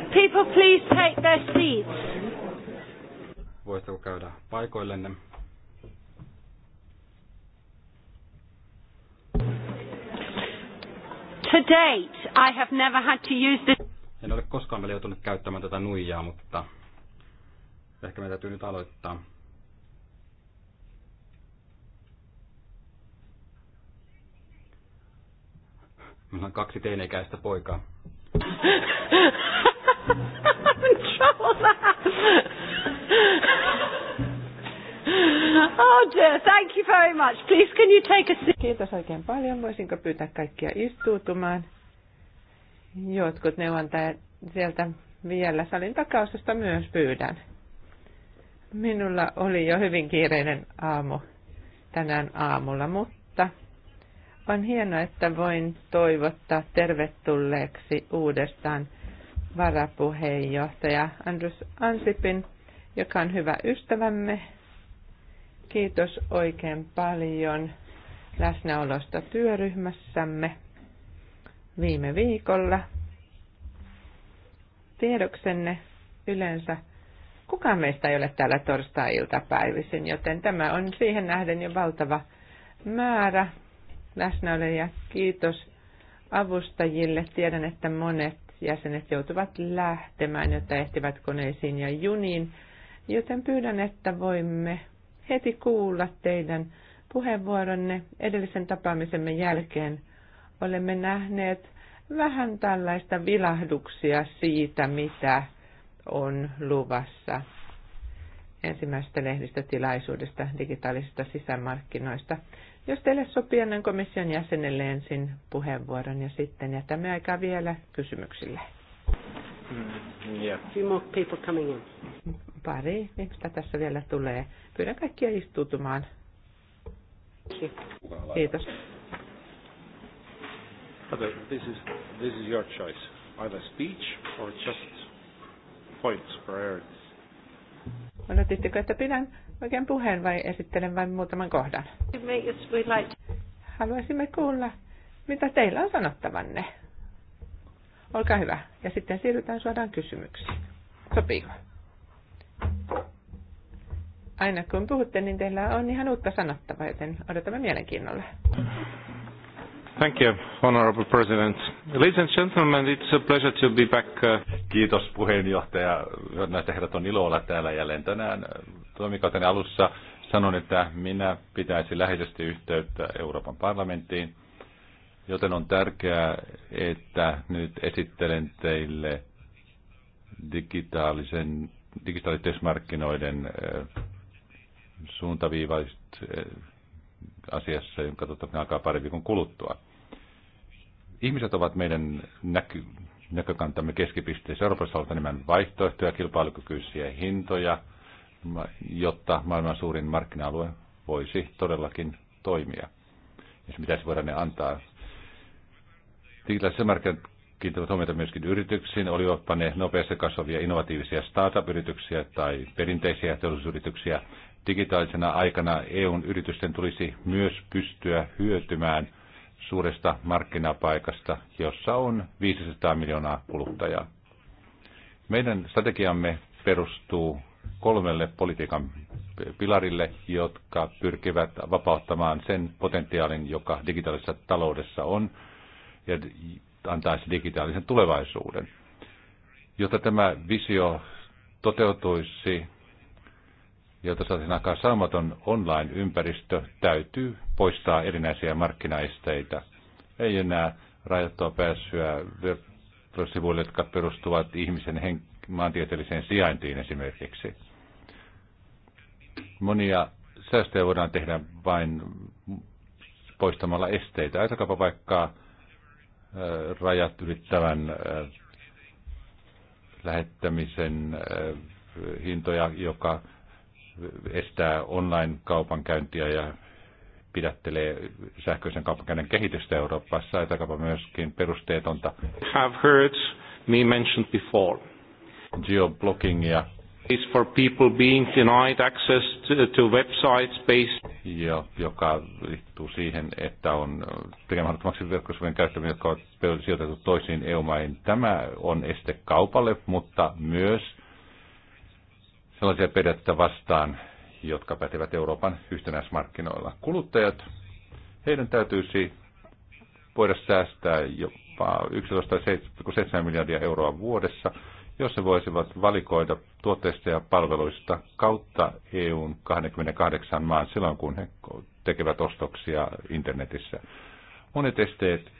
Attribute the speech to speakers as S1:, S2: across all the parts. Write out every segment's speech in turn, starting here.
S1: Could people please take their seats?
S2: Voitteko käydä paikoillenne?
S1: To date, I have never had to use this.
S2: En ole koskaan vielä joutunut käyttämään tätä nuijaa, mutta ehkä meidän täytyy nyt aloittaa. Meillä on kaksi teinikäistä poikaa. I'm in trouble now. Oh
S1: dear, thank you very much. Please can you take a seat? Kiitos oikein paljon. Voisinko pyytää kaikkia istuutumaan? Jotkut neuvontajat sieltä vielä salin takaosasta myös pyydän. Minulla oli jo hyvin kiireinen aamu tänään aamulla, mutta on hienoa, että voin toivottaa tervetulleeksi uudestaan varapuheenjohtaja Andrus Ansipin, joka on hyvä ystävämme. Kiitos oikein paljon läsnäolosta työryhmässämme viime viikolla. Tiedoksenne yleensä kukaan meistä ei ole täällä torstai-iltapäivisin, joten tämä on siihen nähden jo valtava määrä läsnäoloja. Kiitos avustajille. Tiedän, että monet jäsenet joutuvat lähtemään, jotta ehtivät koneisiin ja juniin, joten pyydän, että voimme heti kuulla teidän puheenvuoronne edellisen tapaamisemme jälkeen. Olemme nähneet vähän tällaista vilahduksia siitä, mitä on luvassa ensimmäisestä lehdistötilaisuudesta digitaalisista sisämarkkinoista. Jos teille sopii annan komission jäsenelle ensin puheenvuoron ja sitten jätämme aikaa vielä kysymyksille. Mm, yeah. Few more people coming in. Pari ihmistä tässä vielä tulee. Pyydän kaikkia istuutumaan. Kiitos.
S3: But uh, this is, this is your choice. Either speech or just points, priorities.
S1: Odotitteko, että pidän oikein puheen vai esittelen vain muutaman kohdan? Haluaisimme kuulla, mitä teillä on sanottavanne. Olkaa hyvä. Ja sitten siirrytään suoraan kysymyksiin. Sopiiko? Aina kun puhutte, niin teillä on ihan uutta sanottavaa, joten odotamme mielenkiinnolla.
S3: Thank you, Honorable President. Ladies and gentlemen, it's a pleasure to be back. Uh, Kiitos puheenjohtaja. Näistä herrat on ilo olla täällä jälleen tänään toimikauteni alussa sanon, että minä pitäisi läheisesti yhteyttä Euroopan parlamenttiin, joten on tärkeää, että nyt esittelen teille digitaalisen, digitaaliteismarkkinoiden suuntaviivaiset asiassa, jonka totta alkaa pari viikon kuluttua. Ihmiset ovat meidän näky, näkökantamme keskipisteessä. Euroopassa on enemmän vaihtoehtoja, kilpailukykyisiä hintoja – jotta maailman suurin markkina-alue voisi todellakin toimia. Ja se pitäisi voida ne antaa. Digitaaliset markkinat kiinnittävät huomiota myöskin yrityksiin, olivatpa ne nopeasti kasvavia innovatiivisia startup-yrityksiä tai perinteisiä teollisuusyrityksiä. Digitaalisena aikana EUn yritysten tulisi myös pystyä hyötymään suuresta markkinapaikasta, jossa on 500 miljoonaa kuluttajaa. Meidän strategiamme perustuu kolmelle politiikan pilarille, jotka pyrkivät vapauttamaan sen potentiaalin, joka digitaalisessa taloudessa on, ja antaisi digitaalisen tulevaisuuden. Jotta tämä visio toteutuisi, jotta saataisiin aikaan saamaton online-ympäristö, täytyy poistaa erinäisiä markkinaesteitä. Ei enää rajoittua pääsyä verkkosivuille, jotka perustuvat ihmisen hen- maantieteelliseen sijaintiin esimerkiksi. Monia säästöjä voidaan tehdä vain poistamalla esteitä. Ajatelkaapa vaikka rajat ylittävän lähettämisen hintoja, joka estää online-kaupankäyntiä ja pidättelee sähköisen kaupankäynnin kehitystä Euroopassa, ajakapa myöskin perusteetonta. Have heard me mentioned before. Geoblockingia for people being denied access to, websites based... Ja, joka liittyy siihen, että on äh, tekemättömäksi verkkosivujen käyttäminen, jotka on sijoitettu toisiin EU-maihin. Tämä on este kaupalle, mutta myös sellaisia periaatteita vastaan, jotka pätevät Euroopan yhtenäismarkkinoilla. Kuluttajat, heidän täytyisi voida säästää jopa 11,7 miljardia euroa vuodessa – jos ne voisivat valikoida tuotteista ja palveluista kautta EUn 28 maan silloin, kun he tekevät ostoksia internetissä. Monet esteet,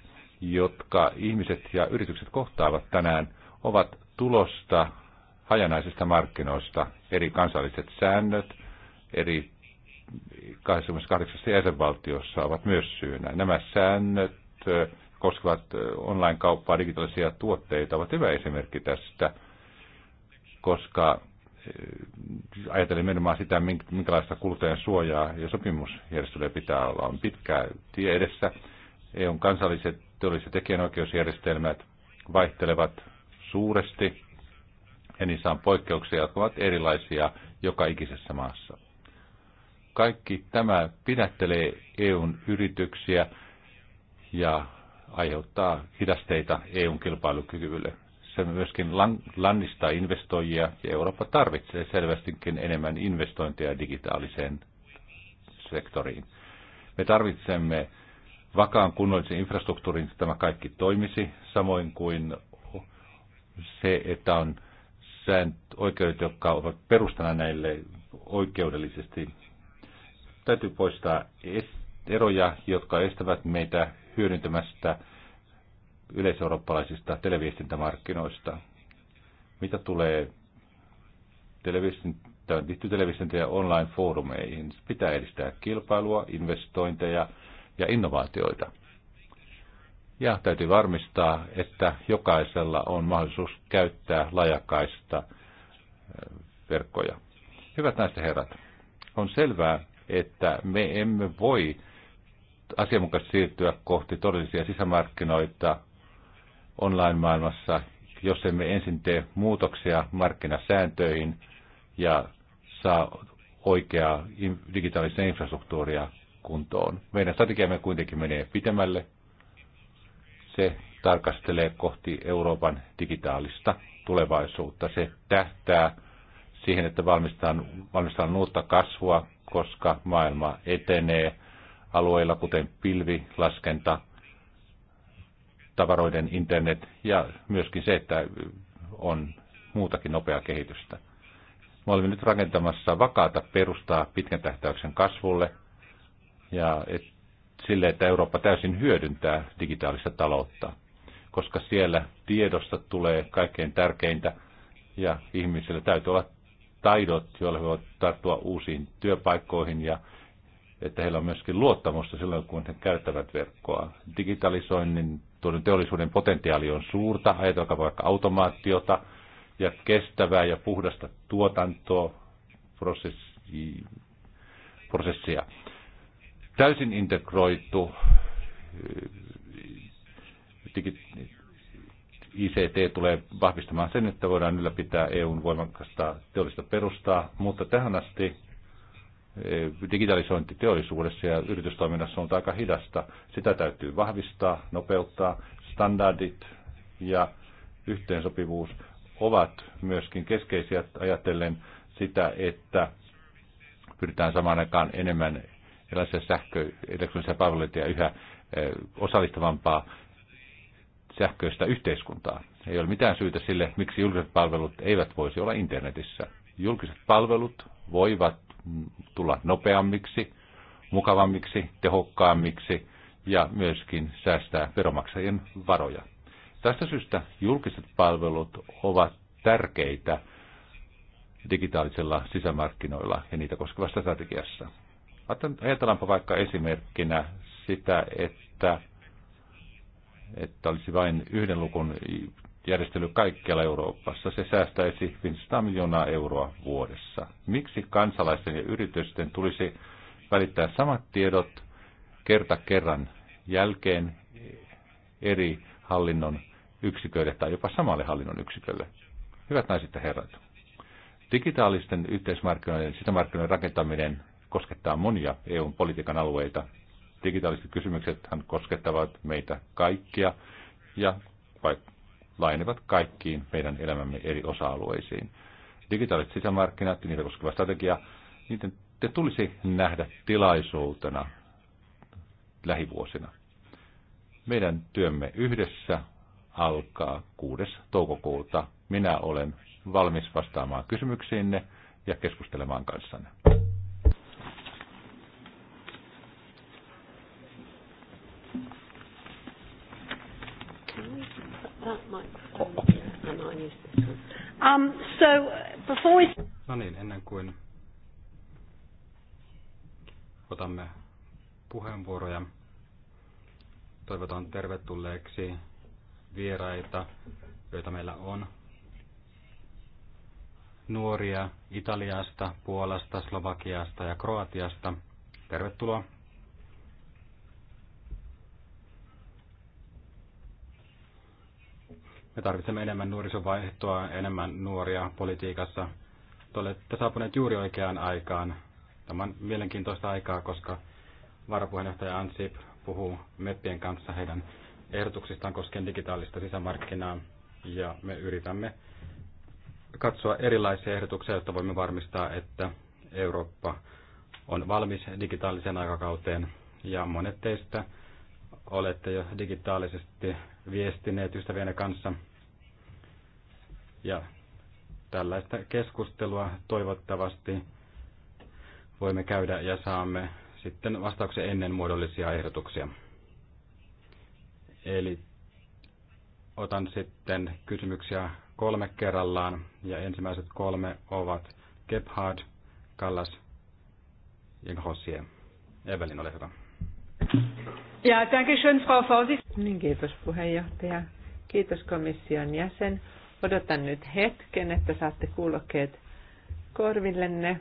S3: jotka ihmiset ja yritykset kohtaavat tänään, ovat tulosta hajanaisista markkinoista, eri kansalliset säännöt, eri 28 jäsenvaltiossa ovat myös syynä. Nämä säännöt äh, koskevat äh, online-kauppaa, digitaalisia tuotteita, ovat hyvä esimerkki tästä – koska eh, ajatellen menemään sitä, minkälaista kuluttajan suojaa ja sopimusjärjestelyä pitää olla. On pitkä tie edessä. EUn kansalliset teolliset tekijänoikeusjärjestelmät vaihtelevat suuresti ja niissä on poikkeuksia, jotka ovat erilaisia joka ikisessä maassa. Kaikki tämä pidättelee EUn yrityksiä ja aiheuttaa hidasteita EUn kilpailukyvylle. Se myöskin lannistaa investoijia ja Eurooppa tarvitsee selvästikin enemmän investointeja digitaaliseen sektoriin. Me tarvitsemme vakaan kunnollisen infrastruktuurin, että tämä kaikki toimisi, samoin kuin se, että on oikeudet, jotka ovat perustana näille oikeudellisesti. Täytyy poistaa eroja, jotka estävät meitä hyödyntämästä yleiseurooppalaisista televiestintämarkkinoista. Mitä tulee televiestintä, ja online-foorumeihin, pitää edistää kilpailua, investointeja ja innovaatioita. Ja täytyy varmistaa, että jokaisella on mahdollisuus käyttää lajakaista eh, verkkoja. Hyvät näistä herrat, on selvää, että me emme voi asianmukaisesti siirtyä kohti todellisia sisämarkkinoita online-maailmassa, jos emme ensin tee muutoksia markkinasääntöihin ja saa oikeaa digitaalista infrastruktuuria kuntoon. Meidän strategiamme kuitenkin menee pitemmälle. Se tarkastelee kohti Euroopan digitaalista tulevaisuutta. Se tähtää siihen, että valmistetaan, valmistetaan uutta kasvua, koska maailma etenee alueilla kuten pilvilaskenta, tavaroiden internet ja myöskin se, että on muutakin nopeaa kehitystä. Me olemme nyt rakentamassa vakaata perustaa pitkän tähtäyksen kasvulle ja et, sille, että Eurooppa täysin hyödyntää digitaalista taloutta, koska siellä tiedosta tulee kaikkein tärkeintä ja ihmisillä täytyy olla taidot, joilla he voivat tarttua uusiin työpaikkoihin ja että heillä on myöskin luottamusta silloin, kun he käyttävät verkkoa. Digitalisoinnin tuon teollisuuden potentiaali on suurta, ajatelkaa vaikka automaatiota ja kestävää ja puhdasta tuotantoa, prosessi, prosessia. Täysin integroitu eh, ICT tulee vahvistamaan sen, että voidaan ylläpitää EUn voimakasta teollista perustaa, mutta tähän asti Eh, digitalisointi teollisuudessa ja yritystoiminnassa on aika hidasta. Sitä täytyy vahvistaa, nopeuttaa. Standardit ja yhteensopivuus ovat myöskin keskeisiä ajatellen sitä, että pyritään samaan aikaan enemmän erilaisia sähkö- elektronisia palveluita ja yhä eh, osallistavampaa sähköistä yhteiskuntaa. Ei ole mitään syytä sille, miksi julkiset palvelut eivät voisi olla internetissä. Julkiset palvelut voivat tulla nopeammiksi, mukavammiksi, tehokkaammiksi ja myöskin säästää veromaksajien varoja. Tästä syystä julkiset palvelut ovat tärkeitä digitaalisella sisämarkkinoilla ja niitä koskevassa strategiassa. Ajatellaanpa vaikka esimerkkinä sitä, että, että olisi vain yhden lukun järjestely kaikkialla Euroopassa. Se säästäisi 500 miljoonaa euroa vuodessa. Miksi kansalaisten ja yritysten tulisi välittää samat tiedot kerta kerran jälkeen eri hallinnon yksiköille tai jopa samalle hallinnon yksikölle? Hyvät naiset ja herrat, digitaalisten yhteismarkkinoiden sisämarkkinoiden rakentaminen koskettaa monia EUn politiikan alueita. Digitaaliset kysymykset koskettavat meitä kaikkia ja vaikka laajenevat kaikkiin meidän elämämme eri osa-alueisiin. Digitaaliset sisämarkkinat ja niitä koskeva strategia, niiden te tulisi nähdä tilaisuutena lähivuosina. Meidän työmme yhdessä alkaa 6. toukokuuta. Minä olen valmis vastaamaan kysymyksiinne ja keskustelemaan kanssanne.
S1: Oh, um, so, uh,
S2: before we... No niin, ennen kuin otamme puheenvuoroja, toivotan tervetulleeksi vieraita, joita meillä on. Nuoria Italiasta, Puolasta, Slovakiasta ja Kroatiasta. Tervetuloa Me tarvitsemme enemmän nuorisovaihtoa, enemmän nuoria politiikassa. Te olette saapuneet juuri oikeaan aikaan. Tämä on mielenkiintoista aikaa, koska varapuheenjohtaja Ansip puhuu meppien kanssa heidän ehdotuksistaan koskien digitaalista sisämarkkinaa. Ja me yritämme katsoa erilaisia ehdotuksia, jotta voimme varmistaa, että Eurooppa on valmis digitaaliseen aikakauteen. Ja monet teistä olette jo digitaalisesti viestineet ystävienne kanssa. Ja tällaista keskustelua toivottavasti voimme käydä ja saamme sitten vastauksen ennen muodollisia ehdotuksia. Eli otan sitten kysymyksiä kolme kerrallaan ja ensimmäiset kolme ovat Gebhard, Kallas ja Grossier. Evelin, ole hyvä.
S1: Ja, danke schön, Frau Vorsitzende. Niin, kiitos puheenjohtaja. Kiitos komission jäsen. Odotan nyt hetken, että saatte kuulokkeet korvillenne.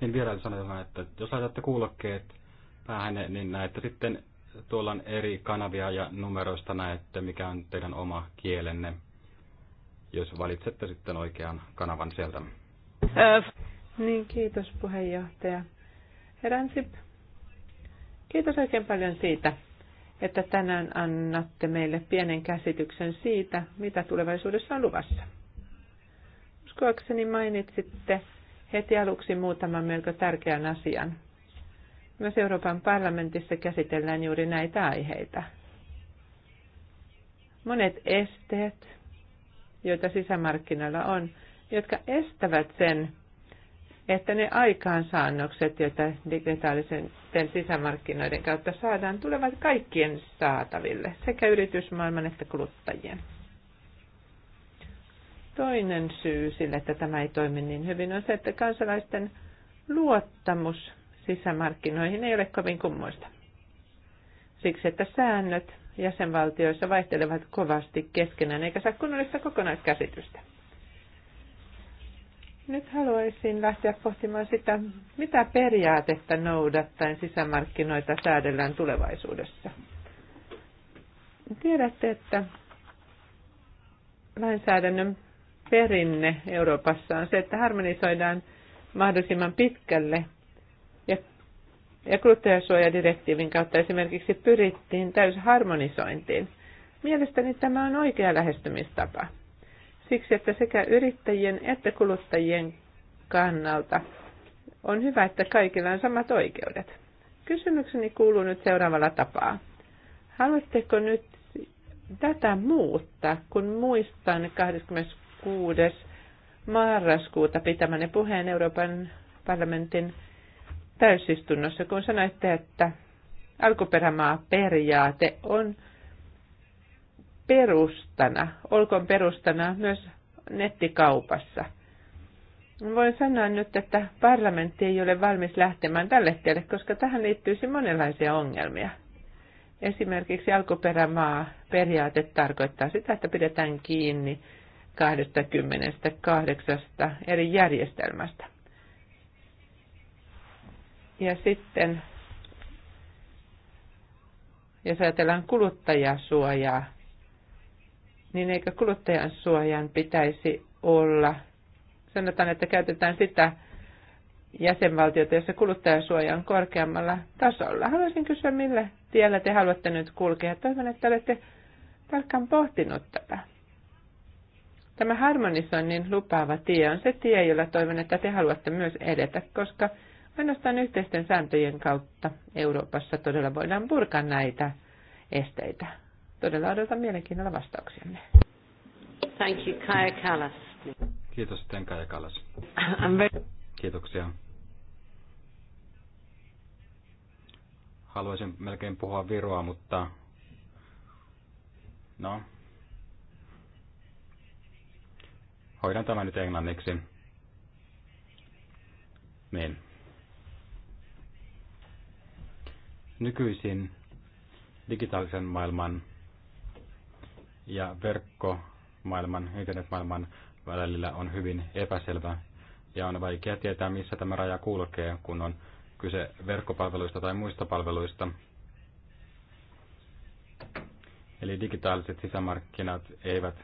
S2: Niin vielä sanotaan, että jos laitatte kuulokkeet päähän, niin näette sitten tuolla on eri kanavia ja numeroista näette, mikä on teidän oma kielenne, jos valitsette sitten oikean kanavan sieltä. Äh.
S1: Niin, kiitos puheenjohtaja. Heransip, kiitos oikein paljon siitä, että tänään annatte meille pienen käsityksen siitä, mitä tulevaisuudessa on luvassa. Uskoakseni mainitsitte heti aluksi muutaman melko tärkeän asian. Myös Euroopan parlamentissa käsitellään juuri näitä aiheita. Monet esteet, joita sisämarkkinoilla on, jotka estävät sen, että ne aikaansaannokset, joita digitaalisen sisämarkkinoiden kautta saadaan, tulevat kaikkien saataville, sekä yritysmaailman että kuluttajien. Toinen syy sille, että tämä ei toimi niin hyvin, on se, että kansalaisten luottamus sisämarkkinoihin ei ole kovin kummoista. Siksi, että säännöt jäsenvaltioissa vaihtelevat kovasti keskenään, eikä saa kunnollista kokonaiskäsitystä. Nyt haluaisin lähteä pohtimaan sitä, mitä periaatetta noudattaen sisämarkkinoita säädellään tulevaisuudessa. Tiedätte, että lainsäädännön perinne Euroopassa on se, että harmonisoidaan mahdollisimman pitkälle ja, ja kuluttajasuojadirektiivin kautta esimerkiksi pyrittiin täysharmonisointiin. Mielestäni tämä on oikea lähestymistapa siksi, että sekä yrittäjien että kuluttajien kannalta on hyvä, että kaikilla on samat oikeudet. Kysymykseni kuuluu nyt seuraavalla tapaa. Haluatteko nyt tätä muuttaa, kun muistan 26. marraskuuta pitämäni puheen Euroopan parlamentin täysistunnossa, kun sanoitte, että alkuperämaa periaate on perustana, olkoon perustana myös nettikaupassa. Voin sanoa nyt, että parlamentti ei ole valmis lähtemään tälle tielle, koska tähän liittyisi monenlaisia ongelmia. Esimerkiksi alkuperämaa periaate tarkoittaa sitä, että pidetään kiinni 28 eri järjestelmästä. Ja sitten, jos ajatellaan kuluttajasuojaa, niin eikö kuluttajan suojan pitäisi olla? Sanotaan, että käytetään sitä jäsenvaltiota, jossa kuluttajasuoja on korkeammalla tasolla. Haluaisin kysyä, millä tiellä te haluatte nyt kulkea. Toivon, että olette tarkkaan pohtinut tätä. Tämä harmonisoinnin lupaava tie on se tie, jolla toivon, että te haluatte myös edetä, koska ainoastaan yhteisten sääntöjen kautta Euroopassa todella voidaan purkaa näitä esteitä. Todella odotan mielenkiinnolla vastauksianne. Thank you, Kaja Kallas.
S2: Kiitos sitten Kaja Kallas. Kiitoksia. Haluaisin melkein puhua Viroa, mutta no, hoidan tämä nyt englanniksi. Niin. Nykyisin digitaalisen maailman ja verkkomaailman, internetmaailman välillä on hyvin epäselvä ja on vaikea tietää, missä tämä raja kulkee, kun on kyse verkkopalveluista tai muista palveluista. Eli digitaaliset sisämarkkinat eivät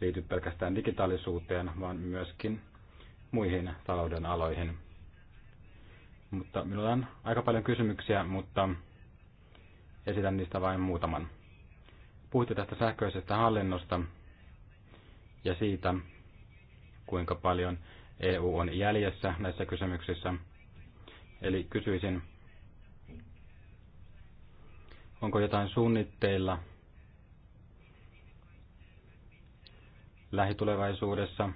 S2: liity pelkästään digitaalisuuteen, vaan myöskin muihin talouden aloihin. Mutta minulla on aika paljon kysymyksiä, mutta esitän niistä vain muutaman puhuitte tästä sähköisestä hallinnosta ja siitä, kuinka paljon EU on jäljessä näissä kysymyksissä. Eli kysyisin, onko jotain suunnitteilla lähitulevaisuudessa,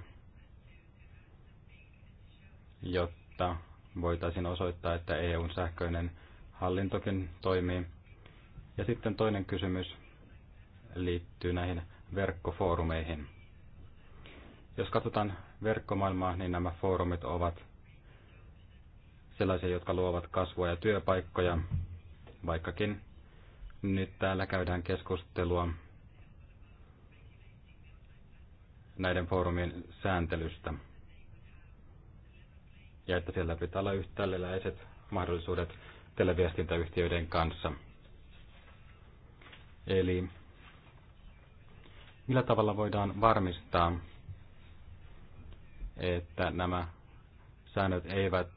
S2: jotta voitaisiin osoittaa, että EUn sähköinen hallintokin toimii. Ja sitten toinen kysymys liittyy näihin verkkofoorumeihin. Jos katsotaan verkkomaailmaa, niin nämä foorumit ovat sellaisia, jotka luovat kasvua ja työpaikkoja, vaikkakin nyt täällä käydään keskustelua näiden foorumien sääntelystä. Ja että siellä pitää olla yhtäläiset mahdollisuudet televiestintäyhtiöiden kanssa. Eli Millä tavalla voidaan varmistaa, että nämä säännöt eivät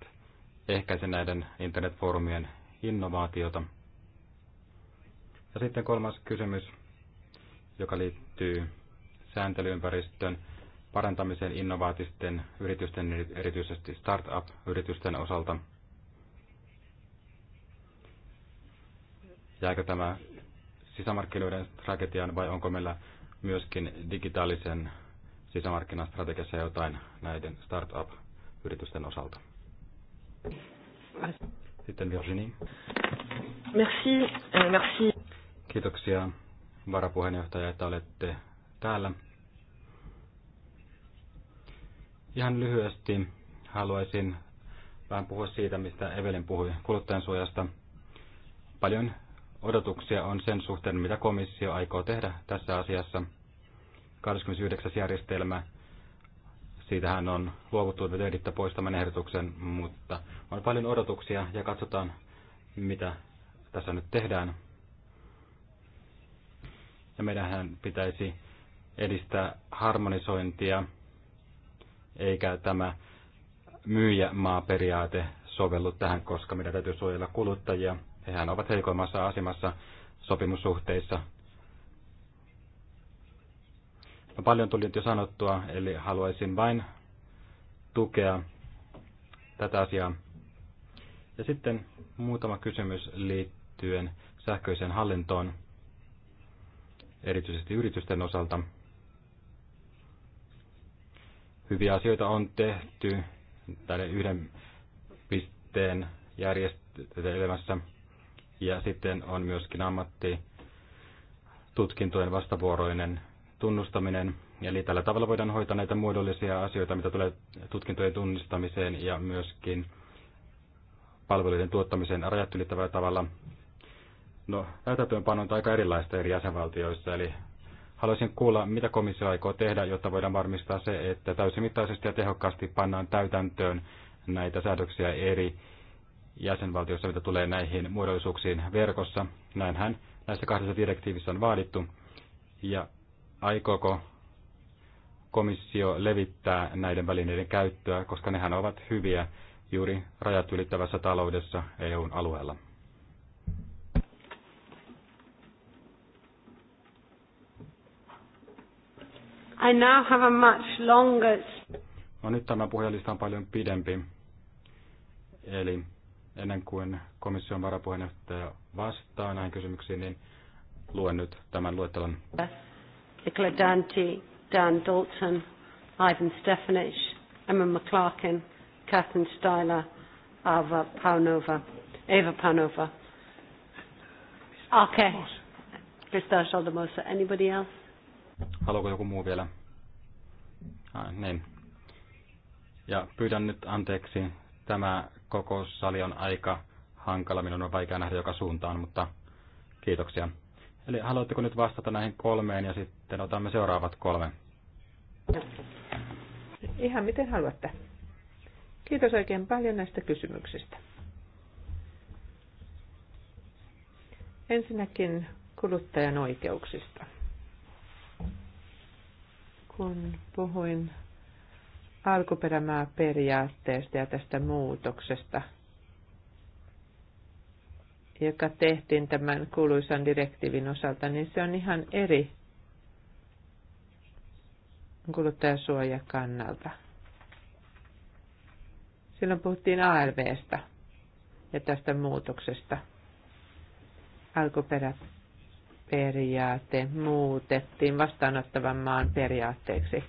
S2: ehkäise näiden internetfoorumien innovaatiota? Ja sitten kolmas kysymys, joka liittyy sääntelyympäristön parantamiseen innovaatisten yritysten, erityisesti startup-yritysten osalta. Jääkö tämä sisämarkkinoiden strategian vai onko meillä myöskin digitaalisen sisämarkkinastrategiassa jotain näiden startup-yritysten osalta. Sitten Virginie.
S1: Merci, euh, merci.
S2: Kiitoksia varapuheenjohtaja, että olette täällä. Ihan lyhyesti haluaisin vähän puhua siitä, mistä Evelin puhui kuluttajansuojasta. Paljon odotuksia on sen suhteen, mitä komissio aikoo tehdä tässä asiassa. 29. järjestelmä, siitähän on luovuttu lehdistä poistaman ehdotuksen, mutta on paljon odotuksia ja katsotaan, mitä tässä nyt tehdään. Ja meidän pitäisi edistää harmonisointia, eikä tämä myyjämaaperiaate sovellu tähän, koska meidän täytyy suojella kuluttajia – Hehän ovat heikoimmassa asemassa sopimussuhteissa. No, paljon tuli nyt jo sanottua, eli haluaisin vain tukea tätä asiaa. Ja sitten muutama kysymys liittyen sähköiseen hallintoon, erityisesti yritysten osalta. Hyviä asioita on tehty tälle yhden pisteen järjestelmässä. Ja sitten on myöskin ammattitutkintojen vastavuoroinen tunnustaminen. Eli tällä tavalla voidaan hoitaa näitä muodollisia asioita, mitä tulee tutkintojen tunnistamiseen ja myöskin palveluiden tuottamiseen rajat ylittävällä tavalla. No, täytäntöönpano on aika erilaista eri jäsenvaltioissa, eli haluaisin kuulla, mitä komissio aikoo tehdä, jotta voidaan varmistaa se, että täysimittaisesti ja tehokkaasti pannaan täytäntöön näitä säädöksiä eri jäsenvaltiossa, mitä tulee näihin muodollisuuksiin verkossa. Näinhän näissä kahdessa direktiivissä on vaadittu. Ja aikooko komissio levittää näiden välineiden käyttöä, koska nehän ovat hyviä juuri rajat ylittävässä taloudessa EUn alueella.
S1: I now have a much longer...
S2: No nyt tämä puhujalista on paljon pidempi. Eli ennen kuin komission varapuheenjohtaja vastaa näihin kysymyksiin, niin luen nyt tämän luettelon.
S1: Nicola Dante, Dan Dalton, Ivan Stefanich, Emma McClarkin, Catherine Styler, Ava Paunova, Eva Paunova. Okay. Krista Schaldemosa, anybody else?
S2: Haluaako joku muu vielä? Ah, niin. Ja pyydän nyt anteeksi. Tämä kokoussali on aika hankala, minun on vaikea nähdä joka suuntaan, mutta kiitoksia. Eli haluatteko nyt vastata näihin kolmeen ja sitten otamme seuraavat kolme?
S1: Ihan miten haluatte. Kiitos oikein paljon näistä kysymyksistä. Ensinnäkin kuluttajan oikeuksista. Kun puhuin alkuperämaa periaatteesta ja tästä muutoksesta, joka tehtiin tämän kuuluisan direktiivin osalta, niin se on ihan eri kuluttajasuojakannalta. Silloin puhuttiin ALVstä ja tästä muutoksesta. Alkuperäperiaate muutettiin vastaanottavan maan periaatteeksi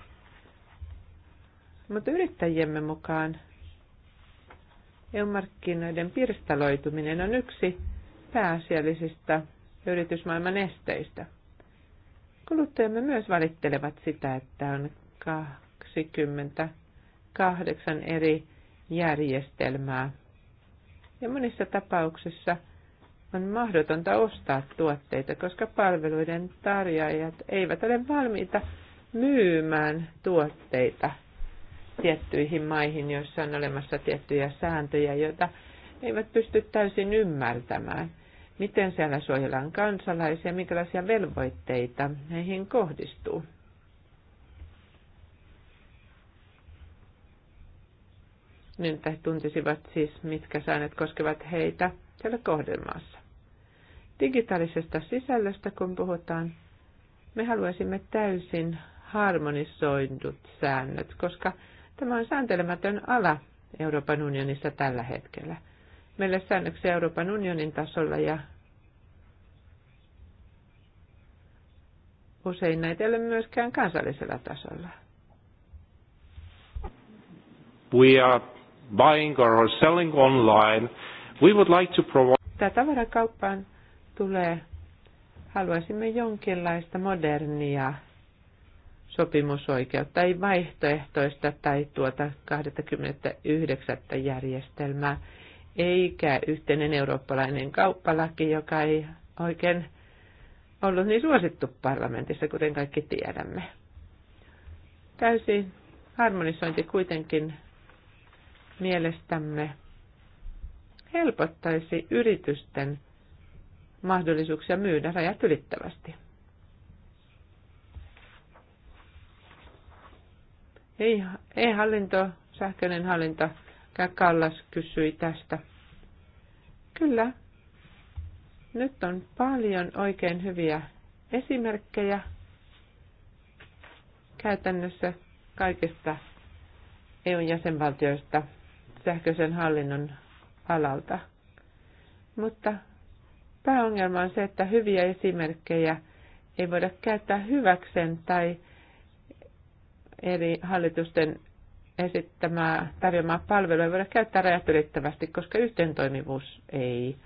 S1: mutta yrittäjiemme mukaan EU-markkinoiden pirstaloituminen on yksi pääasiallisista yritysmaailman esteistä. Kuluttajamme myös valittelevat sitä, että on 28 eri järjestelmää. Ja monissa tapauksissa on mahdotonta ostaa tuotteita, koska palveluiden tarjoajat eivät ole valmiita myymään tuotteita tiettyihin maihin, joissa on olemassa tiettyjä sääntöjä, joita eivät pysty täysin ymmärtämään. Miten siellä suojellaan kansalaisia, minkälaisia velvoitteita heihin kohdistuu. Niin, että he tuntisivat siis, mitkä säännöt koskevat heitä siellä kohdemaassa. Digitaalisesta sisällöstä, kun puhutaan, me haluaisimme täysin harmonisoidut säännöt, koska Tämä on sääntelemätön ala Euroopan unionissa tällä hetkellä. Meillä on säännöksiä Euroopan unionin tasolla ja usein näitä ei ole myöskään kansallisella tasolla.
S3: We are buying or selling online. We would like to provide... Tämä tavarakauppaan
S1: tulee, haluaisimme jonkinlaista modernia sopimusoikeutta, ei vaihtoehtoista tai tuota 29. järjestelmää, eikä yhteinen eurooppalainen kauppalaki, joka ei oikein ollut niin suosittu parlamentissa, kuten kaikki tiedämme. Täysi harmonisointi kuitenkin mielestämme helpottaisi yritysten mahdollisuuksia myydä rajat ylittävästi. Ei, ei hallinto, sähköinen hallinta, Kallas kysyi tästä. Kyllä. Nyt on paljon oikein hyviä esimerkkejä käytännössä kaikista EUn jäsenvaltioista sähköisen hallinnon alalta. Mutta pääongelma on se, että hyviä esimerkkejä ei voida käyttää hyväksen tai eri hallitusten esittämää tarjoamaa palvelua ei voida käyttää rajat ylittävästi, koska yhteentoimivuus ei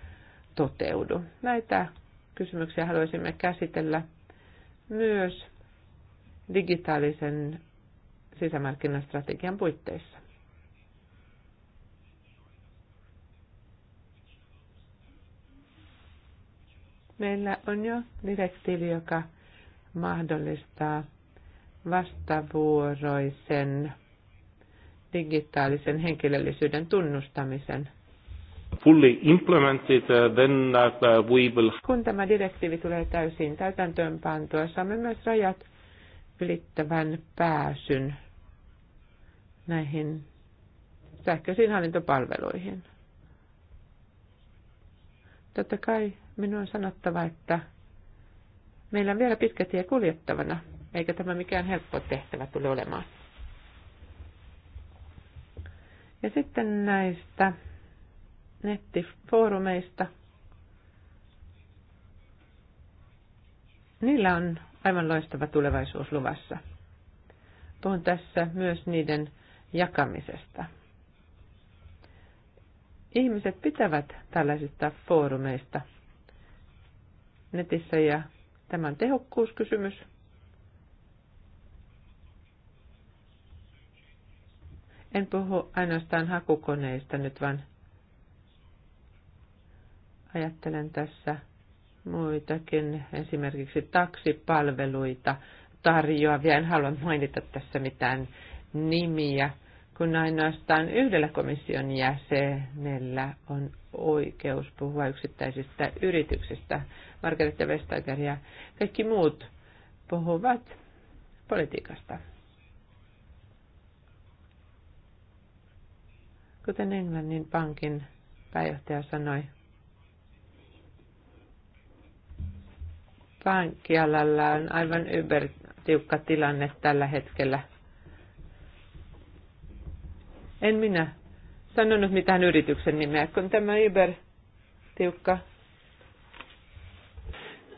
S1: toteudu. Näitä kysymyksiä haluaisimme käsitellä myös digitaalisen sisämarkkinastrategian puitteissa. Meillä on jo direktiivi, joka mahdollistaa vastavuoroisen digitaalisen henkilöllisyyden tunnustamisen.
S3: Fully implemented, uh, then uh, uh, we will...
S1: Kun tämä direktiivi tulee täysin täytäntöönpantua, saamme myös rajat ylittävän pääsyn näihin sähköisiin hallintopalveluihin. Totta kai minun on sanottava, että meillä on vielä pitkä tie kuljettavana eikä tämä mikään helppo tehtävä tule olemaan. Ja sitten näistä nettifoorumeista. Niillä on aivan loistava tulevaisuus luvassa. Puhun tässä myös niiden jakamisesta. Ihmiset pitävät tällaisista foorumeista netissä ja tämän tehokkuuskysymys. En puhu ainoastaan hakukoneista nyt, vaan ajattelen tässä muitakin, esimerkiksi taksipalveluita tarjoavia. En halua mainita tässä mitään nimiä, kun ainoastaan yhdellä komission jäsenellä on oikeus puhua yksittäisistä yrityksistä. Margaret ja Vestager ja kaikki muut puhuvat politiikasta. Kuten Englannin pankin pääjohtaja sanoi, pankkialalla on aivan ybertiukka tilanne tällä hetkellä. En minä sanonut mitään yrityksen nimeä, kun tämä ybertiukka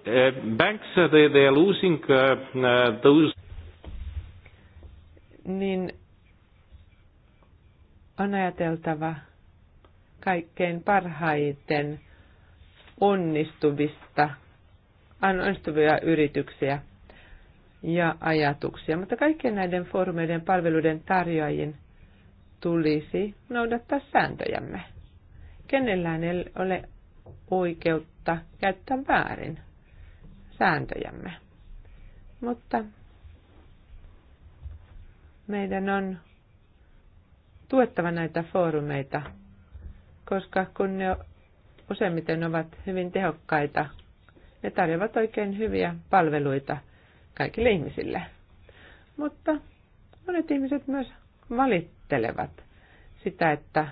S3: eh, banks, they, they are losing uh, those...
S1: Niin on ajateltava kaikkein parhaiten onnistuvista, onnistuvia yrityksiä ja ajatuksia. Mutta kaikkien näiden foorumeiden palveluiden tarjoajien tulisi noudattaa sääntöjämme. Kenellään ei ole oikeutta käyttää väärin sääntöjämme. Mutta meidän on tuettava näitä foorumeita, koska kun ne useimmiten ovat hyvin tehokkaita, ne tarjoavat oikein hyviä palveluita kaikille ihmisille. Mutta monet ihmiset myös valittelevat sitä, että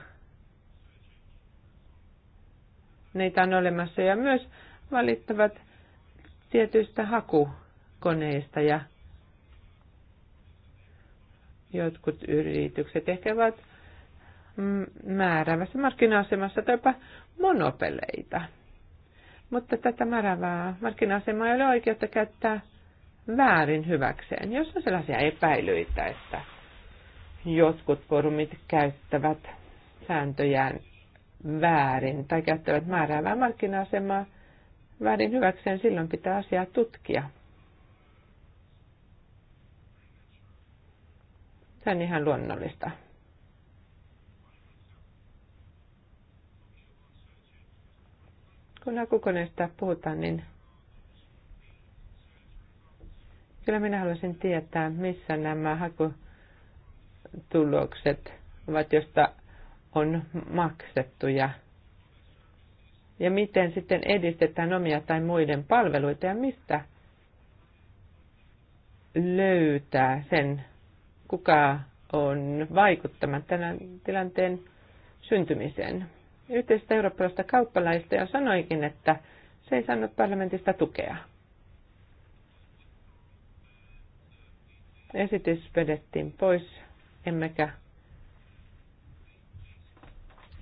S1: niitä on olemassa ja myös valittavat tietyistä hakukoneista ja Jotkut yritykset ehkä ovat mm, määräävässä markkina-asemassa jopa monopeleita. Mutta tätä määräävää markkina-asemaa ei ole oikeutta käyttää väärin hyväkseen, jos on sellaisia epäilyitä, että jotkut forumit käyttävät sääntöjään väärin tai käyttävät määräävää markkina-asemaa väärin hyväkseen, silloin pitää asiaa tutkia Se on ihan luonnollista. Kun hakukoneesta puhutaan, niin kyllä minä haluaisin tietää, missä nämä hakutulokset ovat, josta on maksettu ja, ja miten sitten edistetään omia tai muiden palveluita ja mistä löytää sen kuka on vaikuttamat tämän tilanteen syntymiseen. Yhteisestä eurooppalaista kauppalaista ja sanoikin, että se ei saanut parlamentista tukea. Esitys vedettiin pois, emmekä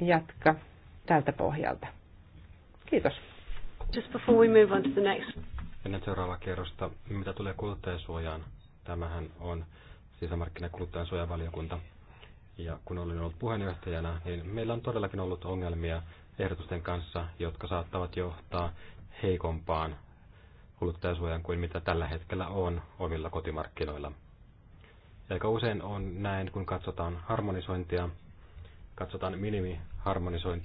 S1: jatka tältä pohjalta. Kiitos. Just before we move on to the next.
S2: Ennen seuraavaa kerrosta, mitä tulee kuluttajasuojaan, tämähän on sisämarkkina- ja kuluttajansuojavaliokunta. Ja kun olin ollut puheenjohtajana, niin meillä on todellakin ollut ongelmia ehdotusten kanssa, jotka saattavat johtaa heikompaan kuluttajasuojan kuin mitä tällä hetkellä on omilla kotimarkkinoilla. aika usein on näin, kun katsotaan harmonisointia, katsotaan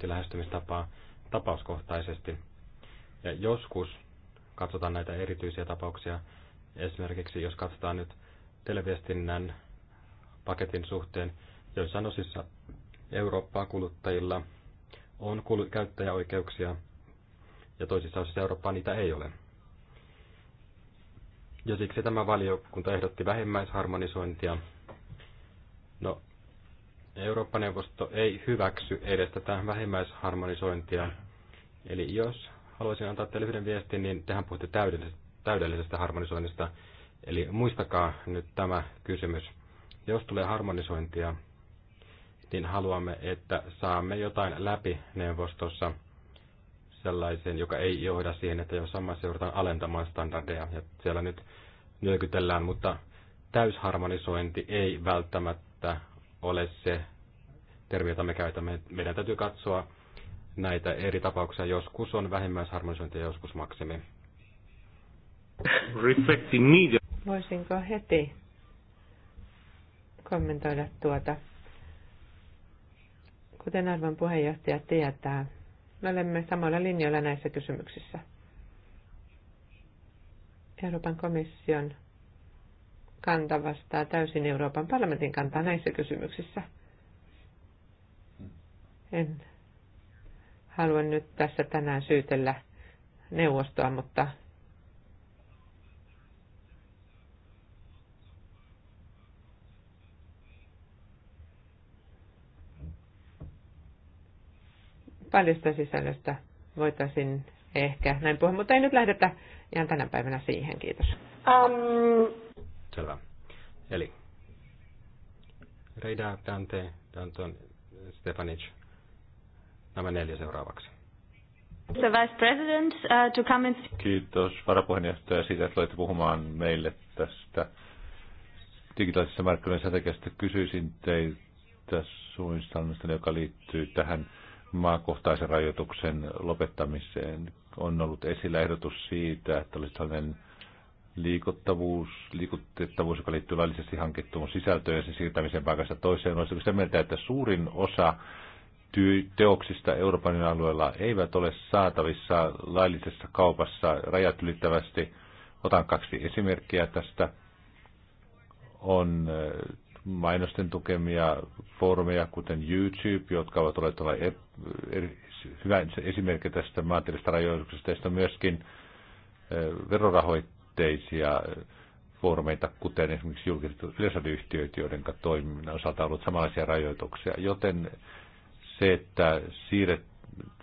S2: lähestymistapaa tapauskohtaisesti. Ja joskus katsotaan näitä erityisiä tapauksia, esimerkiksi jos katsotaan nyt televiestinnän paketin suhteen. Joissain osissa Eurooppaa kuluttajilla on kul käyttäjäoikeuksia ja toisissa osissa Eurooppaa niitä ei ole. Ja siksi tämä valiokunta ehdotti vähimmäisharmonisointia. No, Eurooppa-neuvosto ei hyväksy edes tätä vähimmäisharmonisointia. Eli jos haluaisin antaa teille yhden viestin, niin tehän puhutte täydellisestä, täydellisestä harmonisoinnista, Eli muistakaa nyt tämä kysymys. Jos tulee harmonisointia, niin haluamme, että saamme jotain läpi neuvostossa sellaisen, joka ei johda siihen, että jos maassa joudutaan alentamaan standardeja. Ja siellä nyt nyökytellään, mutta täysharmonisointi ei välttämättä ole se termi, jota me käytämme. Meidän täytyy katsoa näitä eri tapauksia. Joskus on vähimmäisharmonisointi ja joskus maksimi.
S3: Reflecting media.
S1: Voisinko heti kommentoida tuota? Kuten arvon puheenjohtaja tietää, me olemme samalla linjoilla näissä kysymyksissä. Euroopan komission kanta vastaa täysin Euroopan parlamentin kantaa näissä kysymyksissä. En halua nyt tässä tänään syytellä neuvostoa, mutta Paljon sisällöstä voitaisiin ehkä näin puhua, mutta ei nyt lähdetä ihan tänä päivänä siihen, kiitos. Um...
S2: Selvä. Eli Reida, Dante, Danton, Stefanic,
S3: nämä neljä seuraavaksi.
S1: The Vice President, uh, to come and...
S3: Kiitos varapuheenjohtaja siitä, että olette puhumaan meille tästä digitaalisesta markkinoiden strategiasta. Kysyisin teiltä suunnitelmasta, joka liittyy tähän maakohtaisen rajoituksen lopettamiseen. On ollut esillä ehdotus siitä, että olisi tällainen liikuttavuus, liikuttavuus, joka liittyy laillisesti hankittuun sisältöön ja sen siirtämiseen paikasta toiseen. Olisiko sitä mieltä, että suurin osa teoksista Euroopan alueella eivät ole saatavissa laillisessa kaupassa rajat ylittävästi? Otan kaksi esimerkkiä tästä. On mainosten tukemia foorumeja, kuten YouTube, jotka ovat olleet olla e- hyvä esimerkki tästä maantieteellisestä rajoituksesta, ja myöskin verorahoitteisia foorumeita, kuten esimerkiksi julkiset yleisradioyhtiöt, joiden toiminnan osalta on ollut samanlaisia rajoituksia. Joten se, että siirret,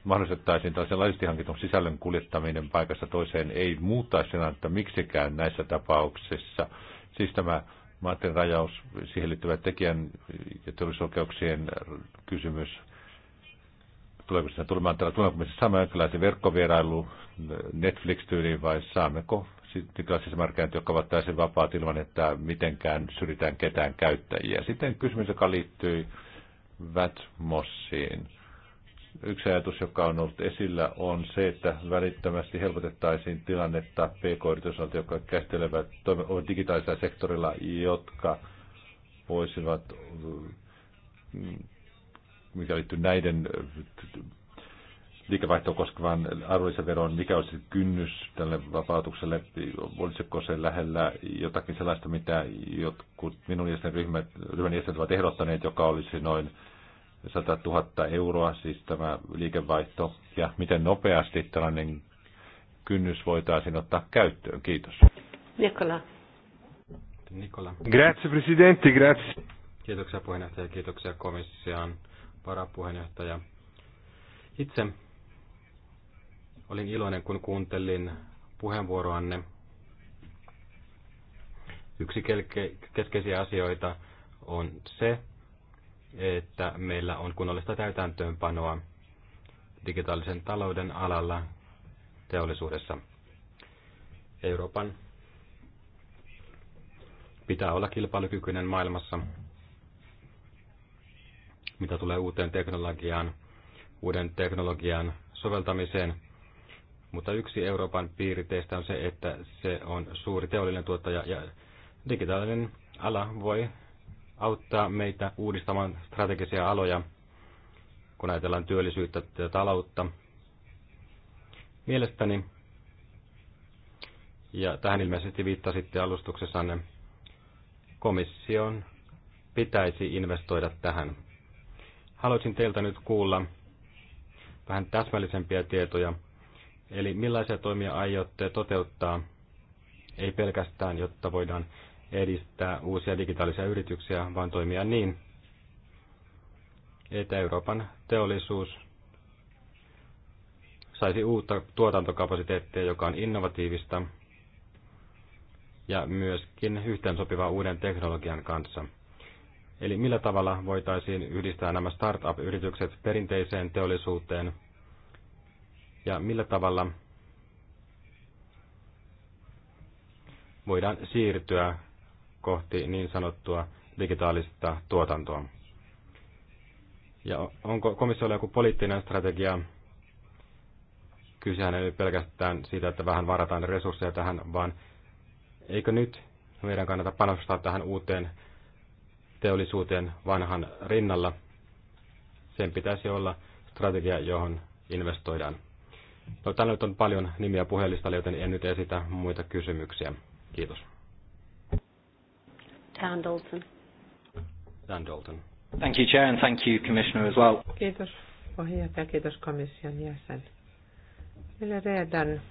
S3: mahdollistettaisiin tällaisen laajasti hankitun sisällön kuljettaminen paikasta toiseen, ei muuttaisi että miksikään näissä tapauksissa. Siis tämä maiden rajaus, siihen liittyvä tekijän ja teollisuusoikeuksien kysymys, tuleeko sinne tulemaan täällä, tuleeko me siis saamme jonkinlaisen verkkovierailu Netflix-tyyliin vai saammeko klassisen markkinat, jotka ovat täysin vapaat ilman, että mitenkään syrjitään ketään käyttäjiä. Sitten kysymys, joka liittyy Vatmossiin. Yksi ajatus, joka on ollut esillä, on se, että välittömästi helpotettaisiin tilannetta pk-yritysalta, jotka käsittelevät digitaalisella sektorilla, jotka voisivat, mikä liittyy näiden liikevaihtoa koskevan arvonlisäveron, mikä olisi kynnys tälle vapautukselle, olisiko se lähellä jotakin sellaista, mitä jotkut minun jäsenryhmät, ryhmän jäsenet ovat ehdottaneet, joka olisi noin 100 000 euroa, siis tämä liikevaihto, ja miten nopeasti tällainen kynnys voitaisiin ottaa käyttöön? Kiitos.
S2: Nikola. Nikola. Grazie Presidente, grazie. Kiitoksia puheenjohtaja ja kiitoksia komission varapuheenjohtaja. Itse olin iloinen, kun kuuntelin puheenvuoroanne. Yksi keskeisiä asioita on se, että meillä on kunnollista täytäntöönpanoa digitaalisen talouden alalla teollisuudessa. Euroopan pitää olla kilpailukykyinen maailmassa, mitä tulee uuteen teknologiaan, uuden teknologian soveltamiseen. Mutta yksi Euroopan piirteistä on se, että se on suuri teollinen tuottaja ja digitaalinen ala voi auttaa meitä uudistamaan strategisia aloja, kun ajatellaan työllisyyttä ja taloutta. Mielestäni, ja tähän ilmeisesti viittasitte alustuksessanne, komission pitäisi investoida tähän. Haluaisin teiltä nyt kuulla vähän täsmällisempiä tietoja, eli millaisia toimia aiotte toteuttaa, ei pelkästään, jotta voidaan edistää uusia digitaalisia yrityksiä, vaan toimia niin, että Euroopan teollisuus saisi uutta tuotantokapasiteettia, joka on innovatiivista ja myöskin yhteensopivaa uuden teknologian kanssa. Eli millä tavalla voitaisiin yhdistää nämä startup-yritykset perinteiseen teollisuuteen ja millä tavalla voidaan siirtyä kohti niin sanottua digitaalista tuotantoa. Ja onko komissiolla joku poliittinen strategia? Kysehän ei pelkästään siitä, että vähän varataan resursseja tähän, vaan eikö nyt meidän kannata panostaa tähän uuteen teollisuuteen vanhan rinnalla? Sen pitäisi olla strategia, johon investoidaan. No, täällä nyt on paljon nimiä puhelistalle, joten en nyt esitä muita kysymyksiä. Kiitos. Dan Dalton. Dan Dalton. Thank you, Chair, and thank you, Commissioner, as well.
S1: Kiitos puheenjohtaja, kiitos komission jäsen. Meillä Reedan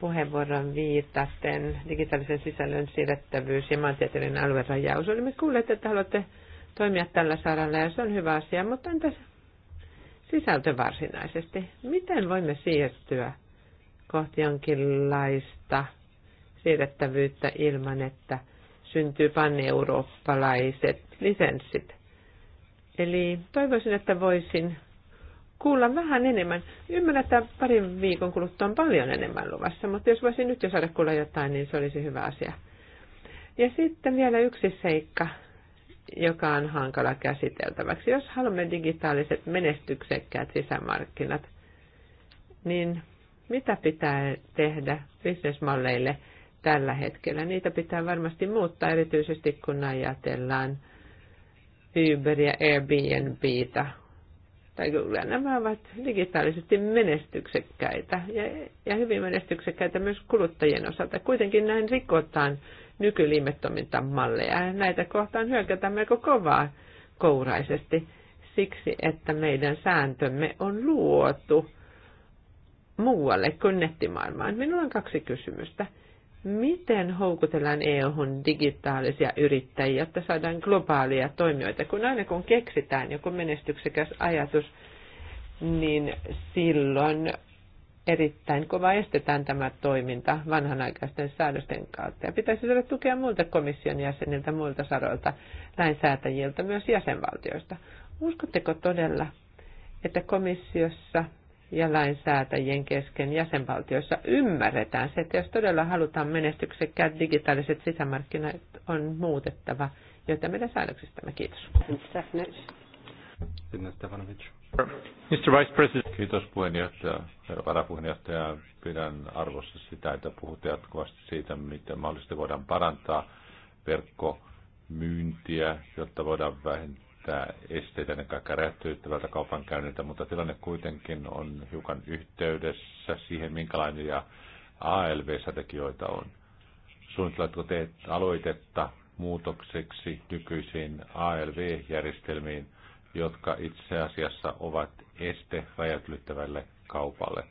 S1: puheenvuoron viitaten digitaalisen sisällön siirrettävyys ja maantieteellinen aluerajaus. Olemme kuulleet, että haluatte toimia tällä saralla ja se on hyvä asia, mutta entäs sisältö varsinaisesti? Miten voimme siirtyä kohti jonkinlaista siirrettävyyttä ilman, että syntyy paneurooppalaiset lisenssit. Eli toivoisin, että voisin kuulla vähän enemmän. Ymmärrän, että parin viikon kuluttua on paljon enemmän luvassa, mutta jos voisin nyt jo saada kuulla jotain, niin se olisi hyvä asia. Ja sitten vielä yksi seikka, joka on hankala käsiteltäväksi. Jos haluamme digitaaliset menestyksekkäät sisämarkkinat, niin mitä pitää tehdä bisnesmalleille – tällä hetkellä. Niitä pitää varmasti muuttaa, erityisesti kun ajatellaan Uber- ja Airbnbtä. Tai kyllä nämä ovat digitaalisesti menestyksekkäitä ja, ja hyvin menestyksekkäitä myös kuluttajien osalta. Kuitenkin näin rikotaan nykyliimetoimintamalleja. Näitä kohtaan hyökätään melko kovaa kouraisesti siksi, että meidän sääntömme on luotu muualle kuin nettimaailmaan. Minulla on kaksi kysymystä. Miten houkutellaan EU-hun digitaalisia yrittäjiä, jotta saadaan globaalia toimijoita? Kun aina kun keksitään joku menestyksekäs ajatus, niin silloin erittäin kova estetään tämä toiminta vanhanaikaisten säädösten kautta. Ja pitäisi saada tukea muilta komission jäseniltä, muilta saroilta, lainsäätäjiltä, myös jäsenvaltioista. Uskotteko todella, että komissiossa ja lainsäätäjien kesken jäsenvaltioissa ymmärretään se, että jos todella halutaan menestyksekkäät digitaaliset sisämarkkinat, on muutettava joita meidän säännöksistämme. Kiitos.
S3: Mr. Vice President. Kiitos puheenjohtaja, herra varapuheenjohtaja. Pidän arvossa sitä, että puhutte jatkuvasti siitä, miten mahdollisesti voidaan parantaa verkkomyyntiä, jotta voidaan vähentää välttää esteitä ennen kaikkea räjähtyyttävältä kaupankäynniltä, mutta tilanne kuitenkin on hiukan yhteydessä siihen, minkälainen ja ALV-strategioita on. Suunnitteletko te aloitetta muutokseksi nykyisiin ALV-järjestelmiin, jotka itse asiassa ovat este rajat kaupalle?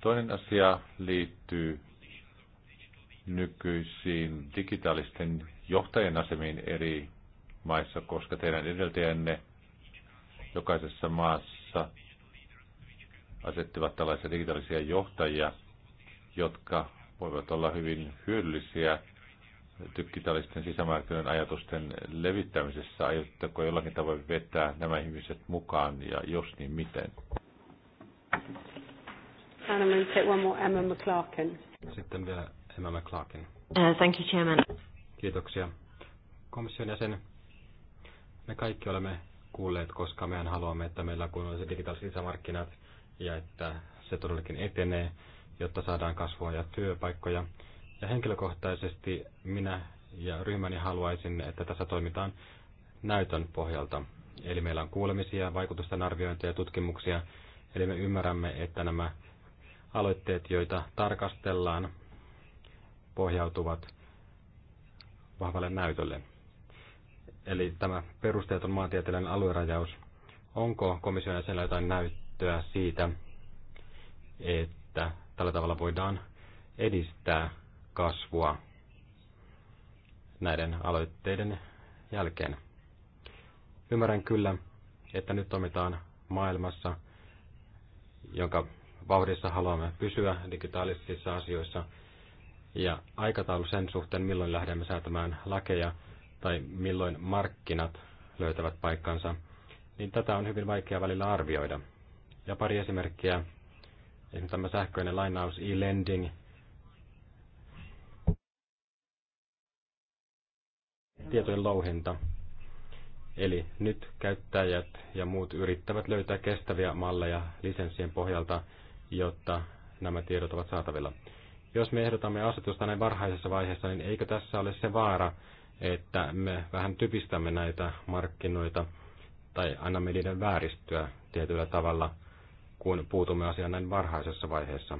S3: Toinen asia liittyy nykyisiin digitaalisten johtajien asemiin eri maissa, koska teidän edeltäjänne jokaisessa maassa asettivat tällaisia digitaalisia johtajia, jotka voivat olla hyvin hyödyllisiä digitaalisten sisämarkkinoiden ajatusten levittämisessä. Aiotteko jollakin tavoin vetää nämä ihmiset mukaan ja jos niin miten? Sitten vielä Emma McClarkin.
S1: Uh, thank you, Chairman.
S3: Kiitoksia.
S2: Komission jäsen, me kaikki olemme kuulleet, koska mehän haluamme, että meillä on kunnolliset digitaaliset sisämarkkinat ja että se todellakin etenee, jotta saadaan kasvua ja työpaikkoja. Ja henkilökohtaisesti minä ja ryhmäni haluaisin, että tässä toimitaan näytön pohjalta. Eli meillä on kuulemisia, vaikutusten arviointeja ja tutkimuksia. Eli me ymmärrämme, että nämä aloitteet, joita tarkastellaan, pohjautuvat vahvalle näytölle eli tämä perusteeton maantieteellinen aluerajaus. Onko komission jäsenellä jotain näyttöä siitä, että tällä tavalla voidaan edistää kasvua näiden aloitteiden jälkeen? Ymmärrän kyllä, että nyt toimitaan maailmassa, jonka vauhdissa haluamme pysyä digitaalisissa asioissa, ja aikataulu sen suhteen, milloin lähdemme säätämään lakeja, tai milloin markkinat löytävät paikkansa, niin tätä on hyvin vaikea välillä arvioida. Ja pari esimerkkiä, esimerkiksi tämä sähköinen lainaus e-lending, tietojen louhinta. Eli nyt käyttäjät ja muut yrittävät löytää kestäviä malleja lisenssien pohjalta, jotta nämä tiedot ovat saatavilla. Jos me ehdotamme asetusta näin varhaisessa vaiheessa, niin eikö tässä ole se vaara, että me vähän typistämme näitä markkinoita tai annamme niiden vääristyä tietyllä tavalla, kun puutumme asiaan näin varhaisessa vaiheessa.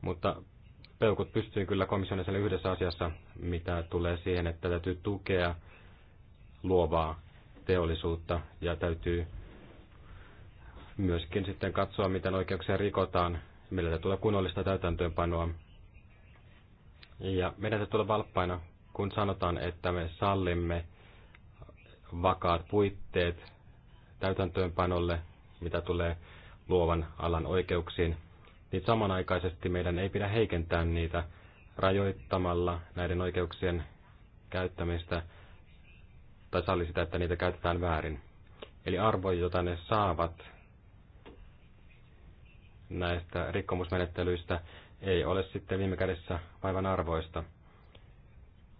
S2: Mutta peukut pystyy kyllä komissionissa yhdessä asiassa, mitä tulee siihen, että täytyy tukea luovaa teollisuutta ja täytyy myöskin sitten katsoa, miten oikeuksia rikotaan, millä tulee kunnollista täytäntöönpanoa ja meidän täytyy olla valppaina, kun sanotaan, että me sallimme vakaat puitteet täytäntöönpanolle, mitä tulee luovan alan oikeuksiin, niin samanaikaisesti meidän ei pidä heikentää niitä rajoittamalla näiden oikeuksien käyttämistä tai salli sitä, että niitä käytetään väärin. Eli arvo, jota ne saavat näistä rikkomusmenettelyistä, ei ole sitten viime kädessä vaivan arvoista.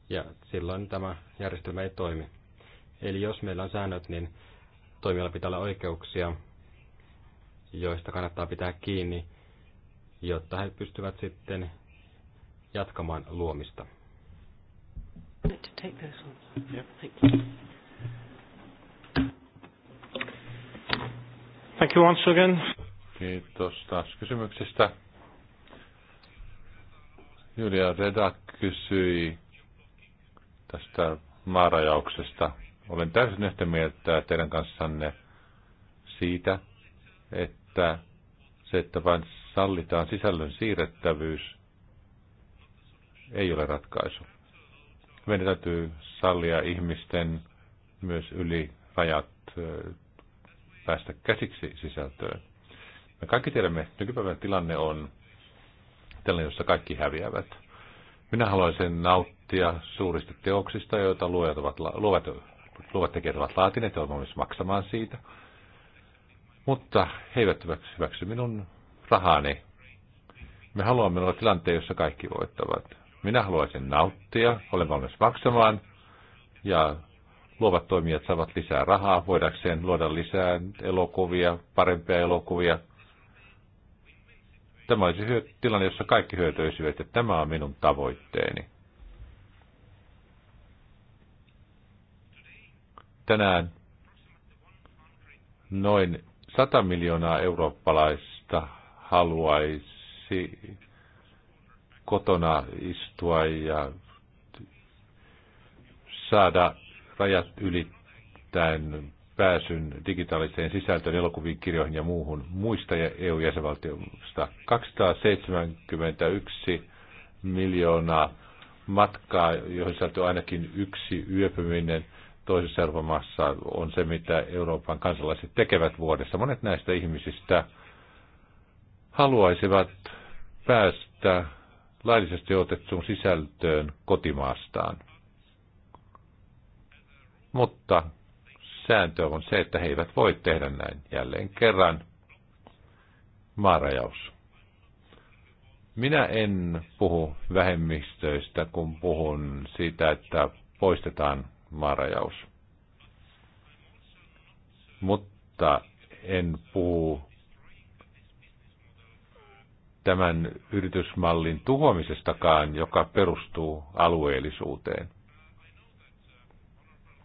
S2: Ja silloin tämä järjestelmä ei toimi. Eli jos meillä on säännöt, niin toimijalla pitää olla oikeuksia, joista kannattaa pitää kiinni, jotta he pystyvät sitten jatkamaan luomista.
S1: Thank
S3: you once again. Kiitos taas kysymyksistä. Julia Reda kysyi tästä maarajauksesta. Olen täysin yhtä mieltä teidän kanssanne siitä, että se, että vain sallitaan sisällön siirrettävyys, ei ole ratkaisu. Meidän täytyy sallia ihmisten myös yli rajat päästä käsiksi sisältöön. Me kaikki tiedämme, että nykypäivän tilanne on tilanne, jossa kaikki häviävät. Minä haluaisin nauttia suurista teoksista, joita luovat, ovat, luovat, luovat tekijät ovat laatineet ja ovat maksamaan siitä. Mutta he eivät hyväksy minun rahani. Me haluamme olla tilanteen, jossa kaikki voittavat. Minä haluaisin nauttia, olen valmis maksamaan ja luovat toimijat saavat lisää rahaa voidakseen luoda lisää elokuvia, parempia elokuvia – Tämä olisi tilanne, jossa kaikki hyötyisivät, että tämä on minun tavoitteeni. Tänään noin 100 miljoonaa eurooppalaista haluaisi kotona istua ja saada rajat ylittäen pääsyn digitaaliseen sisältöön, elokuviin, kirjoihin ja muuhun muista EU-jäsenvaltioista. 271 miljoonaa matkaa, johon sisältyy ainakin yksi yöpyminen toisessa Euroopan maassa, on se, mitä Euroopan kansalaiset tekevät vuodessa. Monet näistä ihmisistä haluaisivat päästä laillisesti otettuun sisältöön kotimaastaan. Mutta sääntö on se, että he eivät voi tehdä näin. Jälleen kerran maarajaus. Minä en puhu vähemmistöistä, kun puhun siitä, että poistetaan maarajaus. Mutta en puhu tämän yritysmallin tuhoamisestakaan, joka perustuu alueellisuuteen.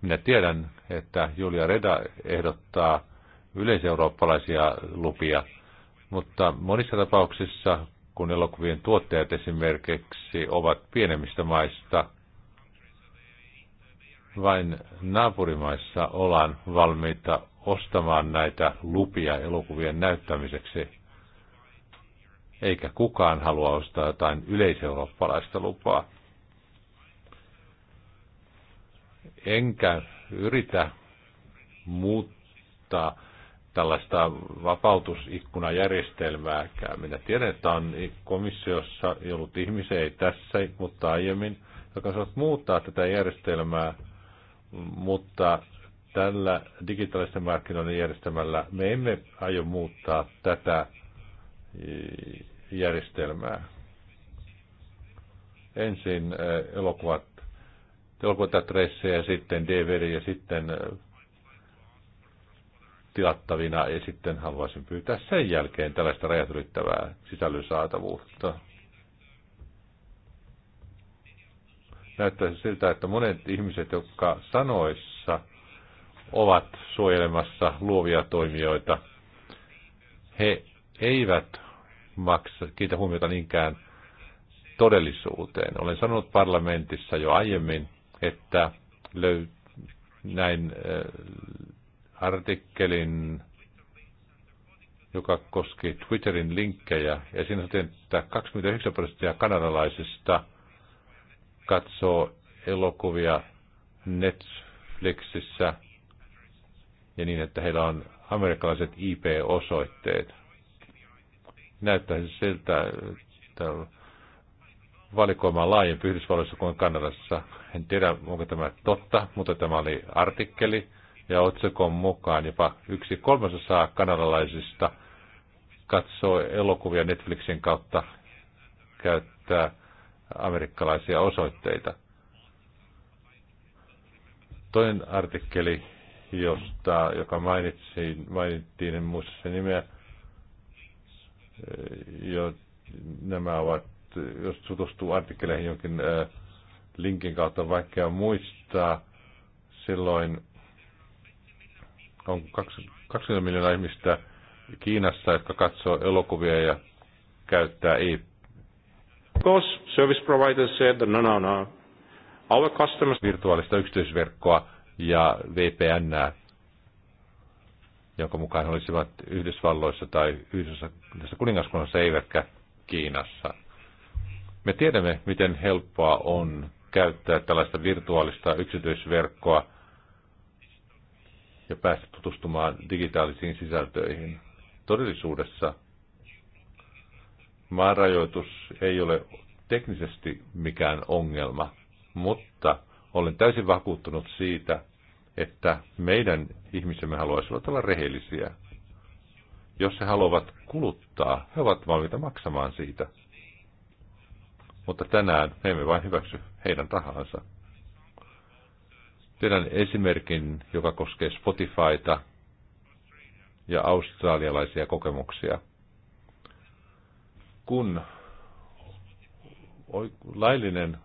S3: Minä tiedän, että Julia Reda ehdottaa yleiseurooppalaisia lupia, mutta monissa tapauksissa, kun elokuvien tuottajat esimerkiksi ovat pienemmistä maista, vain naapurimaissa ollaan valmiita ostamaan näitä lupia elokuvien näyttämiseksi, eikä kukaan halua ostaa jotain yleiseurooppalaista lupaa enkä yritä muuttaa tällaista vapautusikkunajärjestelmääkään. Minä tiedän, että on komissiossa ollut ihmisiä, ei tässä, mutta aiemmin, joka saat muuttaa tätä järjestelmää, mutta tällä digitaalisten markkinoiden järjestelmällä me emme aio muuttaa tätä järjestelmää. Ensin eh, elokuvat elokuuta ja sitten DVD ja sitten tilattavina ja sitten haluaisin pyytää sen jälkeen tällaista rajat ylittävää sisällön saatavuutta. Näyttäisi siltä, että monet ihmiset, jotka sanoissa ovat suojelemassa luovia toimijoita, he eivät maksa, kiitä huomiota niinkään todellisuuteen. Olen sanonut parlamentissa jo aiemmin, että löy, näin äh, artikkelin, joka koski Twitterin linkkejä, ja siinä sanottiin, että 29 prosenttia kanadalaisista katsoo elokuvia Netflixissä ja niin, että heillä on amerikkalaiset IP-osoitteet. Näyttää siltä, että valikoimaan laajempi Yhdysvalloissa kuin Kanadassa. En tiedä, onko tämä totta, mutta tämä oli artikkeli ja otsikon mukaan jopa yksi kolmasosaa kanadalaisista katsoo elokuvia Netflixin kautta käyttää amerikkalaisia osoitteita. Toinen artikkeli, josta, joka mainitsin, mainittiin, en muista sen nimeä, jo, nämä ovat jos tutustuu artikkeleihin jonkin linkin kautta vaikea muistaa, silloin on 20 miljoonaa ihmistä Kiinassa, jotka katsoo elokuvia ja käyttää ei. Because service provider said, no, no, no. Our customers... Virtuaalista yksityisverkkoa ja VPN, jonka mukaan he olisivat Yhdysvalloissa tai Yhdessä kuningaskunnassa eivätkä Kiinassa. Me tiedämme, miten helppoa on käyttää tällaista virtuaalista yksityisverkkoa ja päästä tutustumaan digitaalisiin sisältöihin. Todellisuudessa maanrajoitus ei ole teknisesti mikään ongelma, mutta olen täysin vakuuttunut siitä, että meidän ihmisemme haluaisivat olla rehellisiä. Jos he haluavat kuluttaa, he ovat valmiita maksamaan siitä mutta tänään me emme vain hyväksy heidän tahansa. Tiedän esimerkin, joka koskee Spotifyta ja australialaisia kokemuksia. Kun laillinen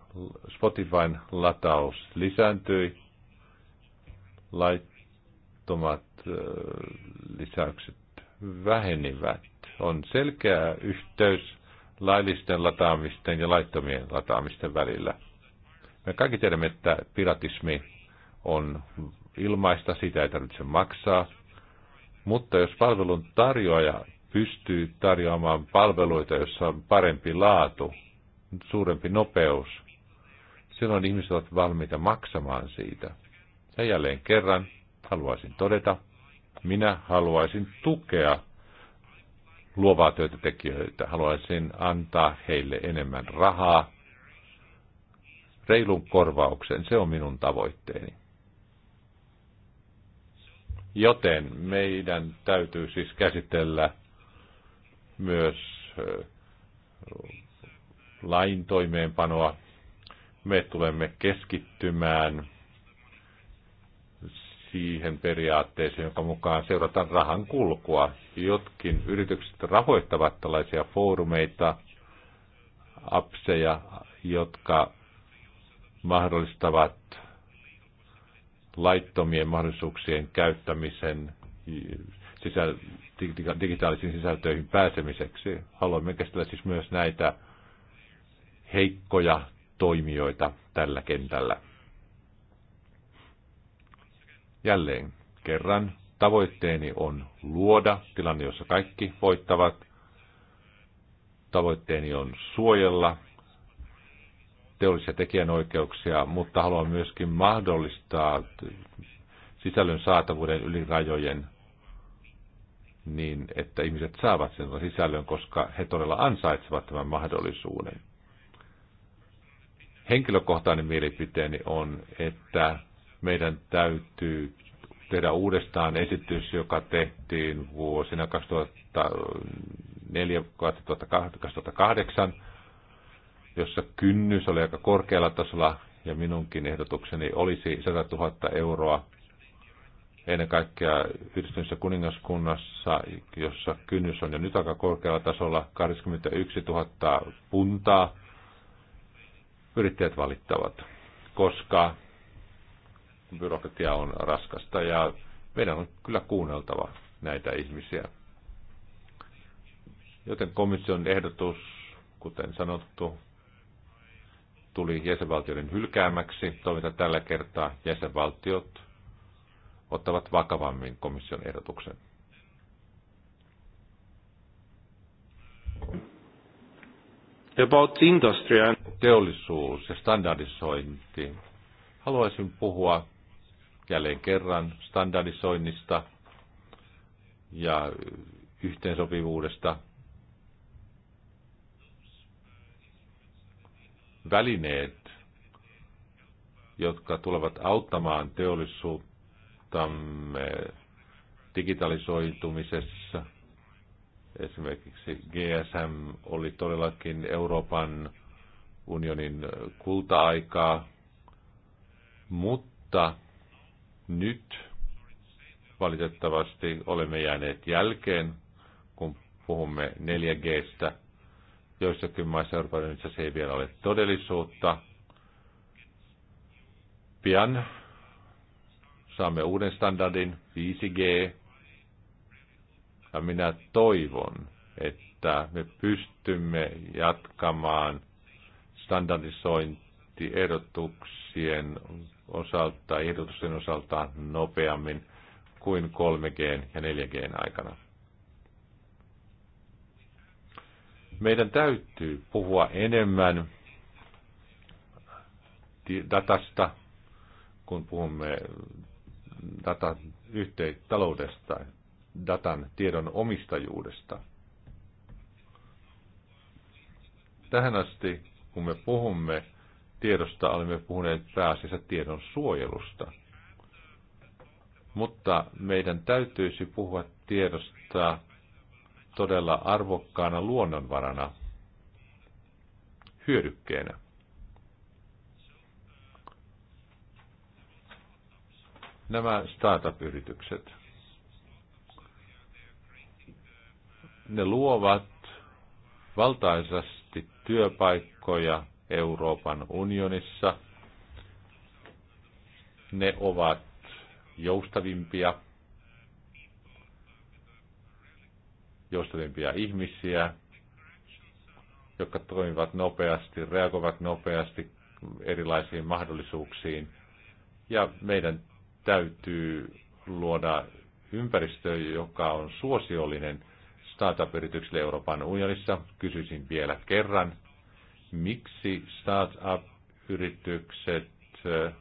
S3: Spotifyn lataus lisääntyi, laittomat lisäykset vähenivät. On selkeä yhteys laillisten lataamisten ja laittomien lataamisten välillä. Me kaikki tiedämme, että piratismi on ilmaista, sitä ei tarvitse maksaa, mutta jos palvelun tarjoaja pystyy tarjoamaan palveluita, joissa on parempi laatu, suurempi nopeus, silloin ihmiset ovat valmiita maksamaan siitä. Ja jälleen kerran haluaisin todeta, minä haluaisin tukea luovaa työtä tekijöitä. Haluaisin antaa heille enemmän rahaa, reilun korvauksen. Se on minun tavoitteeni. Joten meidän täytyy siis käsitellä myös lain toimeenpanoa. Me tulemme keskittymään siihen periaatteeseen, jonka mukaan seurataan rahan kulkua. Jotkin yritykset rahoittavat tällaisia foorumeita, apseja, jotka mahdollistavat laittomien mahdollisuuksien käyttämisen sisäl- digitaalisiin sisältöihin pääsemiseksi. Haluamme käsitellä siis myös näitä heikkoja toimijoita tällä kentällä. Jälleen kerran tavoitteeni on luoda tilanne, jossa kaikki voittavat. Tavoitteeni on suojella teollisia tekijänoikeuksia, mutta haluan myöskin mahdollistaa sisällön saatavuuden yli rajojen niin, että ihmiset saavat sen sisällön, koska he todella ansaitsevat tämän mahdollisuuden. Henkilökohtainen mielipiteeni on, että meidän täytyy tehdä uudestaan esitys, joka tehtiin vuosina 2004-2008, jossa kynnys oli aika korkealla tasolla ja minunkin ehdotukseni olisi 100 000 euroa ennen kaikkea yhdistyneessä kuningaskunnassa, jossa kynnys on jo nyt aika korkealla tasolla, 21 000 puntaa, yrittäjät valittavat, koska byrokratia on raskasta ja meidän on kyllä kuunneltava näitä ihmisiä. Joten komission ehdotus, kuten sanottu, tuli jäsenvaltioiden hylkäämäksi. Toiminta tällä kertaa jäsenvaltiot ottavat vakavammin komission ehdotuksen. About industry and... Teollisuus ja standardisointi. Haluaisin puhua jälleen kerran standardisoinnista ja yhteensopivuudesta. Välineet, jotka tulevat auttamaan teollisuuttamme digitalisoitumisessa. Esimerkiksi GSM oli todellakin Euroopan unionin kulta-aikaa, mutta nyt valitettavasti olemme jääneet jälkeen, kun puhumme 4Gstä. Joissakin maissa Euroopan unionissa se ei vielä ole todellisuutta. Pian saamme uuden standardin 5G. Ja minä toivon, että me pystymme jatkamaan standardisointiehdotuksien osalta, ehdotusten osalta nopeammin kuin 3G ja 4G aikana. Meidän täytyy puhua enemmän datasta, kun puhumme datan yhteistaloudesta, datan tiedon omistajuudesta. Tähän asti, kun me puhumme tiedosta olemme puhuneet pääasiassa tiedon suojelusta. Mutta meidän täytyisi puhua tiedosta todella arvokkaana luonnonvarana, hyödykkeenä. Nämä startup-yritykset, ne luovat valtaisasti työpaikkoja Euroopan unionissa. Ne ovat joustavimpia, joustavimpia ihmisiä, jotka toimivat nopeasti, reagoivat nopeasti erilaisiin mahdollisuuksiin. Ja meidän täytyy luoda ympäristö, joka on suosiollinen startup-yrityksille Euroopan unionissa. Kysyisin vielä kerran, miksi startup-yritykset eh,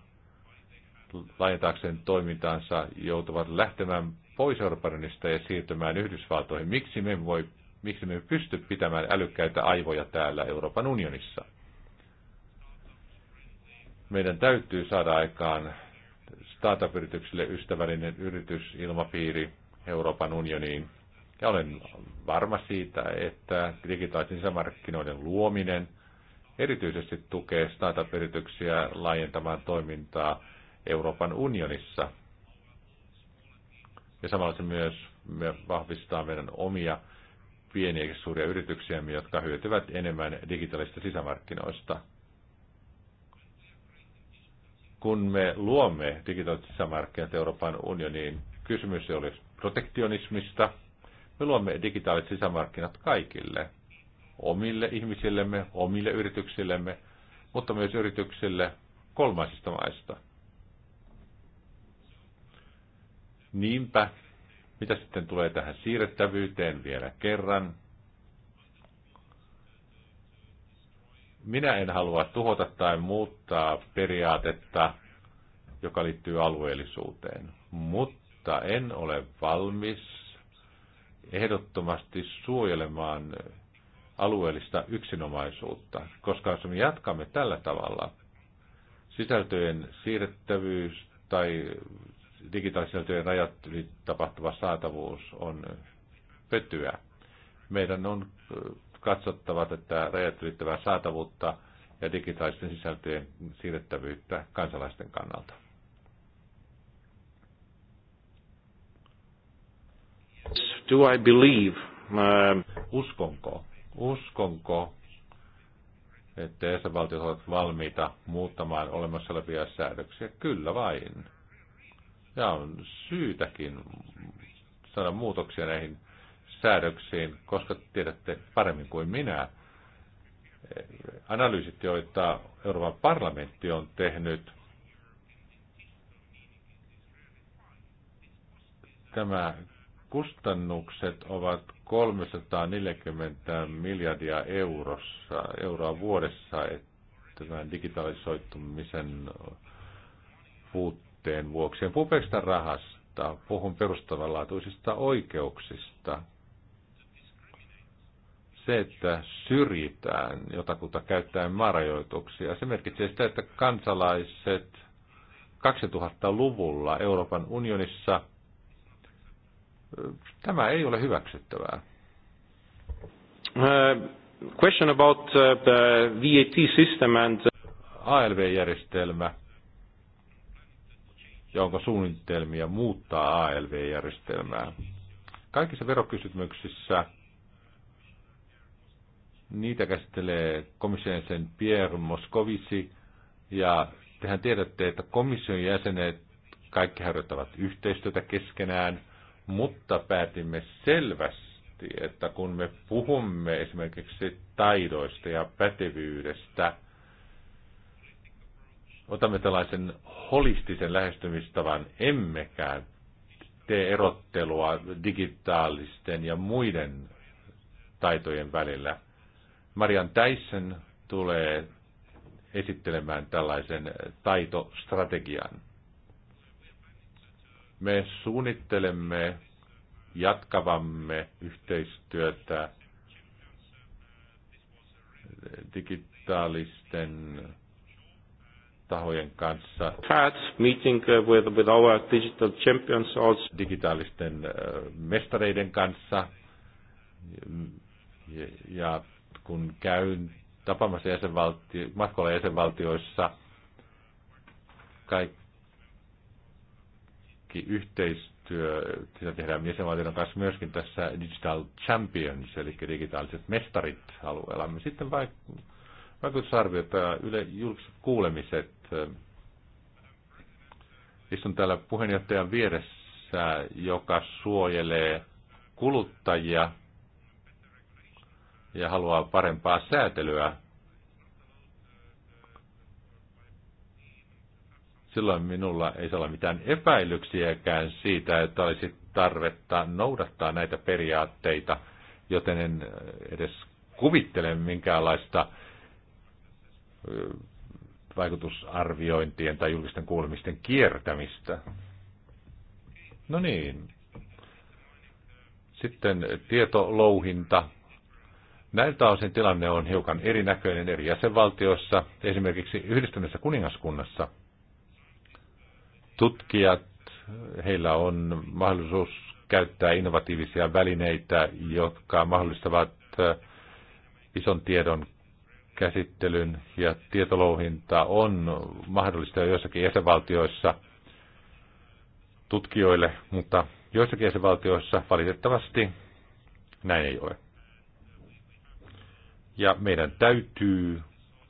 S3: laajentaakseen toimintaansa joutuvat lähtemään pois Euroopan unionista ja siirtymään Yhdysvaltoihin. Miksi me, voi, miksi me pysty pitämään älykkäitä aivoja täällä Euroopan unionissa? Meidän täytyy saada aikaan startup-yrityksille ystävällinen yritysilmapiiri Euroopan unioniin. Ja olen varma siitä, että digitaalisen sisämarkkinoiden luominen erityisesti tukee startup-yrityksiä laajentamaan toimintaa Euroopan unionissa. Ja samalla se myös vahvistaa meidän omia pieniä ja suuria yrityksiämme, jotka hyötyvät enemmän digitaalista sisämarkkinoista. Kun me luomme digitaaliset sisämarkkinat Euroopan unioniin, kysymys ei ole protektionismista. Me luomme digitaaliset sisämarkkinat kaikille – omille ihmisillemme, omille yrityksillemme, mutta myös yrityksille kolmansista maista. Niinpä, mitä sitten tulee tähän siirrettävyyteen vielä kerran, minä en halua tuhota tai muuttaa periaatetta, joka liittyy alueellisuuteen, mutta en ole valmis ehdottomasti suojelemaan alueellista yksinomaisuutta, koska jos me jatkamme tällä tavalla, sisältöjen siirrettävyys tai digitaalisen rajat yli tapahtuva saatavuus on pötyä. Meidän on katsottava tätä rajat ylittävää saatavuutta ja digitaalisten sisältöjen siirrettävyyttä kansalaisten kannalta. Do I believe? Uh... Uskonko? Uskonko, että jäsenvaltiot ovat valmiita muuttamaan olemassa olevia säädöksiä? Kyllä vain. Ja on syytäkin saada muutoksia näihin säädöksiin, koska tiedätte paremmin kuin minä. Analyysit, joita Euroopan parlamentti on tehnyt, tämä kustannukset ovat 340 miljardia eurossa, euroa vuodessa tämän digitalisoitumisen puutteen vuoksi. En puhu rahasta, puhun perustavanlaatuisista oikeuksista. Se, että syrjitään jotakuta käyttäen marajoituksia, se merkitsee sitä, että kansalaiset 2000-luvulla Euroopan unionissa – Tämä ei ole hyväksyttävää. Uh, question about uh, the VAT system and... Uh, ALV-järjestelmä. Ja onko suunnitelmia muuttaa ALV-järjestelmää? Kaikissa verokysymyksissä niitä käsittelee komission jäsen Pierre Moscovici. Ja tehän tiedätte, että komission jäsenet kaikki harjoittavat yhteistyötä keskenään – mutta päätimme selvästi, että kun me puhumme esimerkiksi taidoista ja pätevyydestä, otamme tällaisen holistisen lähestymistavan, emmekä tee erottelua digitaalisten ja muiden taitojen välillä. Marian Tyson tulee esittelemään tällaisen taitostrategian. Me suunnittelemme jatkavamme yhteistyötä digitaalisten tahojen kanssa. Had meeting uh, with, with our digital champions also. Digitaalisten uh, mestareiden kanssa. Ja, ja kun käyn tapaamassa jäsenvaltio, matkalla jäsenvaltioissa, kaikki myöskin yhteistyö, sitä tehdään jäsenvaltioiden kanssa myöskin tässä Digital Champions, eli digitaaliset mestarit alueellamme. Sitten vaikutusarviot ja yle, julkiset kuulemiset. Istun täällä puheenjohtajan vieressä, joka suojelee kuluttajia ja haluaa parempaa säätelyä silloin minulla ei saa olla mitään epäilyksiäkään siitä, että olisi tarvetta noudattaa näitä periaatteita, joten en äh, edes kuvittele minkäänlaista äh, vaikutusarviointien tai julkisten kuulemisten kiertämistä. No niin. Sitten tietolouhinta. Näiltä osin tilanne on hiukan erinäköinen eri jäsenvaltioissa, esimerkiksi yhdistyneessä kuningaskunnassa – Tutkijat, heillä on mahdollisuus käyttää innovatiivisia välineitä, jotka mahdollistavat eh, ison tiedon käsittelyn ja tietolouhinta on mahdollista joissakin jäsenvaltioissa tutkijoille, mutta joissakin jäsenvaltioissa valitettavasti näin ei ole. Ja meidän täytyy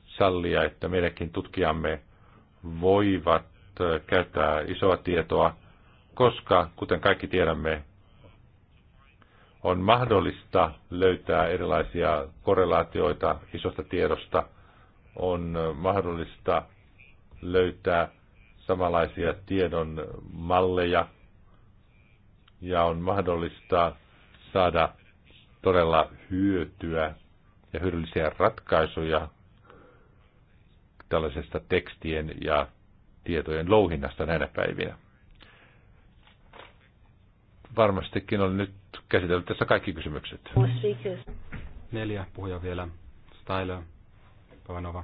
S3: sallia, että meidänkin tutkijamme voivat käyttää isoa tietoa, koska, kuten kaikki tiedämme, on mahdollista löytää erilaisia korrelaatioita isosta tiedosta, on mahdollista löytää samanlaisia tiedon malleja ja on mahdollista saada todella hyötyä ja hyödyllisiä ratkaisuja tällaisesta tekstien ja tietojen louhinnasta näinä päivinä. Varmastikin on nyt käsitellyt tässä kaikki kysymykset.
S2: Neljä puhuja vielä. Styler, Pavanova,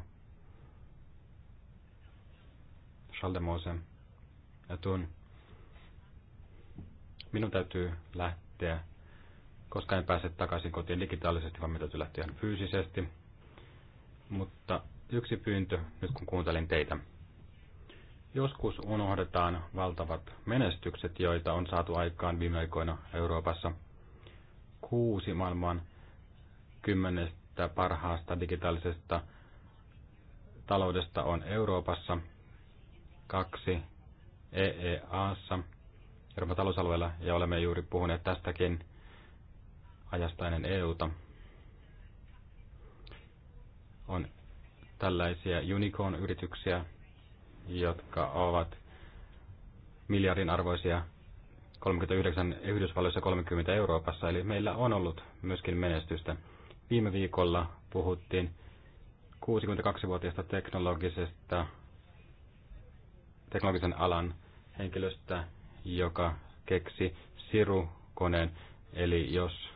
S2: Schaldemose ja Tun. Minun täytyy lähteä, koska en pääse takaisin kotiin digitaalisesti, vaan minun täytyy lähteä fyysisesti. Mutta yksi pyyntö, nyt kun kuuntelin teitä. Joskus unohdetaan valtavat menestykset, joita on saatu aikaan viime aikoina Euroopassa. Kuusi maailman kymmenestä parhaasta digitaalisesta taloudesta on Euroopassa, kaksi EEAssa, Euroopan talousalueella, ja olemme juuri puhuneet tästäkin ajasta ennen EUta. On tällaisia unicorn-yrityksiä, jotka ovat miljardin arvoisia 39 Yhdysvalloissa 30 Euroopassa, eli meillä on ollut myöskin menestystä. Viime viikolla puhuttiin 62-vuotiaasta teknologisesta, teknologisen alan henkilöstä, joka keksi sirukoneen, eli jos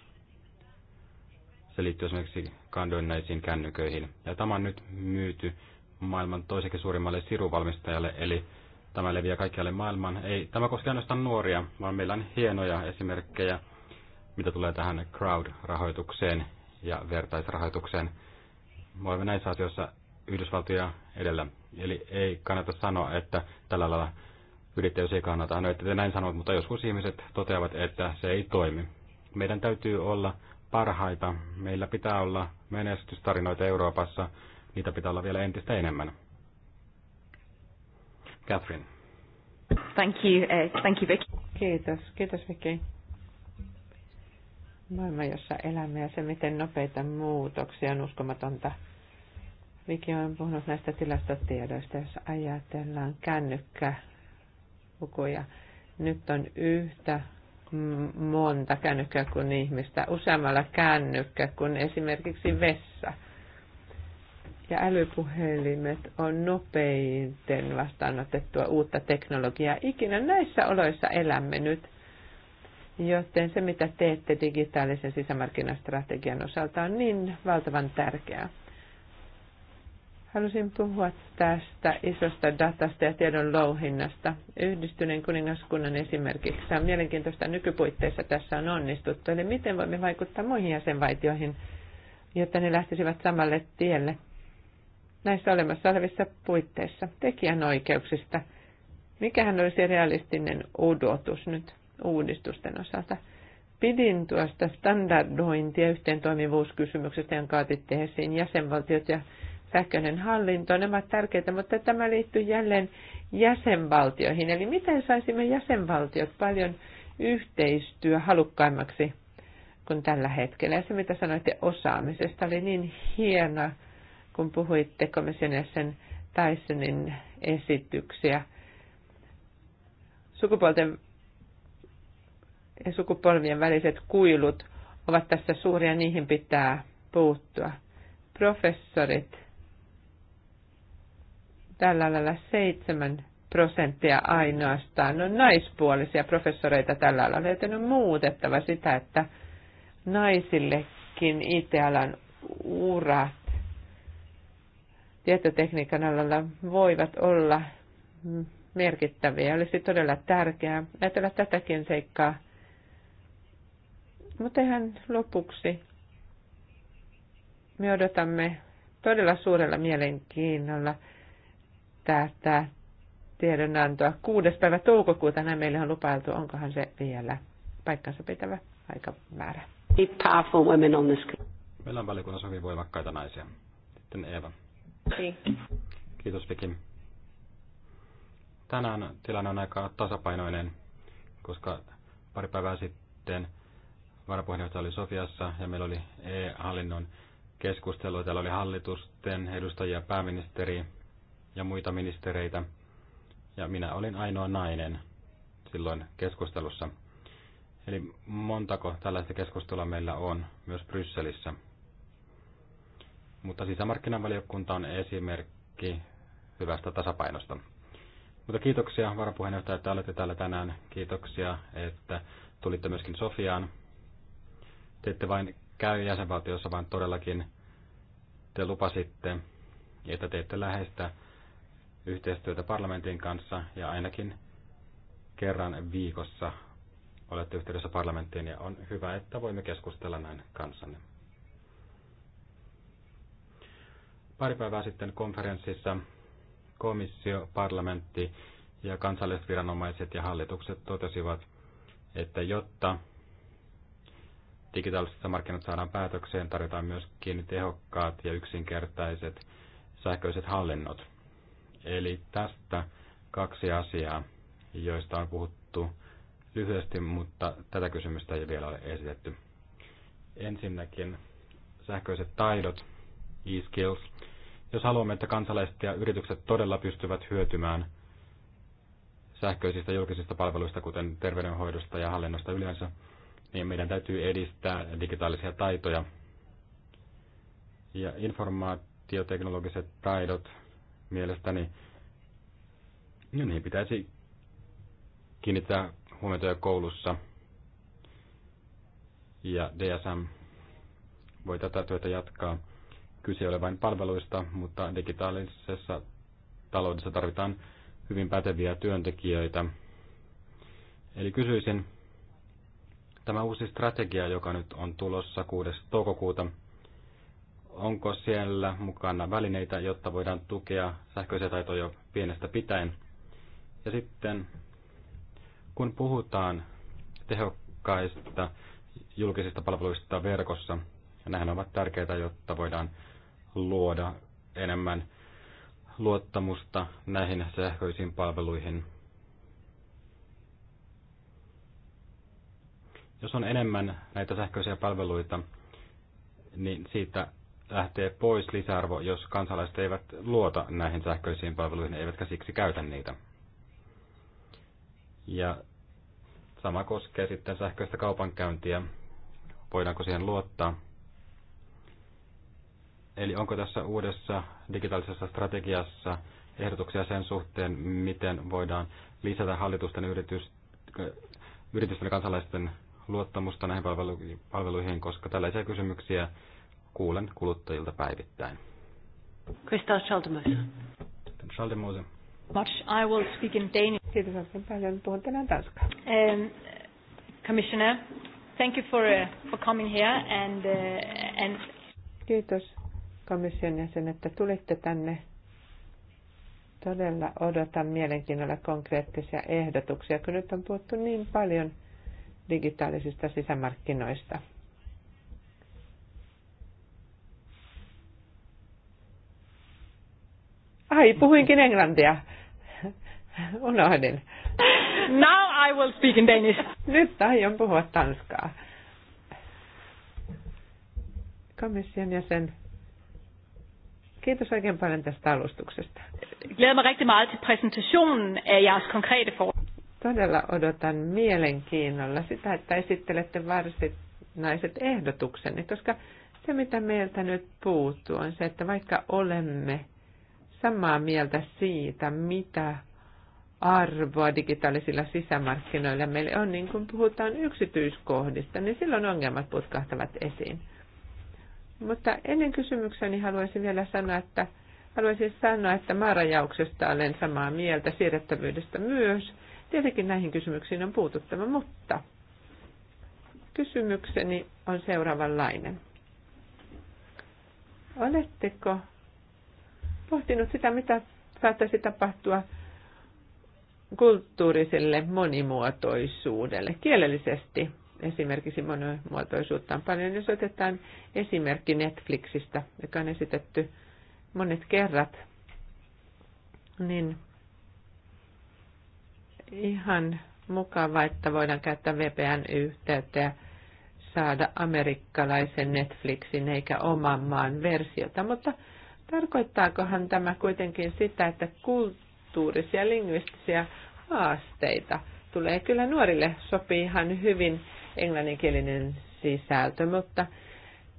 S2: se liittyy esimerkiksi kandoinnaisiin kännyköihin. Ja tämä on nyt myyty maailman toiseksi suurimmalle siruvalmistajalle, eli tämä leviää kaikkialle maailmaan. Ei, tämä koskee ainoastaan nuoria, vaan meillä on hienoja esimerkkejä, mitä tulee tähän crowd-rahoitukseen ja vertaisrahoitukseen. Me olemme näissä asioissa Yhdysvaltoja edellä. Eli ei kannata sanoa, että tällä lailla yrittäjyys ei kannata. No, että te näin sanot, mutta joskus ihmiset toteavat, että se ei toimi. Meidän täytyy olla parhaita. Meillä pitää olla menestystarinoita Euroopassa, Niitä pitää olla vielä entistä enemmän. Catherine.
S1: Thank you, uh, thank you Vicky. Kiitos, kiitos Vicky. Maailma, jossa elämme ja se, miten nopeita muutoksia on uskomatonta. Vicky on puhunut näistä tilastotiedoista, jos ajatellaan kännykkälukuja. Nyt on yhtä monta kännykkää kuin ihmistä, useammalla kännykkä kuin esimerkiksi vessa ja älypuhelimet on nopeiten vastaanotettua uutta teknologiaa. Ikinä näissä oloissa elämme nyt, joten se mitä teette digitaalisen sisämarkkinastrategian osalta on niin valtavan tärkeää. Halusin puhua tästä isosta datasta ja tiedon louhinnasta. Yhdistyneen kuningaskunnan esimerkiksi on mielenkiintoista nykypuitteissa tässä on onnistuttu. Eli miten voimme vaikuttaa muihin jäsenvaltioihin, jotta ne lähtisivät samalle tielle näissä olemassa olevissa puitteissa tekijänoikeuksista. Mikähän olisi realistinen odotus nyt uudistusten osalta? Pidin tuosta standardointi- ja yhteentoimivuuskysymyksestä, jonka otitte esiin jäsenvaltiot ja sähköinen hallinto. Nämä ovat tärkeitä, mutta tämä liittyy jälleen jäsenvaltioihin. Eli miten saisimme jäsenvaltiot paljon yhteistyö halukkaimmaksi kuin tällä hetkellä. Ja se, mitä sanoitte osaamisesta, oli niin hienoa kun puhuitte komission jäsen Tysonin esityksiä. Sukupuolten ja sukupolvien väliset kuilut ovat tässä suuria, niihin pitää puuttua. Professorit, tällä lailla seitsemän prosenttia ainoastaan on naispuolisia professoreita tällä lailla, joten on muutettava sitä, että naisillekin IT-alan urat tietotekniikan alalla voivat olla merkittäviä. Olisi todella tärkeää ajatella tätäkin seikkaa. Mutta ihan lopuksi me odotamme todella suurella mielenkiinnolla tätä tiedonantoa. 6. päivä toukokuuta näin meille on lupailtu, onkohan se vielä paikkansa pitävä aikamäärä.
S2: Meillä on valikunnassa hyvin voimakkaita naisia. Sitten Eeva. Niin. Kiitos Viki. Tänään tilanne on aika tasapainoinen, koska pari päivää sitten varapuheenjohtaja oli Sofiassa ja meillä oli e-hallinnon keskustelu. Täällä oli hallitusten edustajia, pääministeri ja muita ministereitä. Ja minä olin ainoa nainen silloin keskustelussa. Eli montako tällaista keskustelua meillä on myös Brysselissä. Mutta sisämarkkinavaliokunta on esimerkki hyvästä tasapainosta. Mutta kiitoksia varapuheenjohtaja, että olette täällä tänään. Kiitoksia, että tulitte myöskin Sofiaan. Te ette vain käy jäsenvaltiossa, vaan todellakin te lupasitte, että teette läheistä yhteistyötä parlamentin kanssa ja ainakin kerran viikossa olette yhteydessä parlamenttiin ja on hyvä, että voimme keskustella näin kanssanne. Pari päivää sitten konferenssissa komissio, parlamentti ja kansalliset viranomaiset ja hallitukset totesivat, että jotta digitaalisessa markkinat saadaan päätökseen, tarvitaan myöskin tehokkaat ja yksinkertaiset sähköiset hallinnot. Eli tästä kaksi asiaa, joista on puhuttu lyhyesti, mutta tätä kysymystä ei vielä ole esitetty. Ensinnäkin sähköiset taidot, e-skills, jos haluamme, että kansalaiset ja yritykset todella pystyvät hyötymään sähköisistä julkisista palveluista, kuten terveydenhoidosta ja hallinnosta yleensä, niin meidän täytyy edistää digitaalisia taitoja. Ja informaatioteknologiset taidot mielestäni, niin niihin pitäisi kiinnittää huomiota jo koulussa. Ja DSM voi tätä työtä jatkaa Kyse ei ole vain palveluista, mutta digitaalisessa taloudessa tarvitaan hyvin päteviä työntekijöitä. Eli kysyisin, tämä uusi strategia, joka nyt on tulossa 6. toukokuuta, onko siellä mukana välineitä, jotta voidaan tukea sähköisiä taitoja pienestä pitäen? Ja sitten, kun puhutaan tehokkaista julkisista palveluista verkossa, ja nämä ovat tärkeitä, jotta voidaan luoda enemmän luottamusta näihin sähköisiin palveluihin. Jos on enemmän näitä sähköisiä palveluita, niin siitä lähtee pois lisäarvo, jos kansalaiset eivät luota näihin sähköisiin palveluihin, eivätkä siksi käytä niitä. Ja sama koskee sitten sähköistä kaupankäyntiä. Voidaanko siihen luottaa? Eli onko tässä uudessa digitaalisessa strategiassa ehdotuksia sen suhteen, miten voidaan lisätä hallitusten yritys, yritysten ja kansalaisten luottamusta näihin palveluihin, koska tällaisia kysymyksiä kuulen kuluttajilta päivittäin.
S1: Kristal Schaldemose. Schaldemose. Much I will speak in Danish. Kiitos Puhun tänään tanskaa. Um, commissioner, thank you for, uh, for coming here and, uh, and Kiitos komission jäsen, että tulitte tänne. Todella odotan mielenkiinnolla konkreettisia ehdotuksia, kun nyt on puhuttu niin paljon digitaalisista sisämarkkinoista. Ai, puhuinkin englantia. Unohdin. Now I will speak in Danish. Nyt aion puhua tanskaa. Komission jäsen Kiitos oikein paljon tästä alustuksesta. Todella odotan mielenkiinnolla sitä, että esittelette varsinaiset ehdotuksenne, koska se, mitä meiltä nyt puuttuu, on se, että vaikka olemme samaa mieltä siitä, mitä arvoa digitaalisilla sisämarkkinoilla meille on, niin kun puhutaan yksityiskohdista, niin silloin ongelmat putkahtavat esiin. Mutta ennen kysymykseni haluaisin vielä sanoa, että haluaisin sanoa, että maarajauksesta olen samaa mieltä, siirrettävyydestä myös. Tietenkin näihin kysymyksiin on puututtava, mutta kysymykseni on seuraavanlainen. Oletteko pohtinut sitä, mitä saattaisi tapahtua kulttuuriselle monimuotoisuudelle kielellisesti esimerkiksi monimuotoisuutta on paljon. Jos otetaan esimerkki Netflixistä, joka on esitetty monet kerrat, niin ihan mukava, että voidaan käyttää VPN-yhteyttä ja saada amerikkalaisen Netflixin eikä oman maan versiota. Mutta tarkoittaakohan tämä kuitenkin sitä, että kulttuurisia lingvistisiä haasteita tulee kyllä nuorille sopii ihan hyvin englanninkielinen sisältö, mutta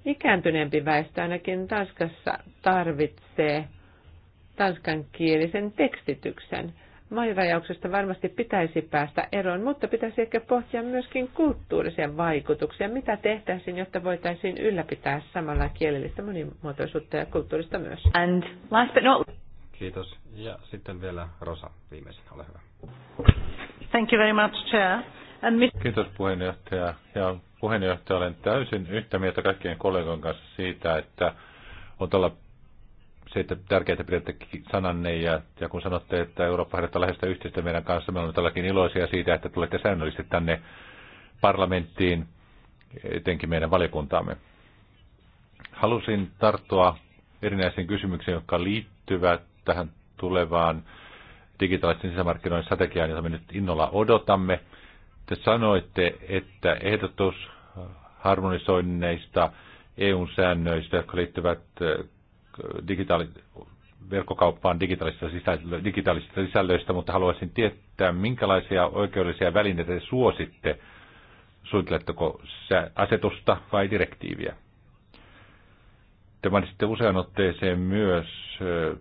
S1: ikääntyneempi väestö ainakin Tanskassa tarvitsee tanskankielisen tekstityksen. Maanrajauksesta varmasti pitäisi päästä eroon, mutta pitäisi ehkä pohtia myöskin kulttuurisia vaikutuksia. Mitä tehtäisiin, jotta voitaisiin ylläpitää samalla kielellistä monimuotoisuutta ja kulttuurista myös? And last but not...
S3: Kiitos. Ja sitten vielä Rosa viimeisenä, ole hyvä.
S1: Thank you very much, Chair.
S3: Kiitos puheenjohtaja. Ja puheenjohtaja, olen täysin yhtä mieltä kaikkien kollegojen kanssa siitä, että on tällä se, että tärkeää, että pidätte sananne ja, ja kun sanotte, että Eurooppa herättää lähestä yhteistyötä meidän kanssa, me olemme tälläkin iloisia siitä, että tulette säännöllisesti tänne parlamenttiin, etenkin meidän valiokuntaamme. Halusin tarttua erinäisiin kysymyksiin, jotka liittyvät tähän tulevaan digitaalisten sisämarkkinoiden strategiaan, jota me nyt innolla odotamme. Te sanoitte, että ehdotus harmonisoinneista EUn säännöistä, jotka liittyvät äh, digitaali- verkkokauppaan digitaalisista, digitaalisista sisällöistä, mutta haluaisin tietää, minkälaisia oikeudellisia välineitä te suositte. Suunnitteletteko asetusta vai direktiiviä? Te mainitsitte usean otteeseen myös äh,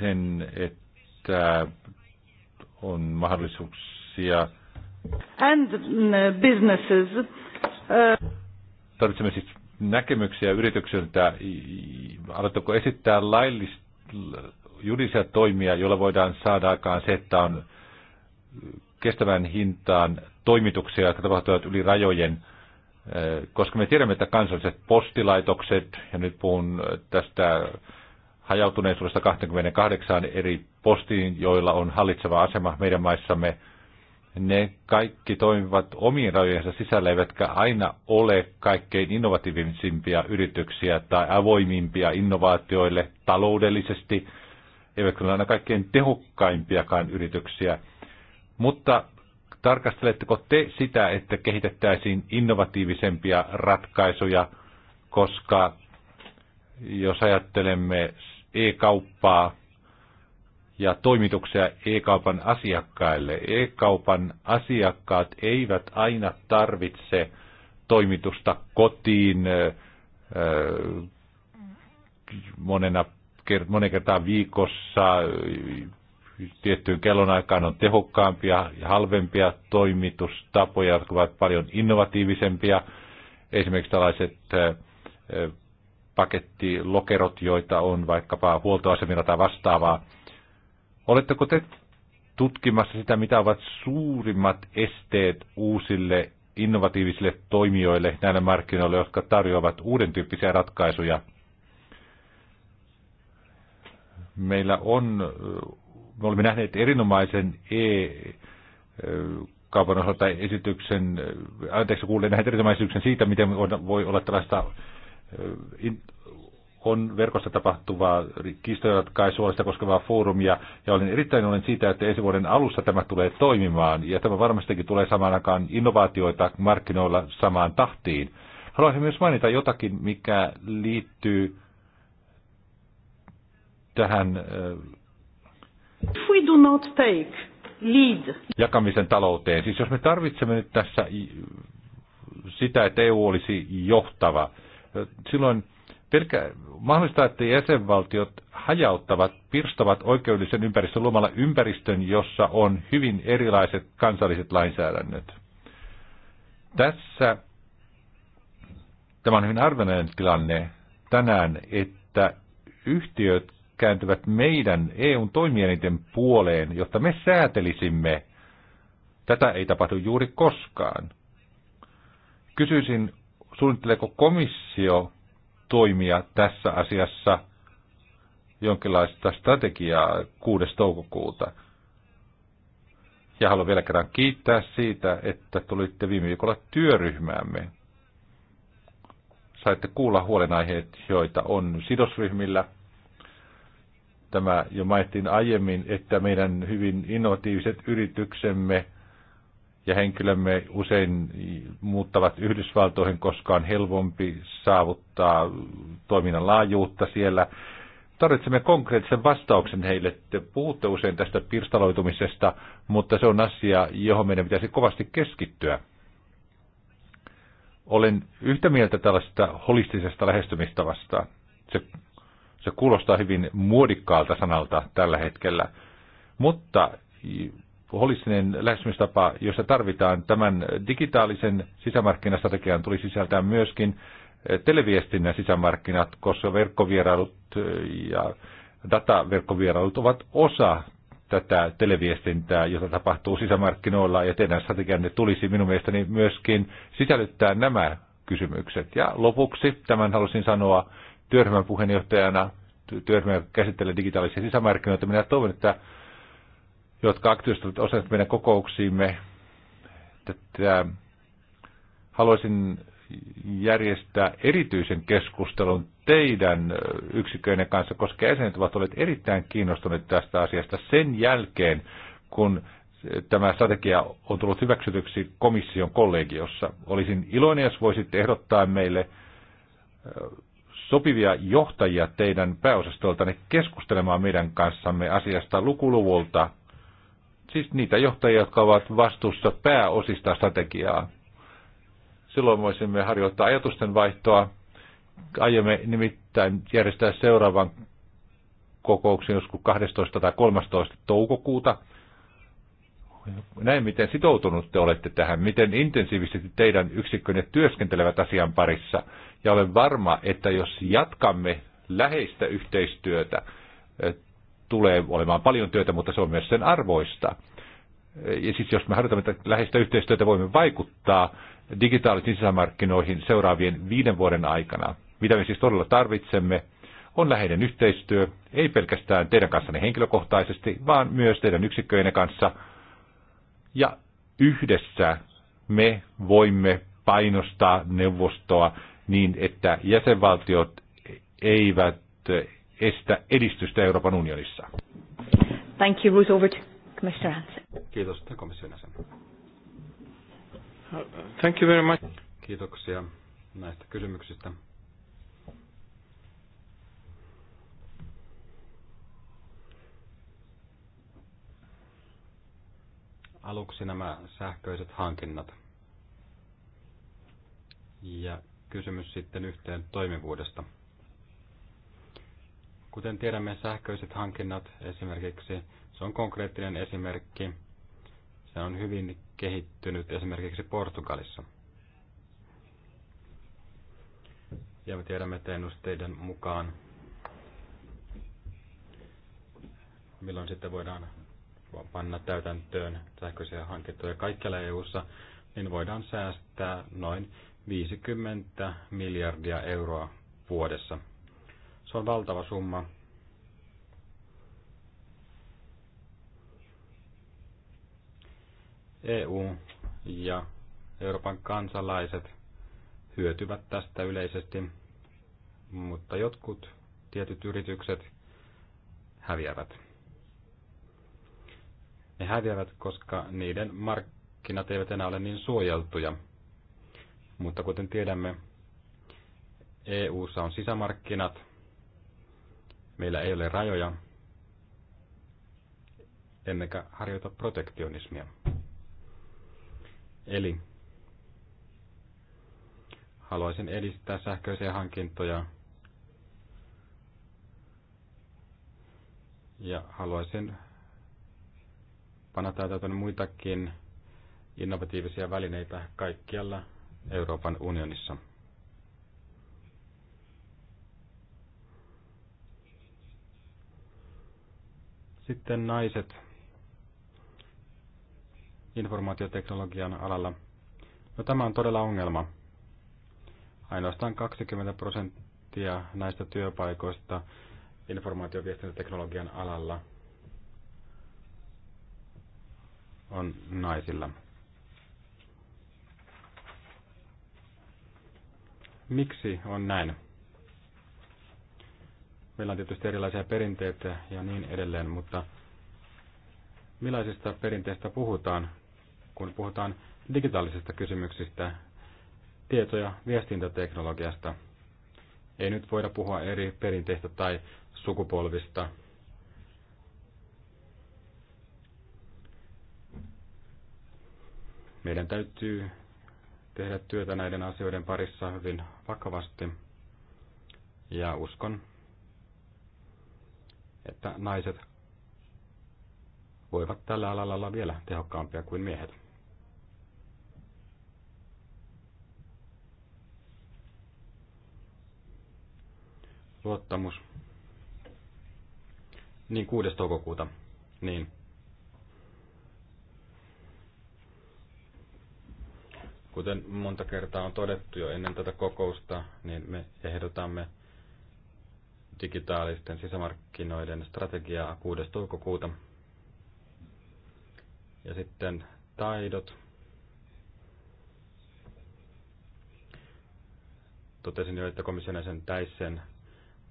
S3: sen, että on mahdollisuuksia.
S1: And mm, businesses. Uh,
S3: Tarvitsemme siis näkemyksiä yrityksiltä. Aloitteko esittää laillista julisia toimia, joilla voidaan saada aikaan se, että on kestävän hintaan toimituksia, jotka tapahtuvat yli rajojen, eh, koska me tiedämme, että kansalliset postilaitokset, ja nyt puhun tästä hajautuneisuudesta 28 eri postiin, joilla on hallitseva asema meidän maissamme. Ne kaikki toimivat omien rajojensa sisällä, eivätkä aina ole kaikkein innovatiivisimpia yrityksiä tai avoimimpia innovaatioille taloudellisesti, eivätkä ole aina kaikkein tehokkaimpiakaan yrityksiä. Mutta tarkasteletteko te sitä, että kehitettäisiin innovatiivisempia ratkaisuja, koska jos ajattelemme e-kauppaa ja toimituksia e-kaupan asiakkaille. E-kaupan asiakkaat eivät aina tarvitse toimitusta kotiin monena, monen kertaa viikossa tiettyyn kellonaikaan on tehokkaampia ja halvempia toimitustapoja, jotka ovat paljon innovatiivisempia. Esimerkiksi tällaiset paketti, lokerot, joita on vaikkapa huoltoasemilla tai vastaavaa. Oletteko te tutkimassa sitä, mitä ovat suurimmat esteet uusille innovatiivisille toimijoille näille markkinoille, jotka tarjoavat uuden tyyppisiä ratkaisuja? Meillä on, me olemme nähneet erinomaisen e kaupan osalta esityksen, anteeksi kuulin näitä erityisen siitä, miten voi olla tällaista on verkossa tapahtuvaa kiistojatkaisuolista koskevaa foorumia, ja olen erittäin olen siitä, että ensi vuoden alussa tämä tulee toimimaan, ja tämä varmastikin tulee samaan aikaan innovaatioita markkinoilla samaan tahtiin. Haluaisin myös mainita jotakin, mikä liittyy tähän
S1: If we do not take
S3: lead. jakamisen talouteen. Siis jos me tarvitsemme nyt tässä sitä, että EU olisi johtava, Silloin pelkä, mahdollista, että jäsenvaltiot hajauttavat, pirstavat oikeudellisen ympäristön luomalla ympäristön, jossa on hyvin erilaiset kansalliset lainsäädännöt. Tässä tämä on hyvin arvoinen tilanne tänään, että yhtiöt kääntyvät meidän EUn toimielinten puoleen, jotta me säätelisimme. Tätä ei tapahdu juuri koskaan. Kysyisin, suunnitteleeko komissio toimia tässä asiassa jonkinlaista strategiaa 6. toukokuuta? Ja haluan vielä kerran kiittää siitä, että tulitte viime viikolla työryhmäämme. Saitte kuulla huolenaiheet, joita on sidosryhmillä. Tämä jo mainittiin aiemmin, että meidän hyvin innovatiiviset yrityksemme – ja henkilömme usein muuttavat Yhdysvaltoihin, koska on helpompi saavuttaa toiminnan laajuutta siellä. Tarvitsemme konkreettisen vastauksen heille. Te puhutte usein tästä pirstaloitumisesta, mutta se on asia, johon meidän pitäisi kovasti keskittyä. Olen yhtä mieltä tällaista holistisesta lähestymistavasta. Se, se kuulostaa hyvin muodikkaalta sanalta tällä hetkellä, mutta holistinen lähestymistapa, jossa tarvitaan tämän digitaalisen sisämarkkinastrategian, tuli sisältää myöskin eh, televiestinnän sisämarkkinat, koska verkkovierailut eh, ja dataverkkovierailut ovat osa tätä televiestintää, jota tapahtuu sisämarkkinoilla, ja teidän strategianne tulisi minun mielestäni myöskin sisällyttää nämä kysymykset. Ja lopuksi tämän halusin sanoa työryhmän puheenjohtajana, työryhmä käsittelee digitaalisia sisämarkkinoita. Minä toivon, että jotka aktiivisesti osallistuvat meidän kokouksiimme. Tätä haluaisin järjestää erityisen keskustelun teidän yksiköiden kanssa, koska jäsenet ovat olleet erittäin kiinnostuneet tästä asiasta sen jälkeen, kun tämä strategia on tullut hyväksytyksi komission kollegiossa. Olisin iloinen, jos voisitte ehdottaa meille sopivia johtajia teidän pääosastoltanne keskustelemaan meidän kanssamme asiasta lukuluvulta siis niitä johtajia, jotka ovat vastuussa pääosista strategiaa. Silloin voisimme harjoittaa ajatusten vaihtoa. Aiomme nimittäin järjestää seuraavan kokouksen joskus 12 tai 13 toukokuuta. Näin, miten sitoutunut te olette tähän, miten intensiivisesti teidän yksikkönne työskentelevät asian parissa. Ja olen varma, että jos jatkamme läheistä yhteistyötä tulee olemaan paljon työtä, mutta se on myös sen arvoista. Ja siis jos me harjoitamme läheistä yhteistyötä, voimme vaikuttaa digitaalisiin sisämarkkinoihin seuraavien viiden vuoden aikana. Mitä me siis todella tarvitsemme, on läheinen yhteistyö, ei pelkästään teidän kanssanne henkilökohtaisesti, vaan myös teidän yksikköjen kanssa. Ja yhdessä me voimme painostaa neuvostoa niin, että jäsenvaltiot eivät estä edistystä Euroopan unionissa.
S1: Thank you, Ruth. Over to Commissioner Hansen.
S3: Kiitos,
S2: komission jäsen. Uh,
S3: thank you very much. Kiitoksia
S2: näistä kysymyksistä. Aluksi nämä sähköiset hankinnat. Ja kysymys sitten yhteen toimivuudesta. Kuten tiedämme, sähköiset hankinnat esimerkiksi, se on konkreettinen esimerkki. Se on hyvin kehittynyt esimerkiksi Portugalissa. Ja me tiedämme, että ennusteiden mukaan, milloin sitten voidaan panna täytäntöön sähköisiä hankintoja kaikkialla EU-ssa, niin voidaan säästää noin 50 miljardia euroa vuodessa – se on valtava summa. EU ja Euroopan kansalaiset hyötyvät tästä yleisesti, mutta jotkut tietyt yritykset häviävät. Ne häviävät, koska niiden markkinat eivät enää ole niin suojeltuja. Mutta kuten tiedämme, EU:ssa on sisämarkkinat – Meillä ei ole rajoja, emmekä harjoita protektionismia. Eli haluaisin edistää sähköisiä hankintoja ja haluaisin panna täytäntöön muitakin innovatiivisia välineitä kaikkialla Euroopan unionissa. Sitten naiset informaatioteknologian alalla. No tämä on todella ongelma. Ainoastaan 20 prosenttia näistä työpaikoista informaatioviestintäteknologian alalla on naisilla. Miksi on näin? Meillä on tietysti erilaisia perinteitä ja niin edelleen, mutta millaisista perinteistä puhutaan, kun puhutaan digitaalisista kysymyksistä, tieto- ja viestintäteknologiasta? Ei nyt voida puhua eri perinteistä tai sukupolvista. Meidän täytyy tehdä työtä näiden asioiden parissa hyvin vakavasti ja uskon, että naiset voivat tällä alalla olla vielä tehokkaampia kuin miehet. Luottamus. Niin 6. toukokuuta. Niin. Kuten monta kertaa on todettu jo ennen tätä kokousta, niin me ehdotamme digitaalisten sisämarkkinoiden strategiaa 6. toukokuuta. Ja sitten taidot. Totesin jo, että komission sen täisen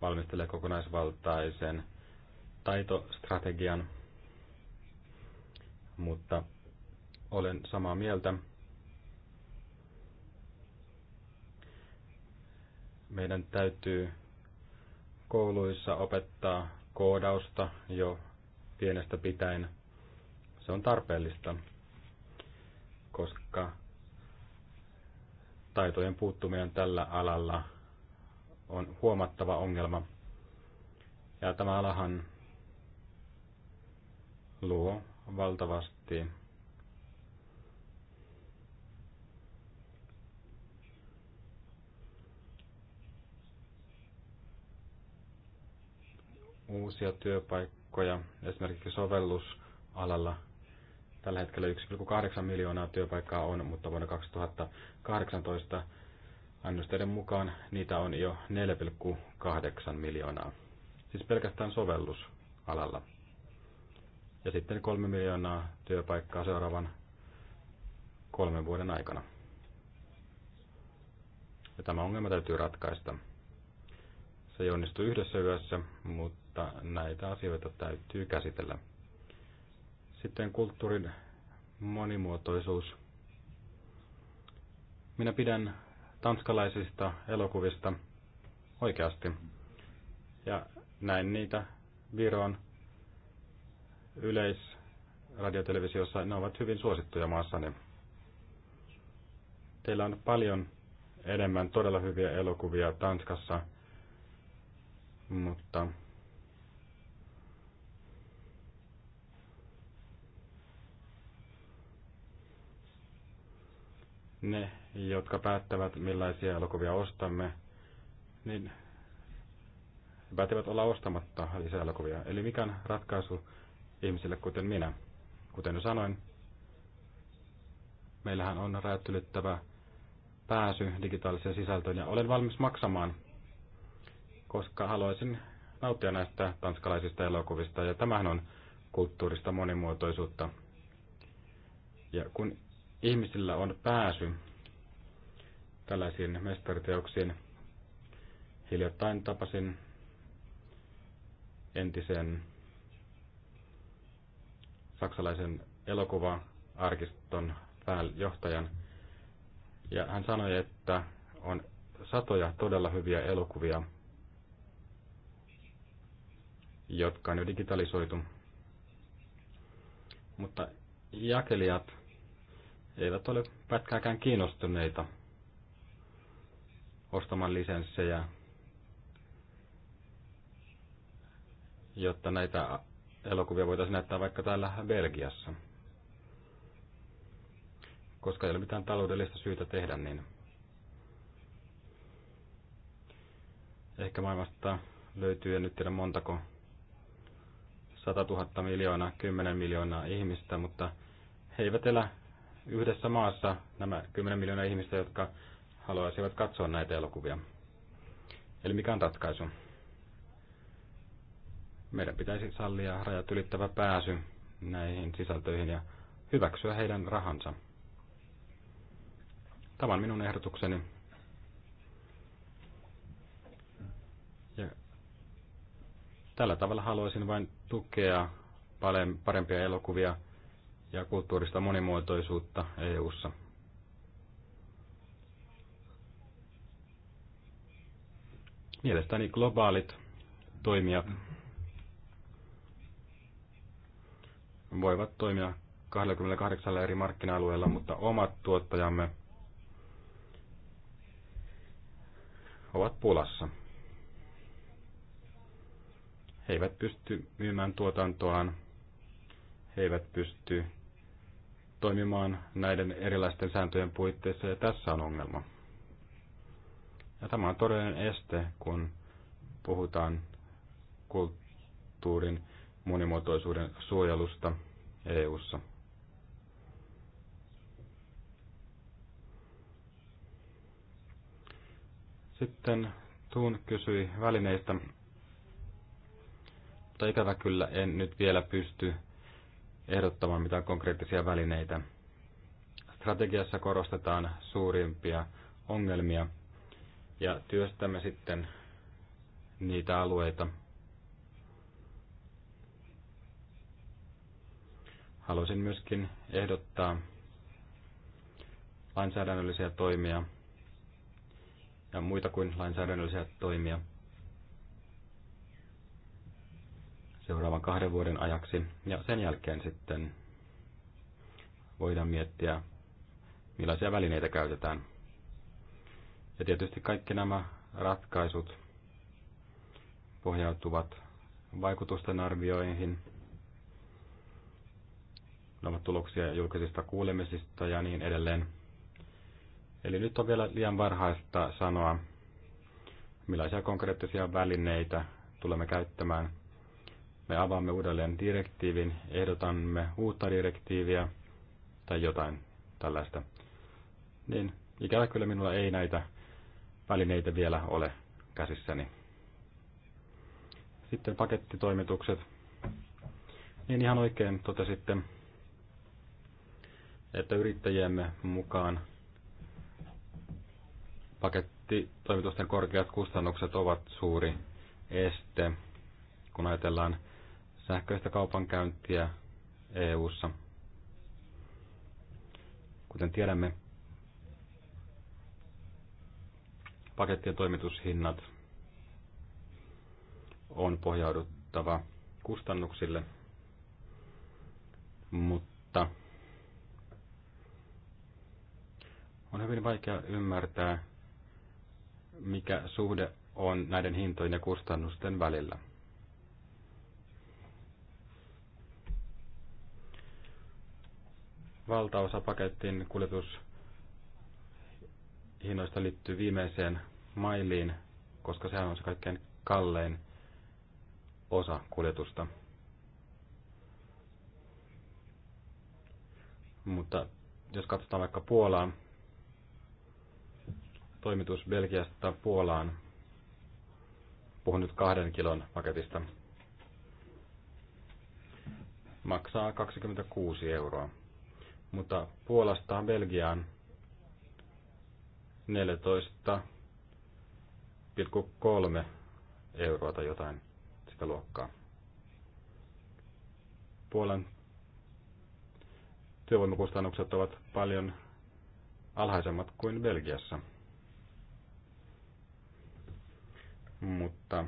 S2: valmistelee kokonaisvaltaisen taitostrategian, mutta olen samaa mieltä. Meidän täytyy kouluissa opettaa koodausta jo pienestä pitäen. Se on tarpeellista, koska taitojen puuttuminen tällä alalla on huomattava ongelma. Ja tämä alahan luo valtavasti uusia työpaikkoja esimerkiksi sovellusalalla. Tällä hetkellä 1,8 miljoonaa työpaikkaa on, mutta vuonna 2018 annosteiden mukaan niitä on jo 4,8 miljoonaa. Siis pelkästään sovellusalalla. Ja sitten 3 miljoonaa työpaikkaa seuraavan kolmen vuoden aikana. Ja tämä ongelma täytyy ratkaista. Se ei onnistu yhdessä yössä, mutta näitä asioita täytyy käsitellä. Sitten kulttuurin monimuotoisuus. Minä pidän tanskalaisista elokuvista oikeasti. Ja näin niitä Viron yleisradiotelevisiossa. Ne ovat hyvin suosittuja maassani. Teillä on paljon enemmän todella hyviä elokuvia Tanskassa mutta ne, jotka päättävät millaisia elokuvia ostamme, niin päättävät olla ostamatta lisää elokuvia. Eli on ratkaisu ihmisille kuten minä. Kuten jo sanoin, meillähän on räättylyttävä pääsy digitaaliseen sisältöön ja olen valmis maksamaan koska haluaisin nauttia näistä tanskalaisista elokuvista, ja tämähän on kulttuurista monimuotoisuutta. Ja kun ihmisillä on pääsy tällaisiin mestariteoksiin, hiljattain tapasin entisen saksalaisen elokuva-arkiston pääjohtajan. Ja hän sanoi, että on satoja todella hyviä elokuvia, jotka on jo digitalisoitu. Mutta jakelijat eivät ole pätkääkään kiinnostuneita ostamaan lisenssejä, jotta näitä elokuvia voitaisiin näyttää vaikka täällä Belgiassa. Koska ei ole mitään taloudellista syytä tehdä niin. Ehkä maailmasta löytyy, en nyt tiedä montako 100 000 miljoonaa, 10 miljoonaa ihmistä, mutta he eivät elä yhdessä maassa, nämä 10 miljoonaa ihmistä, jotka haluaisivat katsoa näitä elokuvia. Eli mikä on ratkaisu? Meidän pitäisi sallia rajat ylittävä pääsy näihin sisältöihin ja hyväksyä heidän rahansa. Tämä on minun ehdotukseni. Tällä tavalla haluaisin vain tukea parempia elokuvia ja kulttuurista monimuotoisuutta EU-ssa. Mielestäni globaalit toimijat voivat toimia 28 eri markkina-alueella, mutta omat tuottajamme ovat pulassa. He eivät pysty myymään tuotantoaan, he eivät pysty toimimaan näiden erilaisten sääntöjen puitteissa, ja tässä on ongelma. Ja tämä on todellinen este, kun puhutaan kulttuurin monimuotoisuuden suojelusta EU:ssa. Sitten Tuun kysyi välineistä mutta ikävä kyllä en nyt vielä pysty ehdottamaan mitään konkreettisia välineitä. Strategiassa korostetaan suurimpia ongelmia ja työstämme sitten niitä alueita. Haluaisin myöskin ehdottaa lainsäädännöllisiä toimia ja muita kuin lainsäädännöllisiä toimia – seuraavan kahden vuoden ajaksi. Ja sen jälkeen sitten voidaan miettiä, millaisia välineitä käytetään. Ja tietysti kaikki nämä ratkaisut pohjautuvat vaikutusten arvioihin, ne ovat tuloksia julkisista kuulemisista ja niin edelleen. Eli nyt on vielä liian varhaista sanoa, millaisia konkreettisia välineitä tulemme käyttämään me avaamme uudelleen direktiivin, ehdotamme uutta direktiiviä tai jotain tällaista. Niin ikävä kyllä minulla ei näitä välineitä vielä ole käsissäni. Sitten pakettitoimitukset. Niin ihan oikein totesitte, että yrittäjiemme mukaan pakettitoimitusten korkeat kustannukset ovat suuri este, kun ajatellaan sähköistä kaupankäyntiä EU:ssa. Kuten tiedämme, pakettien toimitushinnat on pohjauduttava kustannuksille, mutta on hyvin vaikea ymmärtää, mikä suhde on näiden hintojen ja kustannusten välillä. valtaosa paketin kuljetushinnoista liittyy viimeiseen mailiin, koska sehän on se kaikkein kallein osa kuljetusta. Mutta jos katsotaan vaikka Puolaa, toimitus Belgiasta Puolaan, puhun nyt kahden kilon paketista, maksaa 26 euroa. Mutta Puolastaan Belgiaan 14,3 euroa tai jotain sitä luokkaa. Puolan työvoimakustannukset ovat paljon alhaisemmat kuin Belgiassa. Mutta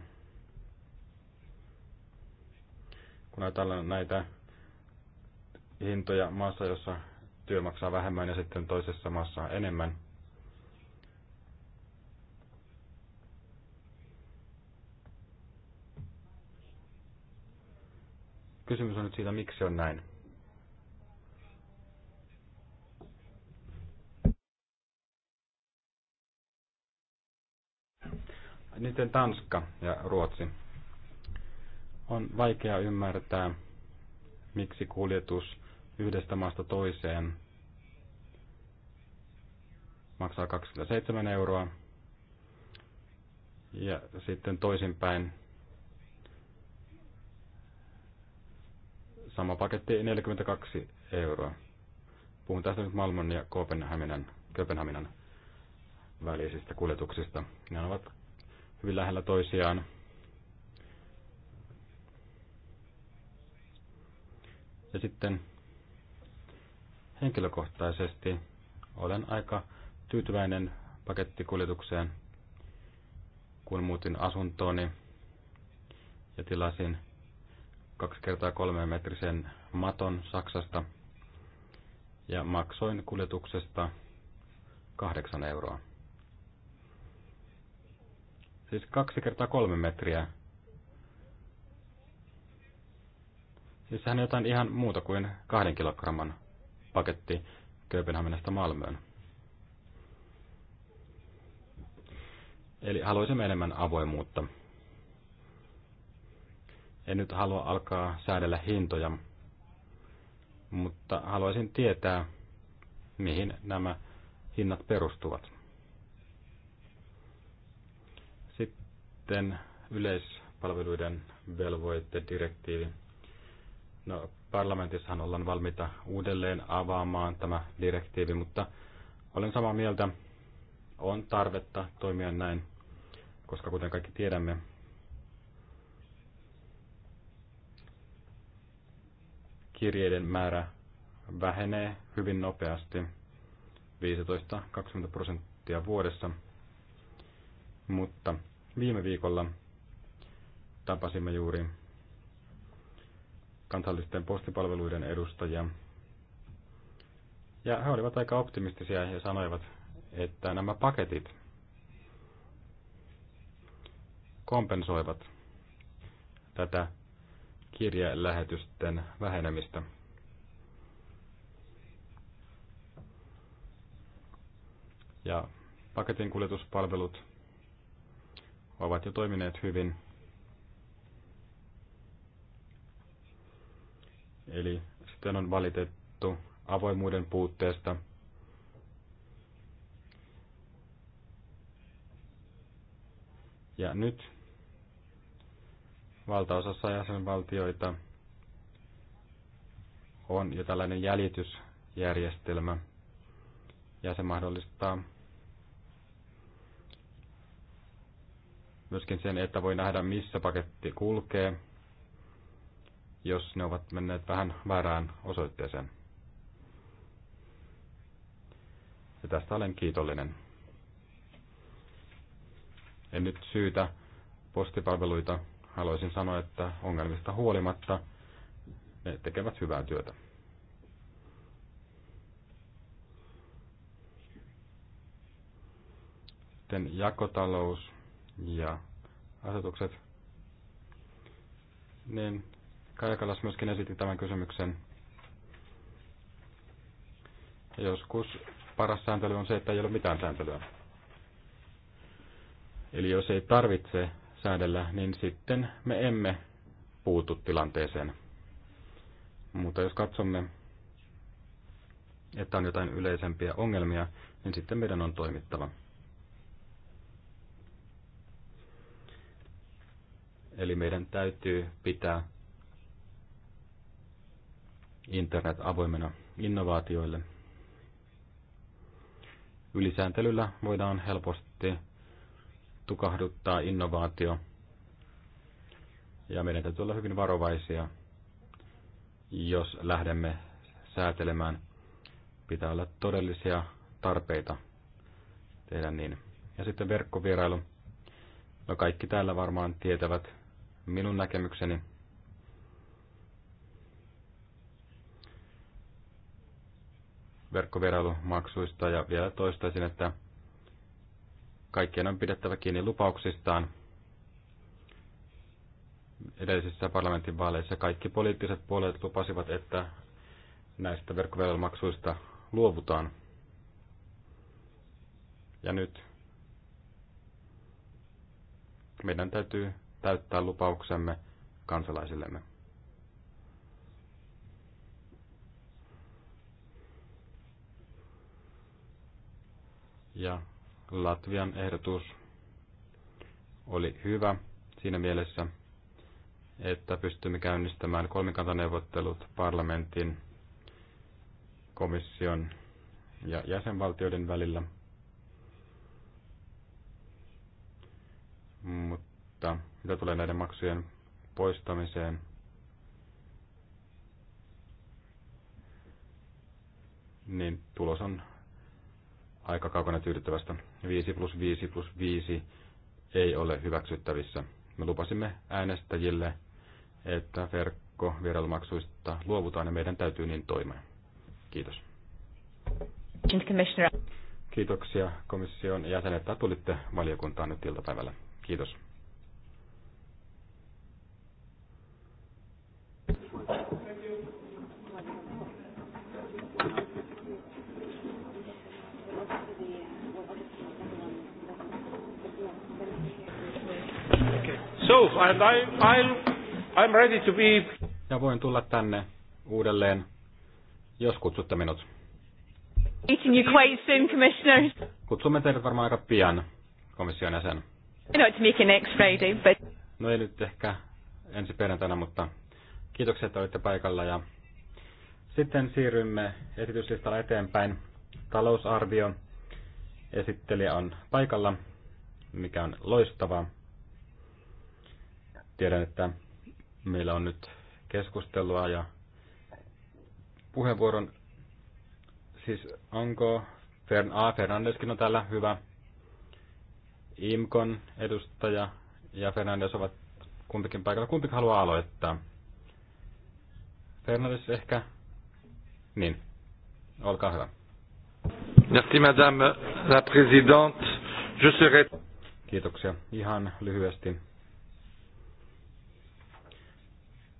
S2: kun ajatellaan näitä hintoja maassa, jossa työ maksaa vähemmän ja sitten toisessa maassa enemmän. Kysymys on nyt siitä, miksi on näin. Nyt Tanska ja Ruotsi. On vaikea ymmärtää, miksi kuljetus yhdestä maasta toiseen maksaa 27 euroa. Ja sitten toisinpäin sama paketti 42 euroa. Puhun tästä nyt Malmon ja Kopenhaminan, Kööpenhaminan välisistä kuljetuksista. Ne ovat hyvin lähellä toisiaan. Ja sitten Henkilökohtaisesti olen aika tyytyväinen pakettikuljetukseen, kun muutin asuntooni ja tilasin kaksi kertaa kolme metrisen maton Saksasta ja maksoin kuljetuksesta kahdeksan euroa. Siis kaksi kertaa kolme metriä. Siis sehän on jotain ihan muuta kuin kahden kilogramman paketti Kööpenhaminasta Malmöön. Eli haluaisimme enemmän avoimuutta. En nyt halua alkaa säädellä hintoja, mutta haluaisin tietää, mihin nämä hinnat perustuvat. Sitten yleispalveluiden velvoitedirektiivi. No, parlamentissahan ollaan valmiita uudelleen avaamaan tämä direktiivi, mutta olen samaa mieltä, on tarvetta toimia näin, koska kuten kaikki tiedämme, kirjeiden määrä vähenee hyvin nopeasti, 15-20 prosenttia vuodessa. Mutta viime viikolla tapasimme juuri kansallisten postipalveluiden edustajia. Ja he olivat aika optimistisia ja sanoivat, että nämä paketit kompensoivat tätä kirjelähetysten vähenemistä. Ja paketin kuljetuspalvelut ovat jo toimineet hyvin Eli sitten on valitettu avoimuuden puutteesta. Ja nyt valtaosassa jäsenvaltioita on jo tällainen jäljitysjärjestelmä, ja se mahdollistaa myöskin sen, että voi nähdä, missä paketti kulkee jos ne ovat menneet vähän väärään osoitteeseen. Ja tästä olen kiitollinen. En nyt syytä postipalveluita. Haluaisin sanoa, että ongelmista huolimatta ne tekevät hyvää työtä. Sitten jakotalous ja asetukset. Niin Kajakalas myöskin esitti tämän kysymyksen. Ja joskus paras sääntely on se, että ei ole mitään sääntelyä. Eli jos ei tarvitse säädellä, niin sitten me emme puutu tilanteeseen. Mutta jos katsomme, että on jotain yleisempiä ongelmia, niin sitten meidän on toimittava. Eli meidän täytyy pitää internet avoimena innovaatioille. Ylisääntelyllä voidaan helposti tukahduttaa innovaatio, ja meidän täytyy olla hyvin varovaisia, jos lähdemme säätelemään. Pitää olla todellisia tarpeita tehdä niin. Ja sitten verkkovierailu. No kaikki täällä varmaan tietävät minun näkemykseni verkkovierailumaksuista ja vielä toistaisin, että kaikkien on pidettävä kiinni lupauksistaan. Edellisissä parlamentin vaaleissa kaikki poliittiset puolueet lupasivat, että näistä verkkovierailumaksuista luovutaan. Ja nyt meidän täytyy täyttää lupauksemme kansalaisillemme. Ja Latvian ehdotus oli hyvä siinä mielessä, että pystymme käynnistämään kolmikantaneuvottelut parlamentin, komission ja jäsenvaltioiden välillä. Mutta mitä tulee näiden maksujen poistamiseen, niin tulos on aika kaukana tyydyttävästä. 5 plus 5 plus 5 ei ole hyväksyttävissä. Me lupasimme äänestäjille, että verkkovierailumaksuista luovutaan ja meidän täytyy niin toimia. Kiitos. Kiitoksia komission jäsenet, että tulitte valiokuntaan nyt iltapäivällä. Kiitos.
S3: So, and I'm
S2: ready to be... Ja voin tulla tänne uudelleen, jos kutsutte minut.
S1: Meeting you quite soon, Commissioner.
S2: Kutsumme teidät varmaan aika pian, komission jäsen.
S1: No, it's making next Friday, but...
S2: No ei nyt ehkä ensi perjantaina, mutta kiitoksia, että olitte paikalla. Ja sitten siirrymme esityslistalla eteenpäin. Talousarvio. Esittelijä on paikalla, mikä on loistavaa. Tiedän, että meillä on nyt keskustelua ja puheenvuoron. Siis onko Fern A. Fernandeskin on täällä hyvä. IMKon edustaja ja Fernandes ovat kumpikin paikalla. Kumpi haluaa aloittaa? Fernandes ehkä?
S3: Niin. Olkaa hyvä. Merci madame la présidente. Je serai...
S2: Kiitoksia. Ihan lyhyesti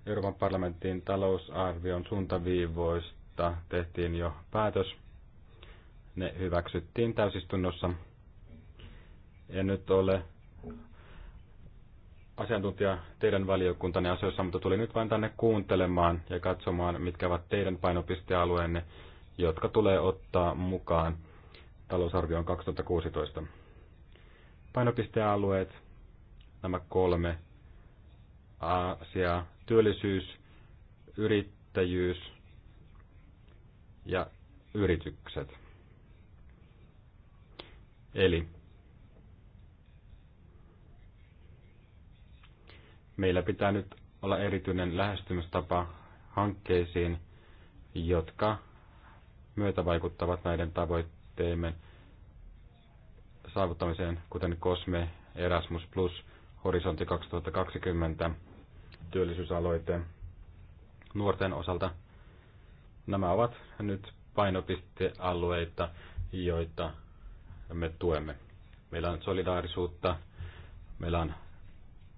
S2: Euroopan parlamentin talousarvion suuntaviivoista tehtiin jo päätös. Ne hyväksyttiin täysistunnossa. En nyt ole asiantuntija teidän valiokuntanne asioissa, mutta tulin nyt vain tänne kuuntelemaan ja katsomaan, mitkä ovat teidän painopistealueenne, jotka tulee ottaa mukaan talousarvioon 2016. Painopistealueet, nämä kolme asiaa työllisyys, yrittäjyys ja yritykset. Eli meillä pitää nyt olla erityinen lähestymistapa hankkeisiin, jotka myötävaikuttavat näiden tavoitteemme saavuttamiseen, kuten COSME, Erasmus+, Plus Horisontti 2020 työllisyysaloite nuorten osalta. Nämä ovat nyt painopistealueita, joita me tuemme. Meillä on solidaarisuutta, meillä on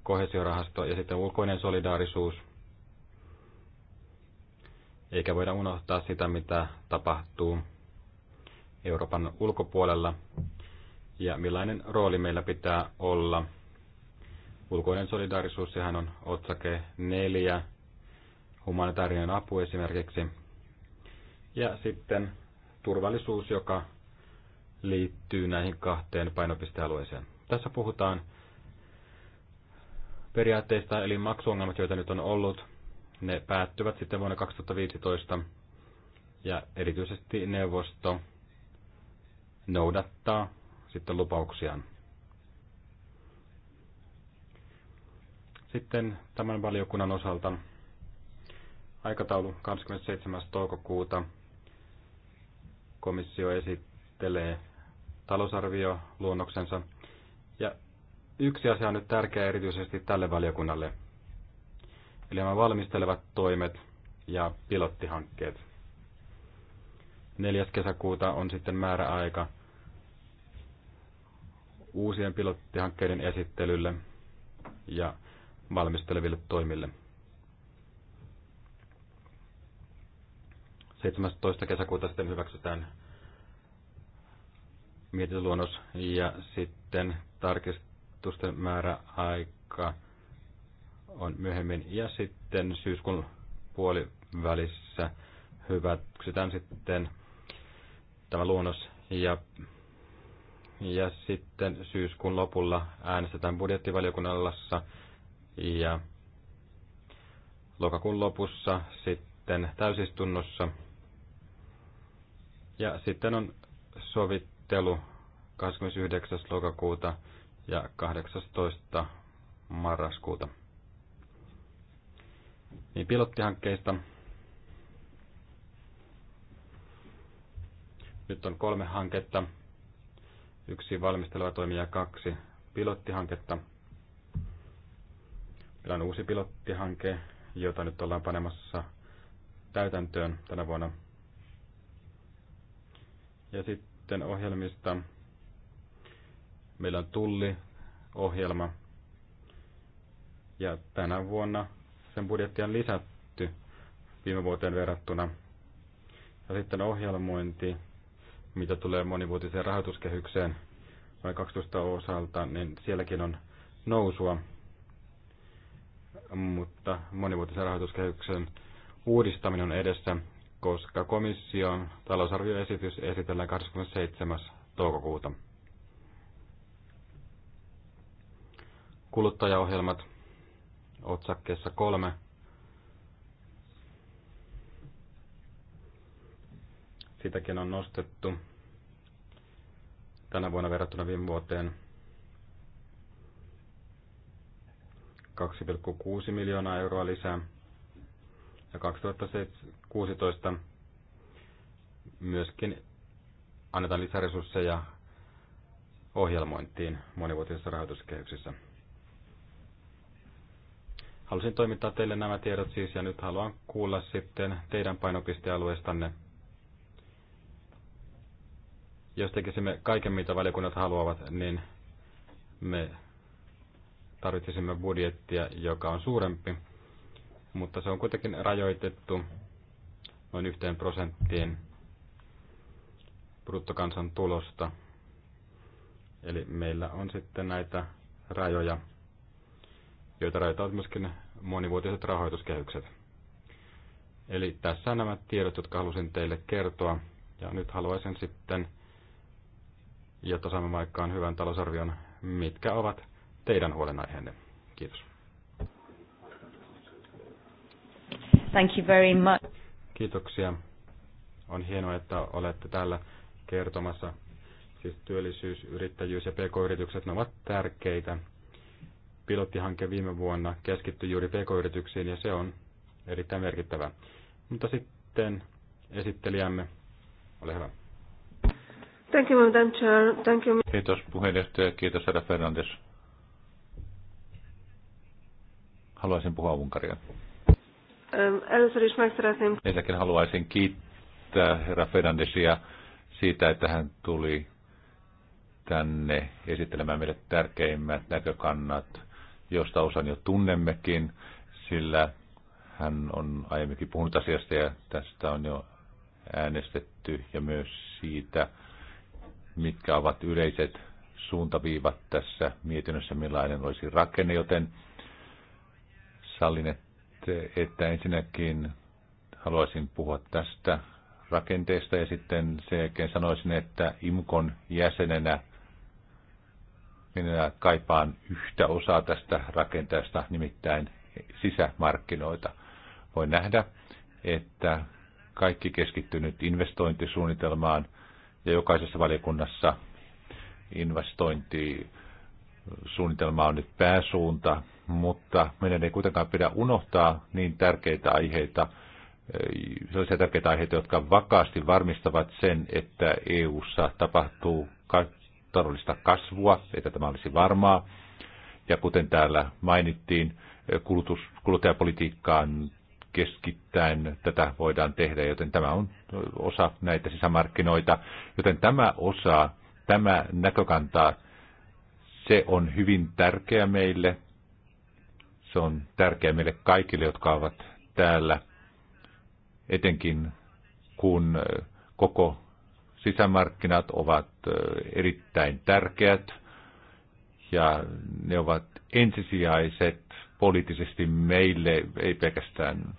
S2: kohesiorahasto ja sitten ulkoinen solidaarisuus. Eikä voida unohtaa sitä, mitä tapahtuu Euroopan ulkopuolella ja millainen rooli meillä pitää olla – Ulkoinen solidaarisuus, sehän on otsake neljä, humanitaarinen apu esimerkiksi. Ja sitten turvallisuus, joka liittyy näihin kahteen painopistealueeseen. Tässä puhutaan periaatteista, eli maksuongelmat, joita nyt on ollut, ne päättyvät sitten vuonna 2015, ja erityisesti neuvosto noudattaa sitten lupauksiaan. Sitten tämän valiokunnan osalta aikataulu 27. toukokuuta komissio esittelee talousarvioluonnoksensa. Ja yksi asia on nyt tärkeä erityisesti tälle valiokunnalle, eli nämä valmistelevat toimet ja pilottihankkeet. 4. kesäkuuta on sitten määräaika uusien pilottihankkeiden esittelylle ja valmisteleville toimille. 17. kesäkuuta sitten hyväksytään mietintöluonnos ja sitten tarkistusten määräaika on myöhemmin ja sitten syyskuun puolivälissä hyväksytään sitten tämä luonnos ja, ja sitten syyskuun lopulla äänestetään budjettivaliokunnallassa ja lokakuun lopussa sitten täysistunnossa. Ja sitten on sovittelu 29. lokakuuta ja 18. marraskuuta. Niin pilottihankkeista. Nyt on kolme hanketta. Yksi valmisteleva toimija, kaksi pilottihanketta – Meillä on uusi pilottihanke, jota nyt ollaan panemassa täytäntöön tänä vuonna. Ja sitten ohjelmista. Meillä on tulliohjelma. Ja tänä vuonna sen budjetti on lisätty viime vuoteen verrattuna. Ja sitten ohjelmointi, mitä tulee monivuotiseen rahoituskehykseen noin 12 osalta, niin sielläkin on nousua mutta monivuotisen rahoituskehyksen uudistaminen on edessä, koska komission talousarvioesitys esitellään 27. toukokuuta. Kuluttajaohjelmat otsakkeessa kolme. Sitäkin on nostettu tänä vuonna verrattuna viime vuoteen 2,6 miljoonaa euroa lisää. Ja 2016 myöskin annetaan lisäresursseja ohjelmointiin monivuotisessa rahoituskehyksessä. Halusin toimittaa teille nämä tiedot siis ja nyt haluan kuulla sitten teidän painopistealueestanne. Jos tekisimme kaiken, mitä valiokunnat haluavat, niin me tarvitsisimme budjettia, joka on suurempi, mutta se on kuitenkin rajoitettu noin yhteen prosenttiin bruttokansantulosta. Eli meillä on sitten näitä rajoja, joita rajoittavat myöskin monivuotiset rahoituskehykset. Eli tässä nämä tiedot, jotka halusin teille kertoa. Ja nyt haluaisin sitten, jotta saamme aikaan hyvän talousarvion, mitkä ovat teidän huolenaiheenne. Kiitos.
S1: Thank you very much.
S2: Kiitoksia. On hienoa, että olette täällä kertomassa. Siis työllisyys, yrittäjyys ja pk-yritykset ne ovat tärkeitä. Pilottihanke viime vuonna keskittyi juuri pk-yrityksiin ja se on erittäin merkittävä. Mutta sitten esittelijämme,
S3: ole hyvä.
S1: Thank you, Madam Chair. Thank you.
S3: Kiitos puheenjohtaja, kiitos herra Fernandes. haluaisin puhua Unkaria. Ensinnäkin haluaisin kiittää herra Fernandesia siitä, että hän tuli tänne esittelemään meille tärkeimmät näkökannat, josta osan jo tunnemmekin, sillä hän on aiemminkin puhunut asiasta ja tästä on jo äänestetty ja myös siitä, mitkä ovat yleiset suuntaviivat tässä mietinnössä, millainen olisi rakenne, joten sallinette, että ensinnäkin haluaisin puhua tästä rakenteesta ja sitten sen jälkeen sanoisin, että IMKON jäsenenä minä kaipaan yhtä osaa tästä rakenteesta, nimittäin sisämarkkinoita. Voi nähdä, että kaikki keskittyy nyt investointisuunnitelmaan ja jokaisessa valiokunnassa investointisuunnitelma on nyt pääsuunta mutta meidän ei kuitenkaan pidä unohtaa niin tärkeitä aiheita, sellaisia tärkeitä aiheita, jotka vakaasti varmistavat sen, että EU:ssa tapahtuu taloudellista kasvua, että tämä olisi varmaa. Ja kuten täällä mainittiin, kulutus, kuluttajapolitiikkaan keskittäen tätä voidaan tehdä, joten tämä on osa näitä sisämarkkinoita. Joten tämä osa, tämä näkökanta, se on hyvin tärkeä meille se on tärkeää meille kaikille, jotka ovat täällä, etenkin kun eh, koko sisämarkkinat ovat eh, erittäin tärkeät ja ne ovat ensisijaiset poliittisesti meille, ei pelkästään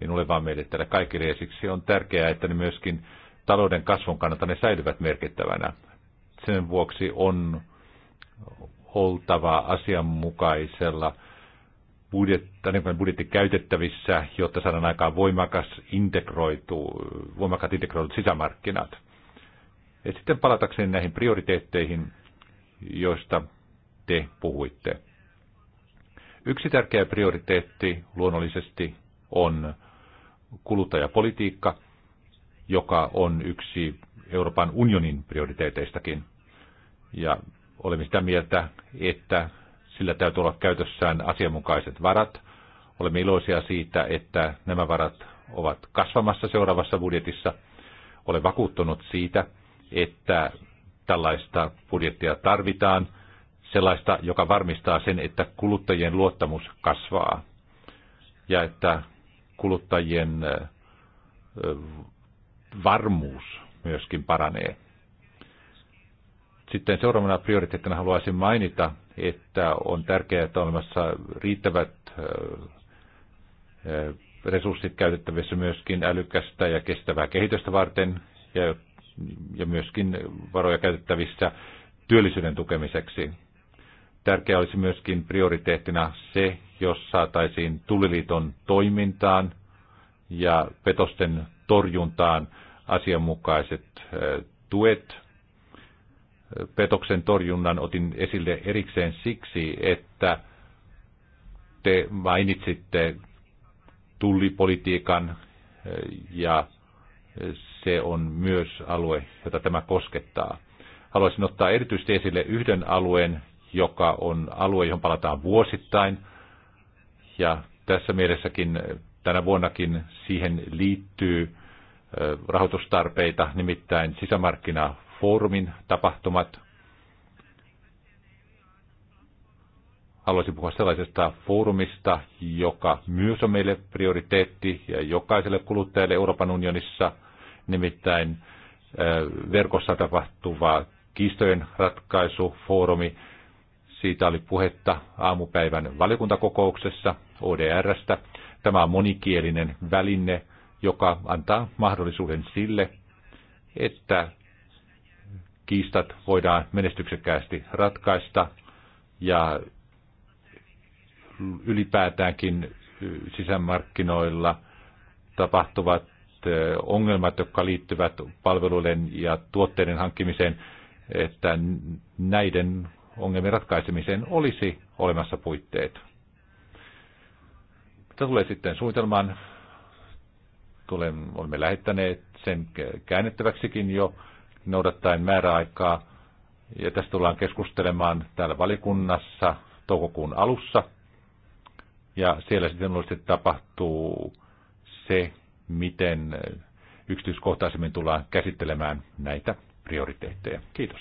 S3: minulle vaan meille täällä kaikille. Ja siksi on tärkeää, että ne myöskin talouden kasvun kannalta ne säilyvät merkittävänä. Sen vuoksi on oltava asianmukaisella niin kuin budjetti käytettävissä, jotta saadaan aikaan voimakas integroitu, voimakkaat integroidut sisämarkkinat. Ja sitten palatakseni näihin prioriteetteihin, joista te puhuitte. Yksi tärkeä prioriteetti luonnollisesti on kuluttajapolitiikka, joka on yksi Euroopan unionin prioriteeteistakin. Ja olemme sitä mieltä, että sillä täytyy olla käytössään asianmukaiset varat. Olemme iloisia siitä, että nämä varat ovat kasvamassa seuraavassa budjetissa. Olen vakuuttunut siitä, että tällaista budjettia tarvitaan, sellaista, joka varmistaa sen, että kuluttajien luottamus kasvaa ja että kuluttajien varmuus myöskin paranee. Sitten seuraavana prioriteettina haluaisin mainita, että on tärkeää, että on olemassa riittävät äh, äh, resurssit käytettävissä myöskin älykästä ja kestävää kehitystä varten ja, ja myöskin varoja käytettävissä työllisyyden tukemiseksi. Tärkeää olisi myöskin prioriteettina se, jos saataisiin tuliliiton toimintaan ja petosten torjuntaan asianmukaiset äh, tuet petoksen torjunnan otin esille erikseen siksi, että te mainitsitte tullipolitiikan eh, ja se on myös alue, jota tämä koskettaa. Haluaisin ottaa erityisesti esille yhden alueen, joka on alue, johon palataan vuosittain. Ja tässä mielessäkin eh, tänä vuonnakin siihen liittyy eh, rahoitustarpeita, nimittäin sisämarkkina foorumin tapahtumat. Haluaisin puhua sellaisesta foorumista, joka myös on meille prioriteetti ja jokaiselle kuluttajalle Euroopan unionissa, nimittäin verkossa tapahtuva kiistojen ratkaisufoorumi. Siitä oli puhetta aamupäivän valiokuntakokouksessa ODRstä. Tämä on monikielinen väline, joka antaa mahdollisuuden sille, että kiistat voidaan menestyksekkäästi ratkaista ja ylipäätäänkin sisämarkkinoilla tapahtuvat ongelmat, jotka liittyvät palveluiden ja tuotteiden hankkimiseen, että näiden ongelmien ratkaisemiseen olisi olemassa puitteet. Tämä tulee sitten suunnitelmaan? Tulen, olemme lähettäneet sen käännettäväksikin jo noudattaen määräaikaa. Ja tästä tullaan keskustelemaan täällä valikunnassa toukokuun alussa. Ja siellä sitten luonnollisesti tapahtuu se, miten yksityiskohtaisemmin tullaan käsittelemään näitä prioriteetteja. Kiitos.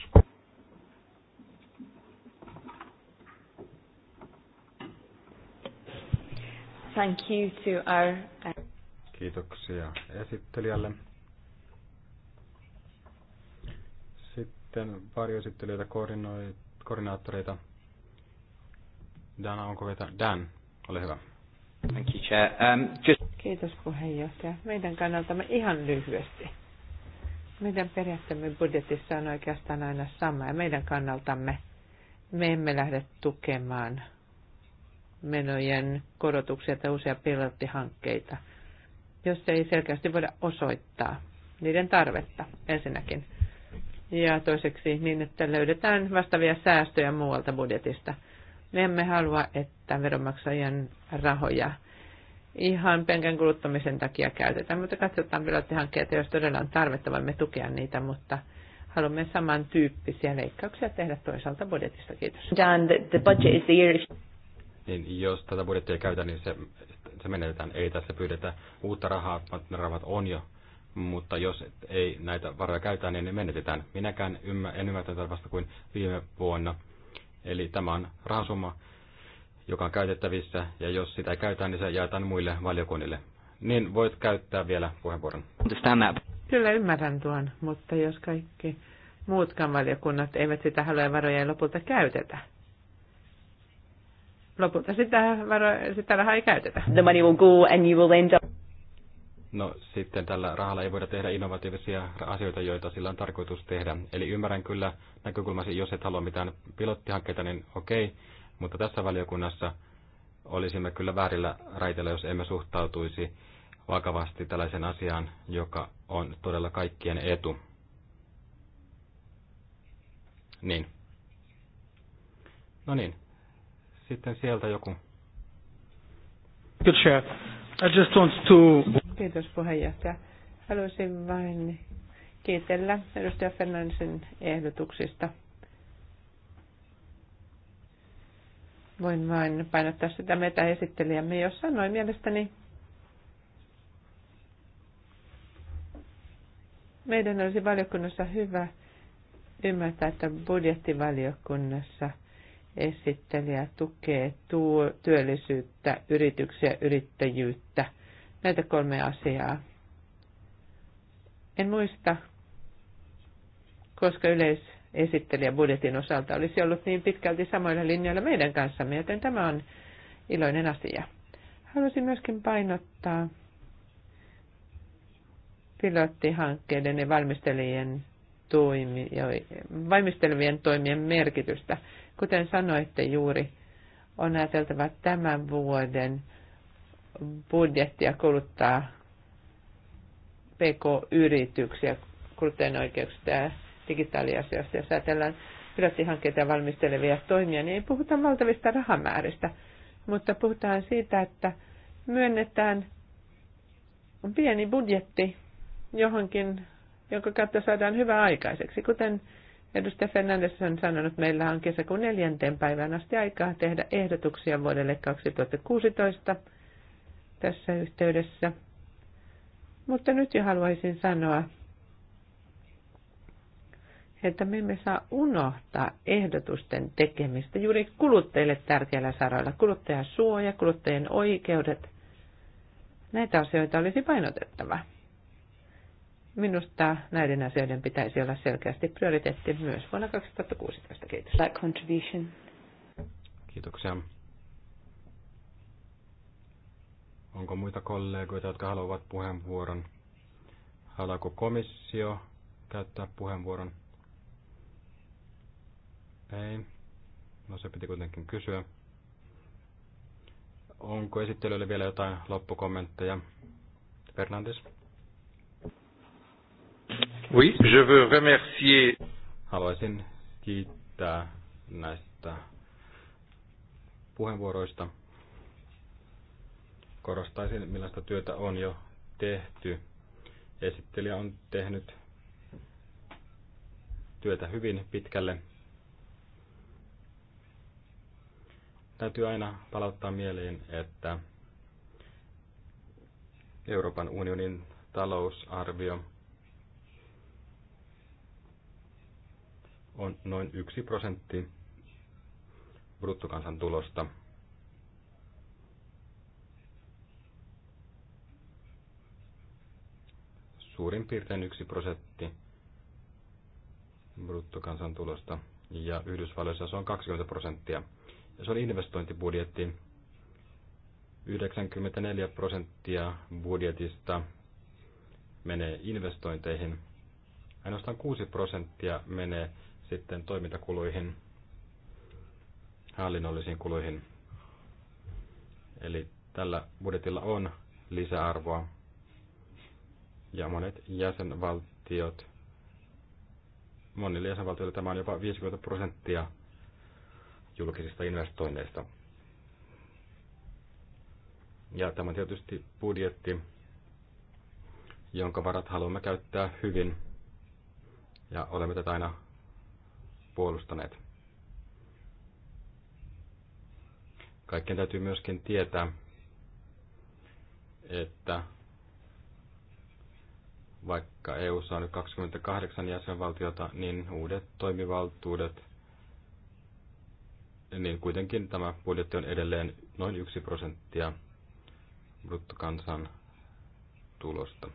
S1: Thank you to our... Uh,
S2: Kiitoksia esittelijälle. Sitten varjoesittelijöitä, koordinaattoreita. Dana, onko vielä? Dan, ole hyvä. Thank you, Chair. Um, just...
S1: Kiitos puheenjohtaja. Meidän kannaltamme ihan lyhyesti. Meidän periaatteemme budjetissa on oikeastaan aina sama ja meidän kannaltamme me emme lähde tukemaan menojen korotuksia tai uusia pilottihankkeita, jos ei selkeästi voida osoittaa niiden tarvetta ensinnäkin ja toiseksi niin, että löydetään vastaavia säästöjä muualta budjetista. Me emme halua, että veronmaksajien rahoja ihan penkän kuluttamisen takia käytetään, mutta katsotaan pilottihankkeita, jos todella on tarvetta, voimme tukea niitä, mutta haluamme samantyyppisiä leikkauksia tehdä toisaalta budjetista. Kiitos. Dan, the, the budget is the year.
S2: Niin, jos tätä budjettia käytetään, niin se, se menetetään. Ei tässä pyydetä uutta rahaa, vaan ne rahat on jo mutta jos ei näitä varoja käytä, niin ne menetetään. Minäkään en ymmärtänyt tätä vasta kuin viime vuonna. Eli tämä on rahasumma, joka on käytettävissä, ja jos sitä ei käytä, niin se jaetaan muille valiokunnille. Niin voit käyttää vielä puheenvuoron.
S1: Kyllä ymmärrän tuon, mutta jos kaikki muutkaan valiokunnat eivät sitä halua varoja ei lopulta käytetä. Lopulta sitä, varo, sitä rahaa ei käytetä. The money will go and you will end up
S2: No sitten tällä rahalla ei voida tehdä innovatiivisia asioita, joita sillä on tarkoitus tehdä. Eli ymmärrän kyllä näkökulmasi, jos et halua mitään pilottihankkeita, niin okei, mutta tässä valiokunnassa olisimme kyllä väärillä raiteilla, jos emme suhtautuisi vakavasti tällaisen asiaan, joka on todella kaikkien etu. Niin. No niin. Sitten sieltä joku. Good chef. I just want to
S1: Kiitos puheenjohtaja. Haluaisin vain kiitellä edustaja Fernandesin ehdotuksista. Voin vain painottaa sitä meitä esittelijämme, jos sanoi mielestäni meidän olisi valiokunnassa hyvä ymmärtää, että budjettivaliokunnassa esittelijä tukee työllisyyttä, yrityksiä, yrittäjyyttä – näitä kolme asiaa. En muista, koska yleisesittelijä budjetin osalta olisi ollut niin pitkälti samoilla linjoilla meidän kanssamme, joten tämä on iloinen asia. Haluaisin myöskin painottaa pilottihankkeiden ja valmistelijien toimi, valmistelevien toimien merkitystä. Kuten sanoitte juuri, on ajateltava tämän vuoden budjettia kuluttaa PK-yrityksiä kuluttajan oikeuksista ja digitaaliasioista. Jos ajatellaan pilottihankkeita ja valmistelevia toimia, niin ei puhuta valtavista rahamääristä, mutta puhutaan siitä, että myönnetään pieni budjetti johonkin, jonka kautta saadaan hyvä aikaiseksi. Kuten edustaja Fernandes on sanonut, meillä on kesäkuun neljänteen päivään asti aikaa tehdä ehdotuksia vuodelle 2016 – tässä yhteydessä. Mutta nyt jo haluaisin sanoa, että me emme saa unohtaa ehdotusten tekemistä juuri kuluttajille tärkeillä saroilla. Kuluttajasuoja, kuluttajien oikeudet, näitä asioita olisi painotettava. Minusta näiden asioiden pitäisi olla selkeästi prioriteetti myös vuonna 2016. Kiitos. That contribution.
S2: Kiitoksia. Onko muita kollegoita, jotka haluavat puheenvuoron? Haluaako komissio käyttää puheenvuoron? Ei. No se piti kuitenkin kysyä. Onko esittelylle vielä jotain loppukommentteja? Fernandes?
S3: Oui, je veux
S2: remercier. Haluaisin kiittää näistä puheenvuoroista korostaisin, millaista työtä on jo tehty. Esittelijä on tehnyt työtä hyvin pitkälle. Täytyy aina palauttaa mieleen, että Euroopan unionin talousarvio on noin yksi prosentti bruttokansantulosta. tulosta suurin piirtein yksi prosentti bruttokansantulosta ja Yhdysvalloissa se on 20 prosenttia. Ja se on investointibudjetti. 94 prosenttia budjetista menee investointeihin. Ainoastaan 6 prosenttia menee sitten toimintakuluihin, hallinnollisiin kuluihin. Eli tällä budjetilla on lisäarvoa ja monet jäsenvaltiot, monille jäsenvaltioille tämä on jopa 50 prosenttia julkisista investoinneista. Ja tämä on tietysti budjetti, jonka varat haluamme käyttää hyvin, ja olemme tätä aina puolustaneet. Kaikkien täytyy myöskin tietää, että vaikka EU:ssa on nyt 28 jäsenvaltiota, niin uudet toimivaltuudet, niin kuitenkin tämä budjetti on edelleen noin 1 prosenttia bruttokansan tulosta.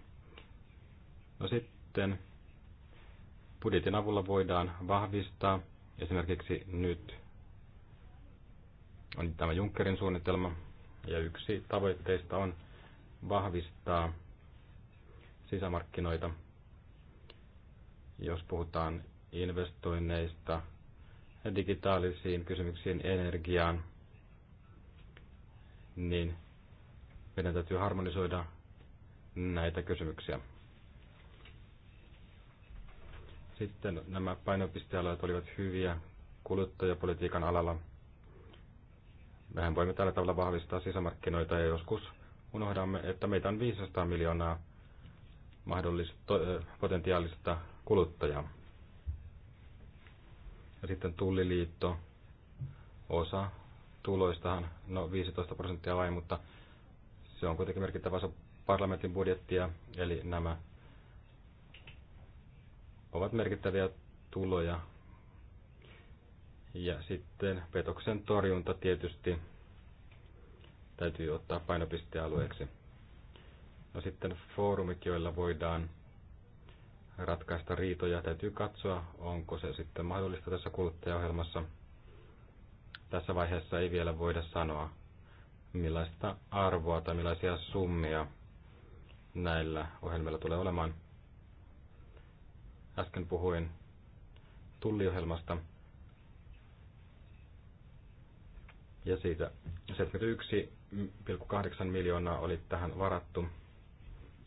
S2: No sitten budjetin avulla voidaan vahvistaa esimerkiksi nyt on tämä Junckerin suunnitelma, ja yksi tavoitteista on vahvistaa sisämarkkinoita. Jos puhutaan investoinneista, digitaalisiin kysymyksiin, energiaan, niin meidän täytyy harmonisoida näitä kysymyksiä. Sitten nämä painopistealueet olivat hyviä kuluttajapolitiikan alalla. Mehän voimme tällä tavalla vahvistaa sisämarkkinoita ja joskus unohdamme, että meitä on 500 miljoonaa mahdollista potentiaalista kuluttajaa. Ja sitten tulliliitto, osa tuloistahan, no 15 prosenttia vain, mutta se on kuitenkin merkittävä osa parlamentin budjettia, eli nämä ovat merkittäviä tuloja. Ja sitten petoksen torjunta tietysti täytyy ottaa painopistealueeksi. No sitten foorumit, joilla voidaan ratkaista riitoja, täytyy katsoa, onko se sitten mahdollista tässä kuluttajaohjelmassa. Tässä vaiheessa ei vielä voida sanoa, millaista arvoa tai millaisia summia näillä ohjelmilla tulee olemaan. Äsken puhuin tulliohjelmasta ja siitä 71,8 miljoonaa oli tähän varattu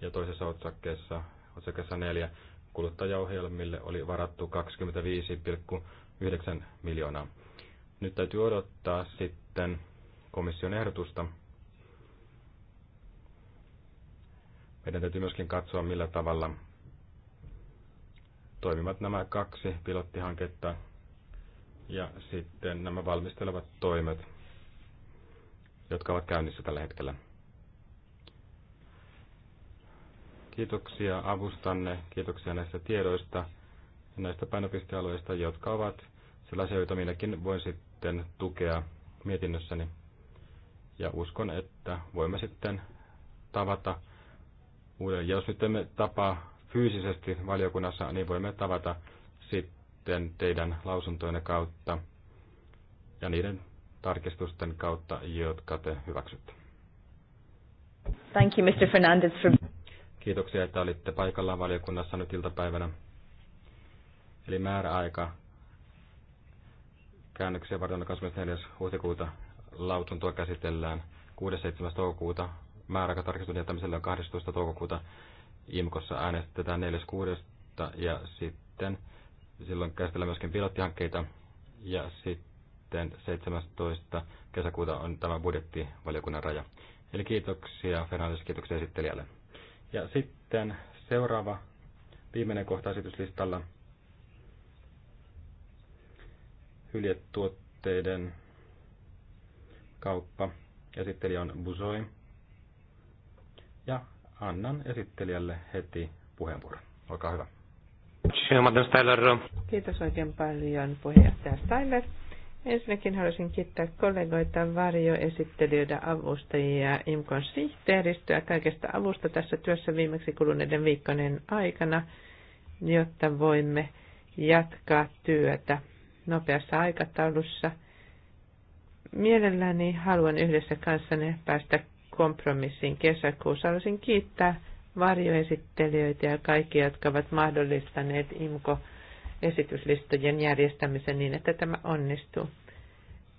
S2: ja toisessa otsakkeessa, otsakkeessa 4 kuluttajaohjelmille oli varattu 25,9 miljoonaa. Nyt täytyy odottaa sitten komission ehdotusta. Meidän täytyy myöskin katsoa, millä tavalla toimivat nämä kaksi pilottihanketta ja sitten nämä valmistelevat toimet, jotka ovat käynnissä tällä hetkellä. Kiitoksia avustanne, kiitoksia näistä tiedoista ja näistä painopistealueista, jotka ovat sellaisia, joita minäkin voin sitten tukea mietinnössäni. Ja uskon, että voimme sitten tavata uudelleen. Jos nyt emme tapaa fyysisesti valiokunnassa, niin voimme tavata sitten teidän lausuntojen kautta ja niiden tarkistusten kautta, jotka te hyväksytte.
S3: Thank you, Mr. Fernandez, for...
S2: Kiitoksia, että olitte paikalla valiokunnassa nyt iltapäivänä. Eli määräaika käännöksiä varten 24. huhtikuuta lausuntoa käsitellään 6.7. toukokuuta. tarkistun jättämiselle on 12. toukokuuta. IMKossa äänestetään 4.6. ja sitten silloin käsitellään myöskin pilottihankkeita ja sitten 17. kesäkuuta on tämä budjettivaliokunnan raja. Eli kiitoksia Fernandes, kiitoksia esittelijälle. Ja sitten seuraava viimeinen kohta esityslistalla hyljetuotteiden kauppa. Esittelijä on Busoi. Ja annan esittelijälle heti puheenvuoron. Olkaa hyvä.
S1: Kiitos oikein paljon puheenjohtaja Steiner. Ensinnäkin haluaisin kiittää kollegoita, varjoesittelijöitä, avustajia, IMKon sihteeristöä kaikesta avusta tässä työssä viimeksi kuluneiden viikkojen aikana, jotta voimme jatkaa työtä nopeassa aikataulussa. Mielelläni haluan yhdessä kanssanne päästä kompromissiin kesäkuussa. Haluaisin kiittää varjoesittelijöitä ja kaikkia, jotka ovat mahdollistaneet IMKO esityslistojen järjestämisen niin, että tämä onnistuu.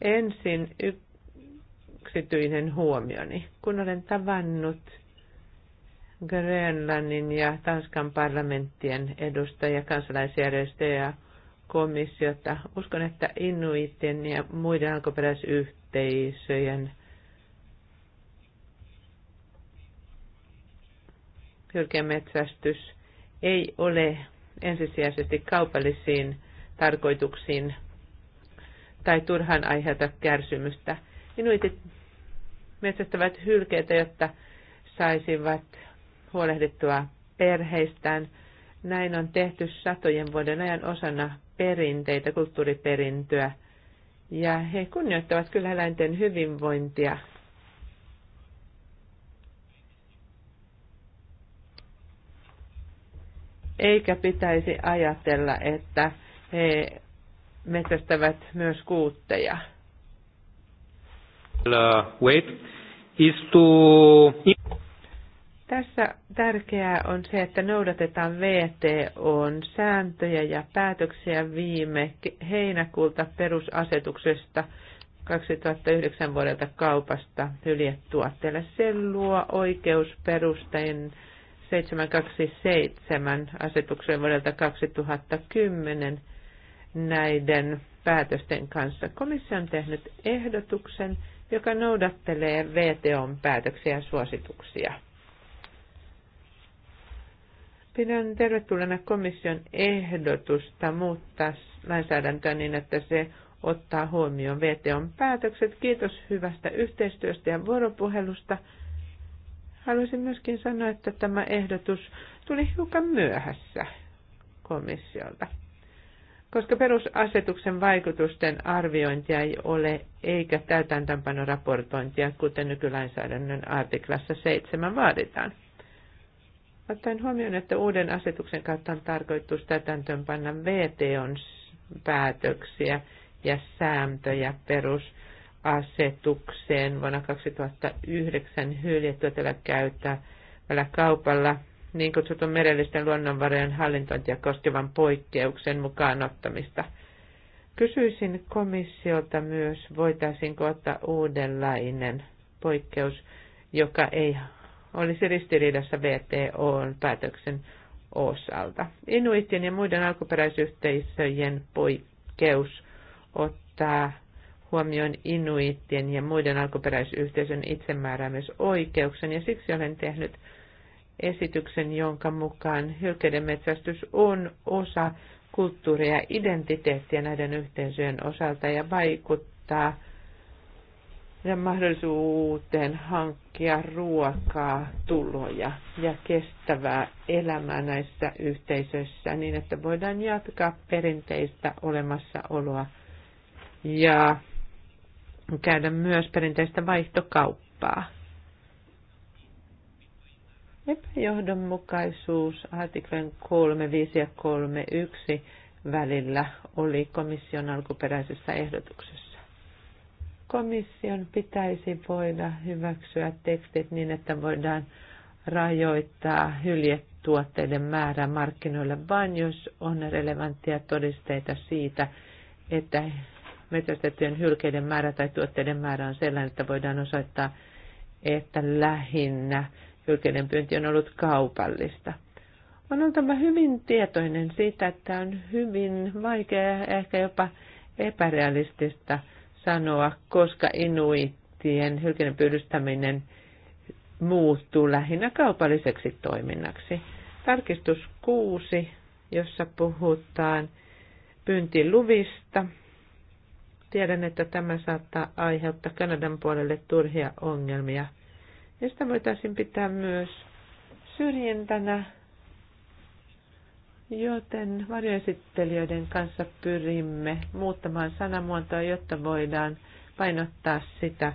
S1: Ensin yksityinen huomioni. Kun olen tavannut Grönlannin ja Tanskan parlamenttien edustajia, kansalaisjärjestöjä, komissiota. Uskon, että Inuitien ja muiden alkuperäisyhteisöjen hylkemetsästys ei ole ensisijaisesti kaupallisiin tarkoituksiin tai turhan aiheuta kärsimystä. Inuitit metsästävät hylkeitä, jotta saisivat huolehdittua perheistään. Näin on tehty satojen vuoden ajan osana perinteitä, kulttuuriperintöä. Ja he kunnioittavat kyllä eläinten hyvinvointia eikä pitäisi ajatella, että he metsästävät myös kuutteja.
S2: Uh, wait. Is to...
S1: Tässä tärkeää on se, että noudatetaan VTOn sääntöjä ja päätöksiä viime heinäkuulta perusasetuksesta 2009 vuodelta kaupasta hyljetuotteelle. Se luo oikeusperusteen 727 asetuksen vuodelta 2010 näiden päätösten kanssa. Komissio on tehnyt ehdotuksen, joka noudattelee VTOn päätöksiä ja suosituksia. Pidän tervetulleena komission ehdotusta muuttaa lainsäädäntöä niin, että se ottaa huomioon VTOn päätökset. Kiitos hyvästä yhteistyöstä ja vuoropuhelusta. Haluaisin myöskin sanoa, että tämä ehdotus tuli hiukan myöhässä komissiolta, koska perusasetuksen vaikutusten arviointia ei ole eikä raportointia kuten nykylainsäädännön artiklassa 7 vaaditaan. Ottaen huomioon, että uuden asetuksen kautta on tarkoitus täytäntöönpanna VTOn päätöksiä ja sääntöjä perus- asetukseen vuonna 2009 hyljetuotella käyttävällä kaupalla niin kutsutun merellisten luonnonvarojen hallintointia koskevan poikkeuksen mukaan ottamista. Kysyisin komissiolta myös, voitaisiinko ottaa uudenlainen poikkeus, joka ei olisi ristiriidassa vto päätöksen osalta. Inuitien ja muiden alkuperäisyhteisöjen poikkeus ottaa huomioin inuittien ja muiden alkuperäisyhteisön itsemääräämisoikeuksen, ja siksi olen tehnyt esityksen, jonka mukaan hylkeiden metsästys on osa kulttuuria ja identiteettiä näiden yhteisöjen osalta ja vaikuttaa ja mahdollisuuteen hankkia ruokaa, tuloja ja kestävää elämää näissä yhteisöissä niin, että voidaan jatkaa perinteistä olemassaoloa ja käydä myös perinteistä vaihtokauppaa. Epäjohdonmukaisuus artiklen 3, 5 ja 3, 1 välillä oli komission alkuperäisessä ehdotuksessa. Komission pitäisi voida hyväksyä tekstit niin, että voidaan rajoittaa hyljetuotteiden määrää markkinoille vain, jos on relevanttia todisteita siitä, että metsästettyjen hylkeiden määrä tai tuotteiden määrä on sellainen, että voidaan osoittaa, että lähinnä hylkeiden pyynti on ollut kaupallista. On oltava hyvin tietoinen siitä, että on hyvin vaikea ja ehkä jopa epärealistista sanoa, koska inuittien hylkeiden pyydystäminen muuttuu lähinnä kaupalliseksi toiminnaksi. Tarkistus 6, jossa puhutaan pyyntiluvista – Tiedän, että tämä saattaa aiheuttaa Kanadan puolelle turhia ongelmia. Ja sitä voitaisiin pitää myös syrjintänä, joten varjoesittelijöiden kanssa pyrimme muuttamaan sanamuotoa, jotta voidaan painottaa sitä,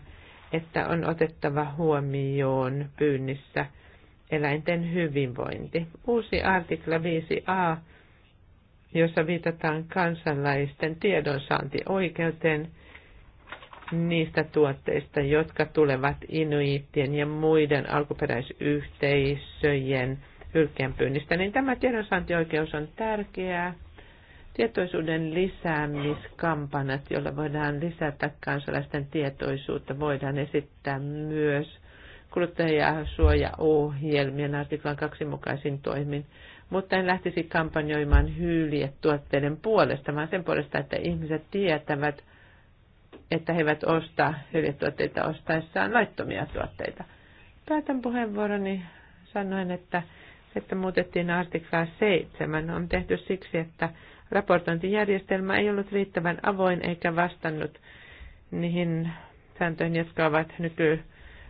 S1: että on otettava huomioon pyynnissä eläinten hyvinvointi. Uusi artikla 5a jossa viitataan kansanlaisten tiedonsaantioikeuteen niistä tuotteista, jotka tulevat inuittien ja muiden alkuperäisyhteisöjen hylkeenpyynnistä, niin tämä tiedonsaantioikeus on tärkeää. Tietoisuuden lisäämiskampanjat, joilla voidaan lisätä kansalaisten tietoisuutta, voidaan esittää myös kuluttajasuojaohjelmien artiklan kaksi mukaisin toimin mutta en lähtisi kampanjoimaan tuotteiden puolesta, vaan sen puolesta, että ihmiset tietävät, että he eivät osta tuotteita, ostaessaan laittomia tuotteita. Päätän puheenvuoroni sanoen, että että muutettiin artiklaa 7 on tehty siksi, että raportointijärjestelmä ei ollut riittävän avoin eikä vastannut niihin sääntöihin, jotka ovat nyky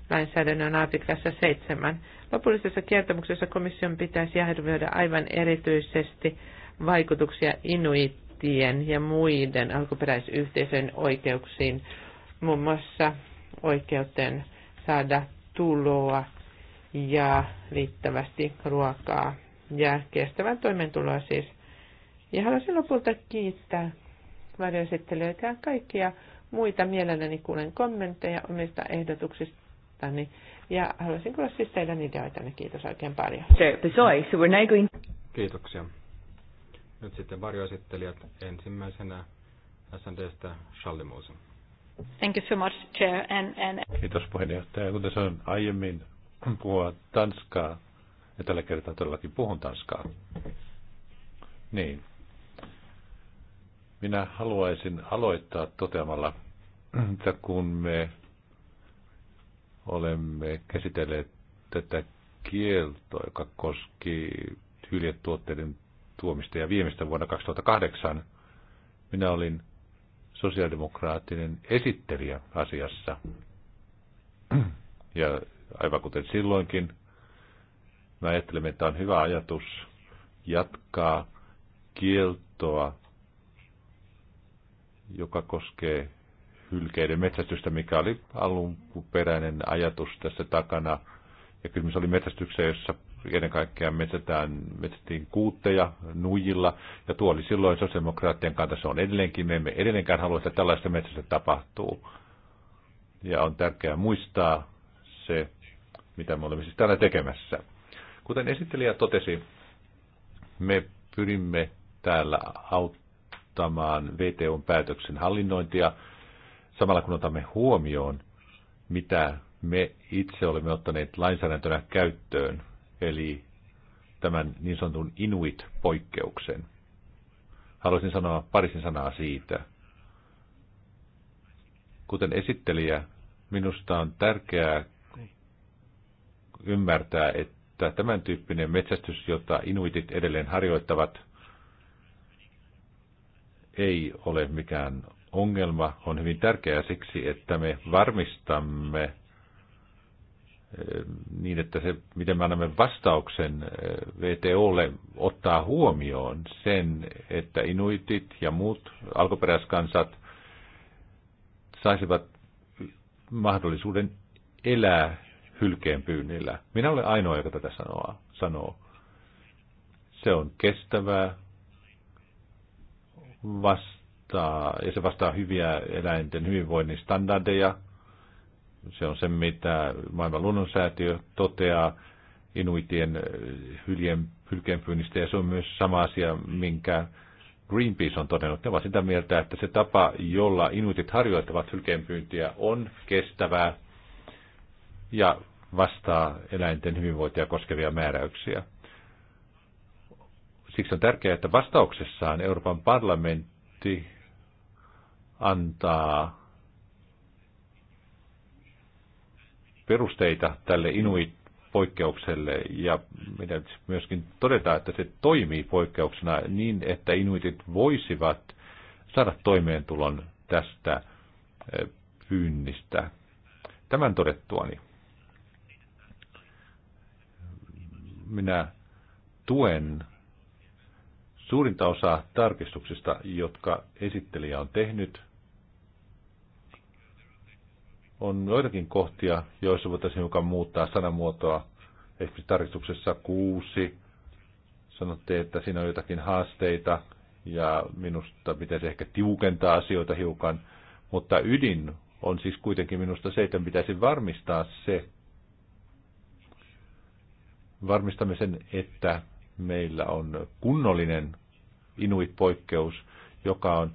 S1: lainsäädännön artiklassa 7. Lopullisessa kertomuksessa komission pitäisi arvioida aivan erityisesti vaikutuksia inuittien ja muiden alkuperäisyhteisöjen oikeuksiin, muun muassa oikeuteen saada tuloa ja riittävästi ruokaa ja kestävää toimeentuloa siis. Ja haluaisin lopulta kiittää varjoesittelijöitä ja kaikkia muita. Mielelläni kuulen kommentteja omista ehdotuksista niin, ja haluaisin kuulla siis teidän niin Kiitos oikein paljon.
S2: Kiitoksia. Nyt sitten varjoesittelijät ensimmäisenä SNDstä Schallimuusen.
S1: Thank you so much, Chair. And, and...
S3: Kiitos puheenjohtaja. Kuten sanoin aiemmin, puhua tanskaa. Ja tällä kertaa todellakin puhun tanskaa. Niin. Minä haluaisin aloittaa toteamalla, että kun me olemme käsitelleet tätä kieltoa, joka koski hyljetuotteiden tuomista ja viimeistä vuonna 2008. Minä olin sosiaalidemokraattinen esittelijä asiassa. Ja aivan kuten silloinkin, mä ajattelemme, että on hyvä ajatus jatkaa kieltoa, joka koskee hylkeiden metsästystä, mikä oli alunperäinen ajatus tässä takana. Ja kysymys oli Metsästyksessä jossa ennen kaikkea metsätään, metsättiin kuutteja nuijilla, ja tuo oli silloin sosiaalidemokraattien kanta, se on edelleenkin, me emme edelleenkään halua, että tällaista metsästä tapahtuu. Ja on tärkeää muistaa se, mitä me olemme siis täällä tekemässä. Kuten esittelijä totesi, me pyrimme täällä auttamaan VTOn päätöksen hallinnointia, samalla kun otamme huomioon, mitä me itse olemme ottaneet lainsäädäntönä käyttöön, eli tämän niin sanotun Inuit-poikkeuksen. Haluaisin sanoa parisin sanaa siitä. Kuten esittelijä, minusta on tärkeää ymmärtää, että tämän tyyppinen metsästys, jota inuitit edelleen harjoittavat, ei ole mikään ongelma on hyvin tärkeä siksi, että me varmistamme eh, niin, että se, miten me annamme vastauksen eh, VTOlle, ottaa huomioon sen, että inuitit ja muut alkuperäiskansat saisivat mahdollisuuden elää hylkeen pyynnillä. Minä olen ainoa, joka tätä sanoo. sanoo. Se on kestävää, vastaus vastaa, ja se vastaa hyviä eläinten hyvinvoinnin standardeja. Se on se, mitä maailman luonnonsäätiö toteaa inuitien äh, hyljen, hylkeenpyynnistä, ja se on myös sama asia, minkä Greenpeace on todennut. Ne ovat sitä mieltä, että se tapa, jolla inuitit harjoittavat hylkeenpyyntiä, on kestävää ja vastaa eläinten hyvinvointia koskevia määräyksiä. Siksi on tärkeää, että vastauksessaan Euroopan parlamentti antaa perusteita tälle inuit-poikkeukselle ja meidän siis myöskin todeta, että se toimii poikkeuksena niin, että inuitit voisivat saada toimeentulon tästä eh, pyynnistä. Tämän todettuani minä tuen suurinta osaa tarkistuksista, jotka esittelijä on tehnyt – on joitakin kohtia, joissa voitaisiin hiukan muuttaa sanamuotoa. Esimerkiksi tarkistuksessa kuusi sanotte, että siinä on jotakin haasteita ja minusta pitäisi ehkä tiukentaa asioita hiukan, mutta ydin on siis kuitenkin minusta se, että pitäisi varmistaa se, varmistamme sen, että meillä on kunnollinen inuit-poikkeus, joka on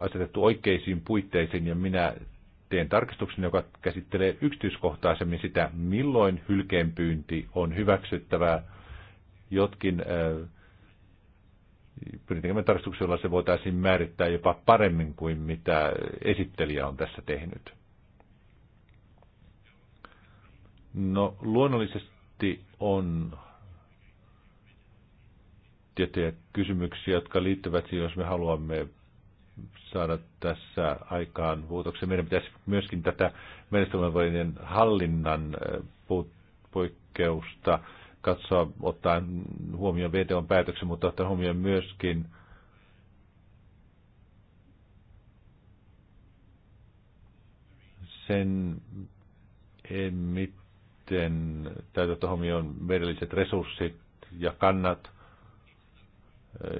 S3: asetettu oikeisiin puitteisiin, ja minä teen tarkistuksen, joka käsittelee yksityiskohtaisemmin sitä, milloin hylkeenpyynti on hyväksyttävää. Jotkin äh, pyritämme tarkistuksen, jolla se voitaisiin määrittää jopa paremmin kuin mitä esittelijä on tässä tehnyt. No luonnollisesti on tiettyjä kysymyksiä, jotka liittyvät siihen, jos me haluamme saada tässä aikaan muutoksia. Meidän pitäisi myöskin tätä menestymävälinen hallinnan poikkeusta katsoa ottaen huomioon VTOn päätöksen, mutta ottaen huomioon myöskin sen, eh, miten täytyy ottaa huomioon merelliset resurssit ja kannat –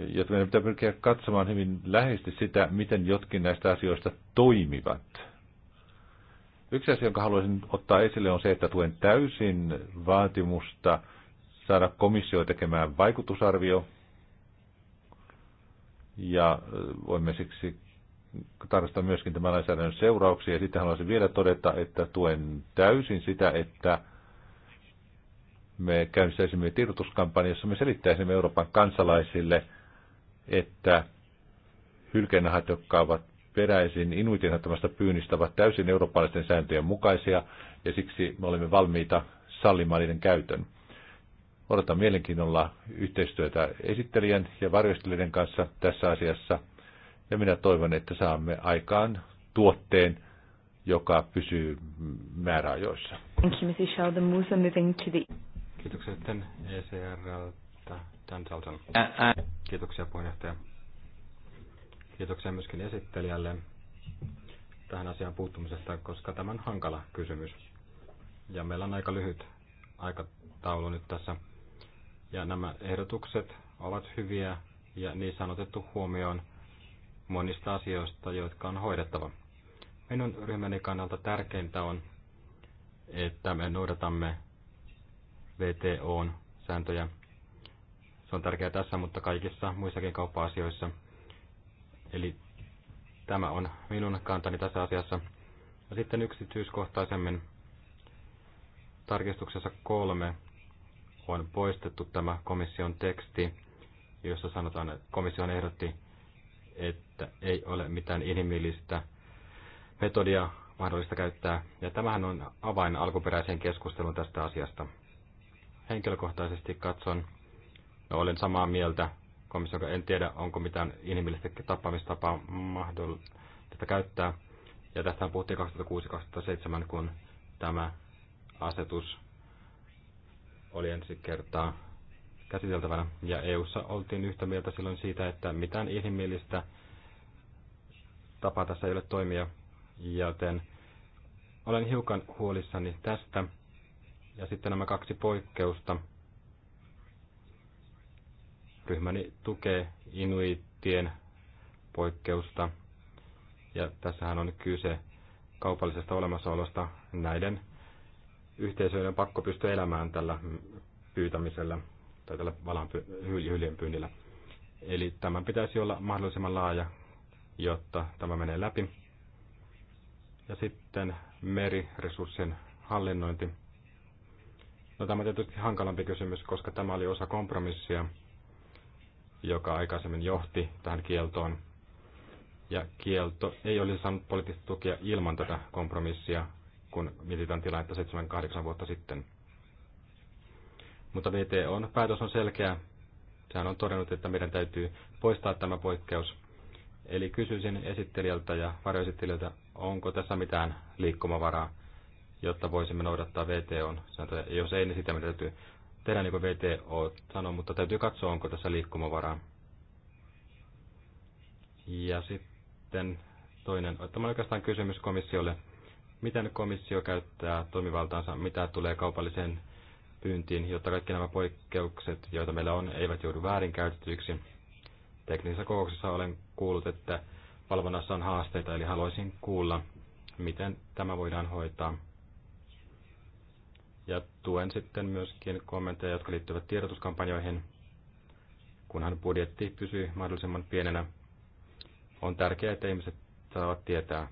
S3: jotka meidän pitää pyrkiä katsomaan hyvin läheisesti sitä, miten jotkin näistä asioista toimivat. Yksi asia, jonka haluaisin ottaa esille, on se, että tuen täysin vaatimusta saada komissio tekemään vaikutusarvio. Ja voimme siksi tarkastaa myöskin tämän lainsäädännön seurauksia. Ja sitten haluaisin vielä todeta, että tuen täysin sitä, että me käynnistäisimme tiedotuskampanjassa, jossa me selittäisimme Euroopan kansalaisille, että hylkeenahat, jotka ovat peräisin inuitin pyynnistä, ovat täysin eurooppalaisten sääntöjen mukaisia, ja siksi me olemme valmiita sallimaan niiden käytön. Odotan mielenkiinnolla yhteistyötä esittelijän ja varjostelijan kanssa tässä asiassa, ja minä toivon, että saamme aikaan tuotteen, joka pysyy määräajoissa.
S1: Thank you, Mr. Sheldon. Moving to the...
S2: Kiitoksia sitten ECRltä Dan Dalton.
S3: Kiitoksia puheenjohtaja.
S2: Kiitoksia myöskin esittelijälle tähän asiaan puuttumisesta, koska tämä on hankala kysymys. Ja meillä on aika lyhyt aikataulu nyt tässä. Ja nämä ehdotukset ovat hyviä ja niissä on otettu huomioon monista asioista, jotka on hoidettava. Minun ryhmäni kannalta tärkeintä on, että me noudatamme VTOn sääntöjä. Se on tärkeää tässä, mutta kaikissa muissakin kauppa-asioissa. Eli tämä on minun kantani tässä asiassa. Ja sitten yksityiskohtaisemmin tarkistuksessa kolme on poistettu tämä komission teksti, jossa sanotaan, että komission ehdotti, että ei ole mitään inhimillistä metodia mahdollista käyttää. Ja tämähän on avain alkuperäiseen keskusteluun tästä asiasta henkilökohtaisesti katson, no olen samaa mieltä komission en tiedä, onko mitään inhimillistä tappamistapaa mahdollista käyttää. Ja tästä puhuttiin 2006-2007, kun tämä asetus oli ensi kertaa käsiteltävänä. Ja EU:ssa oltiin yhtä mieltä silloin siitä, että mitään inhimillistä tapaa tässä ei ole toimia, joten olen hiukan huolissani tästä ja sitten nämä kaksi poikkeusta. Ryhmäni tukee inuittien poikkeusta. Ja tässähän on kyse kaupallisesta olemassaolosta näiden yhteisöjen on pakko pystyä elämään tällä pyytämisellä tai tällä valan hyljen pyynnillä. Eli tämän pitäisi olla mahdollisimman laaja, jotta tämä menee läpi. Ja sitten meriresurssien hallinnointi. No tämä on tietysti hankalampi kysymys, koska tämä oli osa kompromissia, joka aikaisemmin johti tähän kieltoon. Ja kielto ei olisi saanut poliittista tukea ilman tätä kompromissia, kun mietitään tilannetta 7-8 vuotta sitten. Mutta VTOn päätös on selkeä. Sehän on todennut, että meidän täytyy poistaa tämä poikkeus. Eli kysyisin esittelijältä ja varjoesittelijältä, onko tässä mitään liikkumavaraa jotta voisimme noudattaa VTOn sääntöjä. Jos ei, niin sitä me täytyy tehdä niin kuin VTO sanoo, mutta täytyy katsoa, onko tässä liikkumavaraa. Ja sitten toinen, tämä on oikeastaan kysymys komissiolle. Miten komissio käyttää toimivaltaansa, mitä tulee kaupalliseen pyyntiin, jotta kaikki nämä poikkeukset, joita meillä on, eivät joudu väärinkäytetyiksi. Teknisessä kokouksessa olen kuullut, että valvonnassa on haasteita, eli haluaisin kuulla, miten tämä voidaan hoitaa. Ja tuen sitten myöskin kommentteja, jotka liittyvät tiedotuskampanjoihin, kunhan budjetti pysyy mahdollisimman pienenä. On tärkeää, että ihmiset saavat tietää,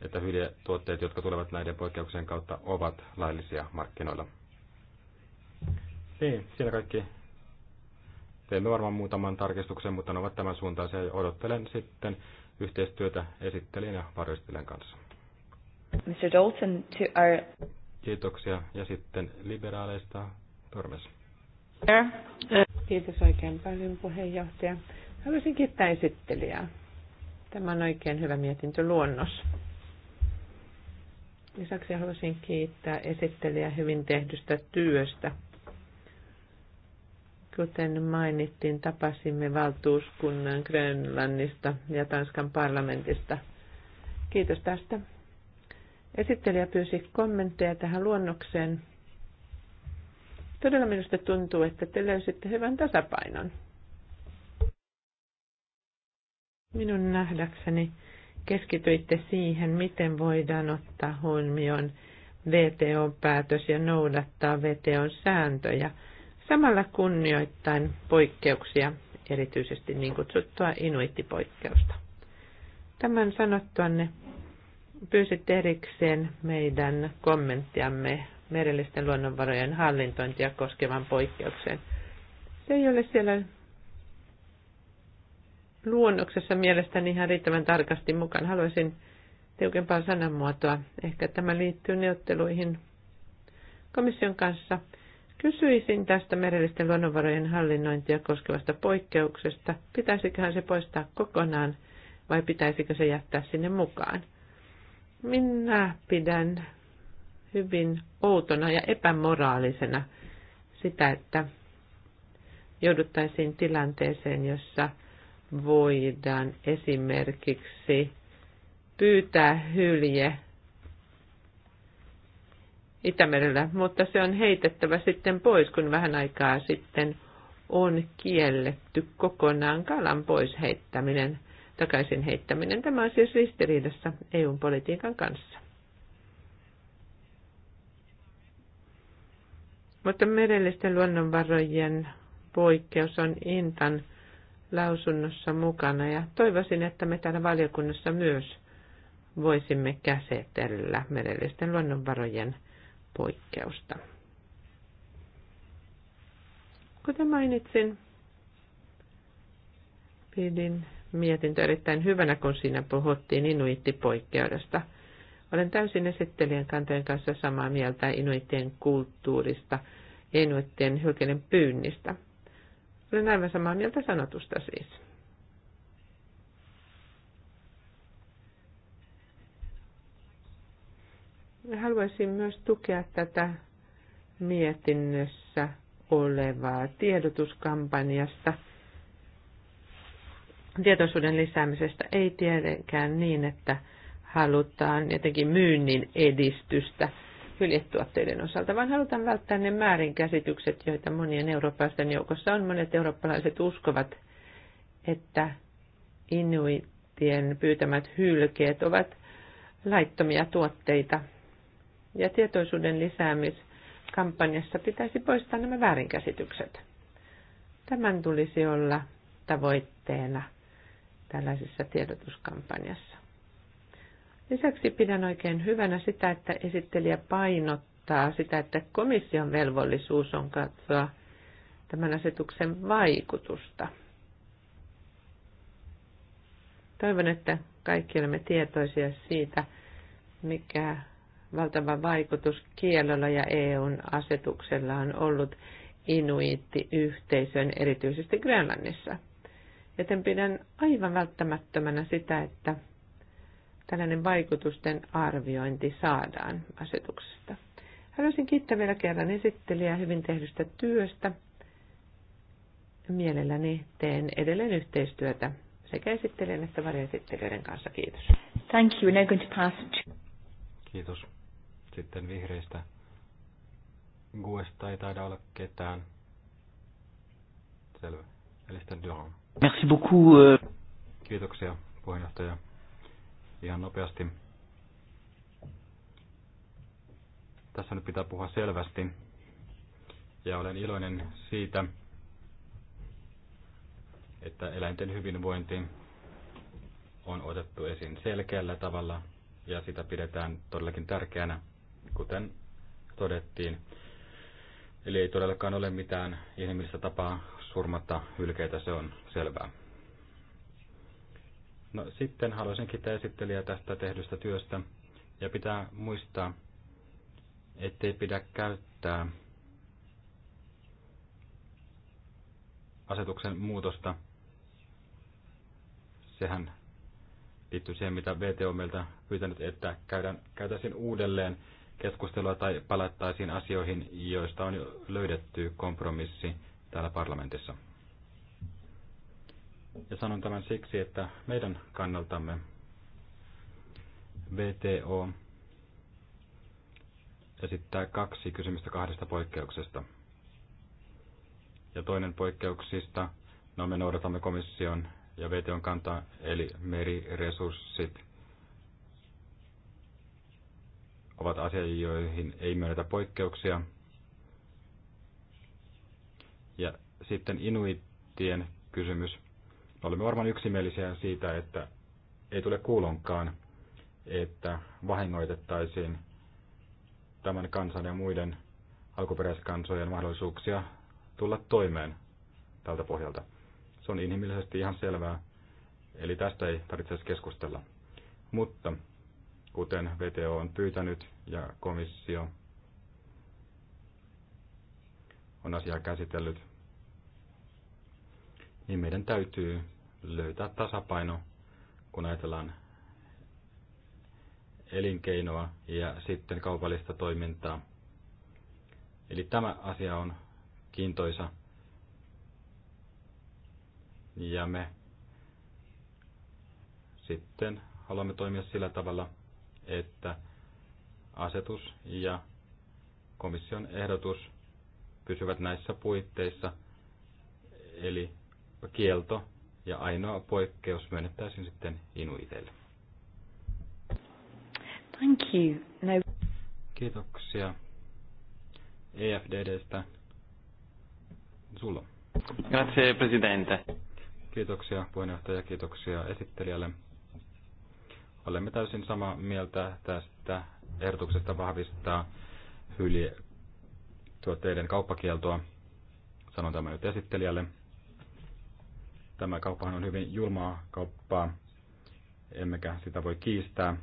S2: että hyviä tuotteet, jotka tulevat näiden poikkeuksien kautta, ovat laillisia markkinoilla. Niin, siinä kaikki. Teemme varmaan muutaman tarkistuksen, mutta ne ovat tämän suuntaisia ja odottelen sitten yhteistyötä esittelijän ja varjostelijan kanssa.
S1: Mr. Dalton, to our...
S2: Kiitoksia. Ja sitten liberaaleista Tormes.
S1: Kiitos oikein paljon puheenjohtaja. Haluaisin kiittää esittelijää. Tämä on oikein hyvä luonnos. Lisäksi haluaisin kiittää esittelijää hyvin tehdystä työstä. Kuten mainittiin, tapasimme valtuuskunnan Grönlannista ja Tanskan parlamentista. Kiitos tästä Esittelijä pyysi kommentteja tähän luonnokseen. Todella minusta tuntuu, että te löysitte hyvän tasapainon. Minun nähdäkseni keskityitte siihen, miten voidaan ottaa huomioon VTO-päätös ja noudattaa VTOn sääntöjä, samalla kunnioittain poikkeuksia, erityisesti niin kutsuttua inuittipoikkeusta. Tämän sanottuanne pyysitte erikseen meidän kommenttiamme merellisten luonnonvarojen hallintointia koskevan poikkeuksen. Se ei ole siellä luonnoksessa mielestäni ihan riittävän tarkasti mukaan. Haluaisin tiukempaa sanamuotoa. Ehkä tämä liittyy neuvotteluihin komission kanssa. Kysyisin tästä merellisten luonnonvarojen hallinnointia koskevasta poikkeuksesta. Pitäisiköhän se poistaa kokonaan vai pitäisikö se jättää sinne mukaan? Minä pidän hyvin outona ja epämoraalisena sitä, että jouduttaisiin tilanteeseen, jossa voidaan esimerkiksi pyytää hylje Itämerellä, mutta se on heitettävä sitten pois, kun vähän aikaa sitten on kielletty kokonaan kalan pois heittäminen takaisin heittäminen. Tämä on siis ristiriidassa eu politiikan kanssa. Mutta merellisten luonnonvarojen poikkeus on Intan lausunnossa mukana ja toivoisin, että me täällä valiokunnassa myös voisimme käsitellä merellisten luonnonvarojen poikkeusta. Kuten mainitsin, pidin mietintö erittäin hyvänä, kun siinä puhuttiin inuittipoikkeudesta. Olen täysin esittelijän kantojen kanssa samaa mieltä inuittien kulttuurista ja inuittien hylkeiden pyynnistä. Olen aivan samaa mieltä sanotusta siis. Haluaisin myös tukea tätä mietinnössä olevaa tiedotuskampanjasta – tietoisuuden lisäämisestä ei tietenkään niin, että halutaan jotenkin myynnin edistystä hyljetuotteiden osalta, vaan halutaan välttää ne määrinkäsitykset, joita monien eurooppalaisten joukossa on. Monet eurooppalaiset uskovat, että inuitien pyytämät hylkeet ovat laittomia tuotteita. Ja tietoisuuden lisäämiskampanjassa pitäisi poistaa nämä väärinkäsitykset. Tämän tulisi olla tavoitteena – tällaisessa tiedotuskampanjassa. Lisäksi pidän oikein hyvänä sitä, että esittelijä painottaa sitä, että komission velvollisuus on katsoa tämän asetuksen vaikutusta. Toivon, että kaikki olemme tietoisia siitä, mikä valtava vaikutus kielolla ja EUn asetuksella on ollut inuiittiyhteisön, erityisesti Grönlannissa. Joten pidän aivan välttämättömänä sitä, että tällainen vaikutusten arviointi saadaan asetuksesta. Haluaisin kiittää vielä kerran esittelijää hyvin tehdystä työstä. Mielelläni teen edelleen yhteistyötä sekä esittelijän että varjoesittelijöiden kanssa. Kiitos. Thank you. Now going
S2: to pass. Kiitos. Sitten vihreistä. Guesta ei taida olla ketään. Selvä. Eli sitten Durham. Merci beaucoup. Euh. Kiitoksia puheenjohtaja. Ihan nopeasti. Tässä nyt pitää puhua selvästi. Ja olen iloinen siitä, että eläinten hyvinvointi on otettu esiin selkeällä tavalla ja sitä pidetään todellakin tärkeänä, kuten todettiin. Eli ei todellakaan ole mitään ihmistä tapaa surmatta hylkeitä, se on selvää. No, sitten haluaisin kiittää esittelijää tästä tehdystä työstä. Ja pitää muistaa, ettei pidä käyttää asetuksen muutosta. Sehän liittyy siihen, mitä VTO on meiltä pyytänyt, että käydään, käytäisiin uudelleen keskustelua tai palattaisiin asioihin, joista on jo löydetty kompromissi täällä parlamentissa. Ja sanon tämän siksi, että meidän kannaltamme VTO esittää kaksi kysymystä kahdesta poikkeuksesta. Ja toinen poikkeuksista, no me noudatamme komission ja VTOn kantaa, eli meriresurssit ovat asia, joihin ei myönnetä poikkeuksia, Sitten inuittien kysymys. Me olemme varmaan yksimielisiä siitä, että ei tule kuulonkaan, että vahingoitettaisiin tämän kansan ja muiden alkuperäiskansojen mahdollisuuksia tulla toimeen tältä pohjalta. Se on inhimillisesti ihan selvää, eli tästä ei tarvitse keskustella. Mutta kuten VTO on pyytänyt ja komissio on asiaa käsitellyt, niin meidän täytyy löytää tasapaino, kun ajatellaan elinkeinoa ja sitten kaupallista toimintaa. Eli tämä asia on kiintoisa. Ja me sitten haluamme toimia sillä tavalla, että asetus ja komission ehdotus pysyvät näissä puitteissa, eli kielto ja ainoa poikkeus myönnettäisiin sitten inuiteille.
S1: Thank you. No.
S2: Kiitoksia EFDDstä. Sulla. Grazie, presidente. Kiitoksia puheenjohtaja, kiitoksia esittelijälle. Olemme täysin samaa mieltä tästä ehdotuksesta vahvistaa hyljetuotteiden kauppakieltoa. Sanon tämä nyt esittelijälle. Tämä kauppahan on hyvin julmaa kauppaa, emmekä sitä voi kiistää.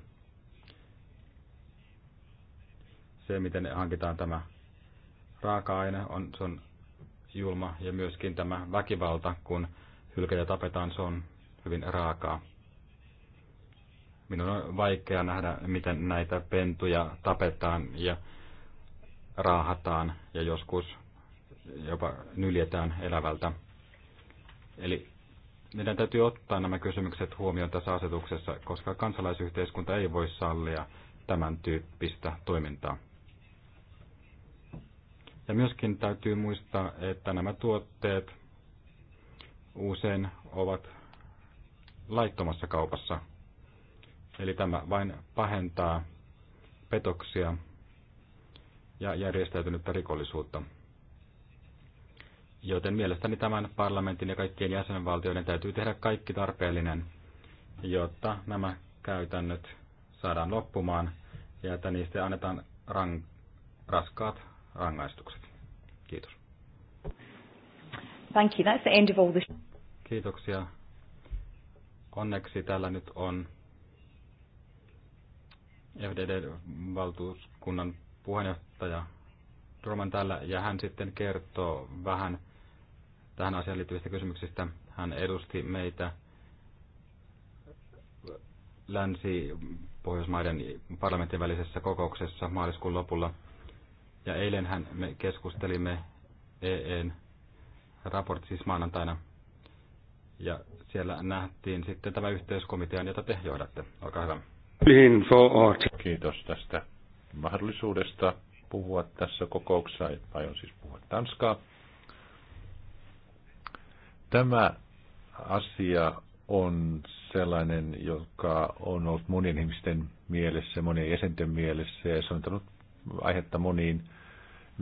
S2: Se, miten hankitaan tämä raaka-aine, on, se on julma ja myöskin tämä väkivalta, kun hylkäjä tapetaan, se on hyvin raakaa. Minun on vaikea nähdä, miten näitä pentuja tapetaan ja raahataan ja joskus jopa nyljetään elävältä. Eli meidän täytyy ottaa nämä kysymykset huomioon tässä asetuksessa, koska kansalaisyhteiskunta ei voi sallia tämän tyyppistä toimintaa. Ja myöskin täytyy muistaa, että nämä tuotteet usein ovat laittomassa kaupassa. Eli tämä vain pahentaa petoksia ja järjestäytynyttä rikollisuutta. Joten mielestäni tämän parlamentin ja kaikkien jäsenvaltioiden täytyy tehdä kaikki tarpeellinen, jotta nämä käytännöt saadaan loppumaan ja että niistä annetaan rank- raskaat rangaistukset. Kiitos.
S3: Thank you. That's the end of all this.
S2: Kiitoksia. Onneksi täällä nyt on FDD-valtuuskunnan puheenjohtaja Roman täällä ja hän sitten kertoo vähän tähän asiaan liittyvistä kysymyksistä. Hän edusti meitä Länsi-Pohjoismaiden parlamentin välisessä kokouksessa maaliskuun lopulla. Ja eilenhän me keskustelimme EEn raportti siis maanantaina. Ja siellä nähtiin sitten tämä yhteiskomitean, jota te johdatte. Olkaa hyvä.
S3: Kiitos tästä mahdollisuudesta puhua tässä kokouksessa. Aion siis puhua tanskaa. Tämä asia on sellainen, joka on ollut monien ihmisten mielessä, monien jäsenten mielessä ja se on tullut aihetta moniin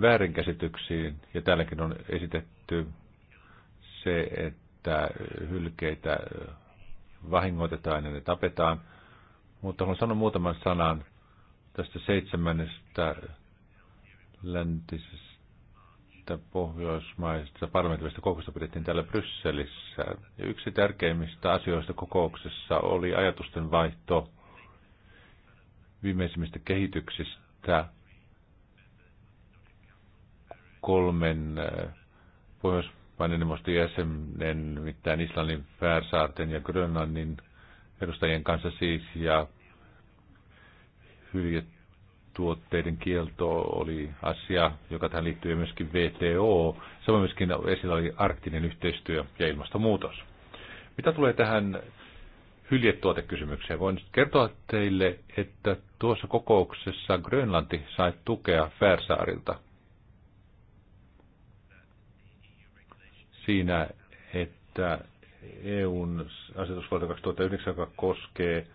S3: väärinkäsityksiin. Ja täälläkin on esitetty se, että hylkeitä vahingoitetaan ja ne tapetaan. Mutta haluan sanoa muutaman sanan tästä seitsemännestä läntisestä että pohjoismaista parlamentaarista kokousta pidettiin täällä Brysselissä. Ja yksi tärkeimmistä asioista kokouksessa oli ajatusten vaihto viimeisimmistä kehityksistä kolmen eh, pohjoismaiden neuvoston jäsenen, mitään Islannin, Färsaarten ja Grönlannin edustajien kanssa siis, ja hyljet tuotteiden kielto oli asia, joka tähän liittyy myöskin VTO. Samoin myöskin esillä oli arktinen yhteistyö ja ilmastonmuutos. Mitä tulee tähän hyljetuotekysymykseen, voin kertoa teille, että tuossa kokouksessa Grönlanti sai tukea Färsaarilta. Siinä, että EUn asetus vuodelta 2009, joka koskee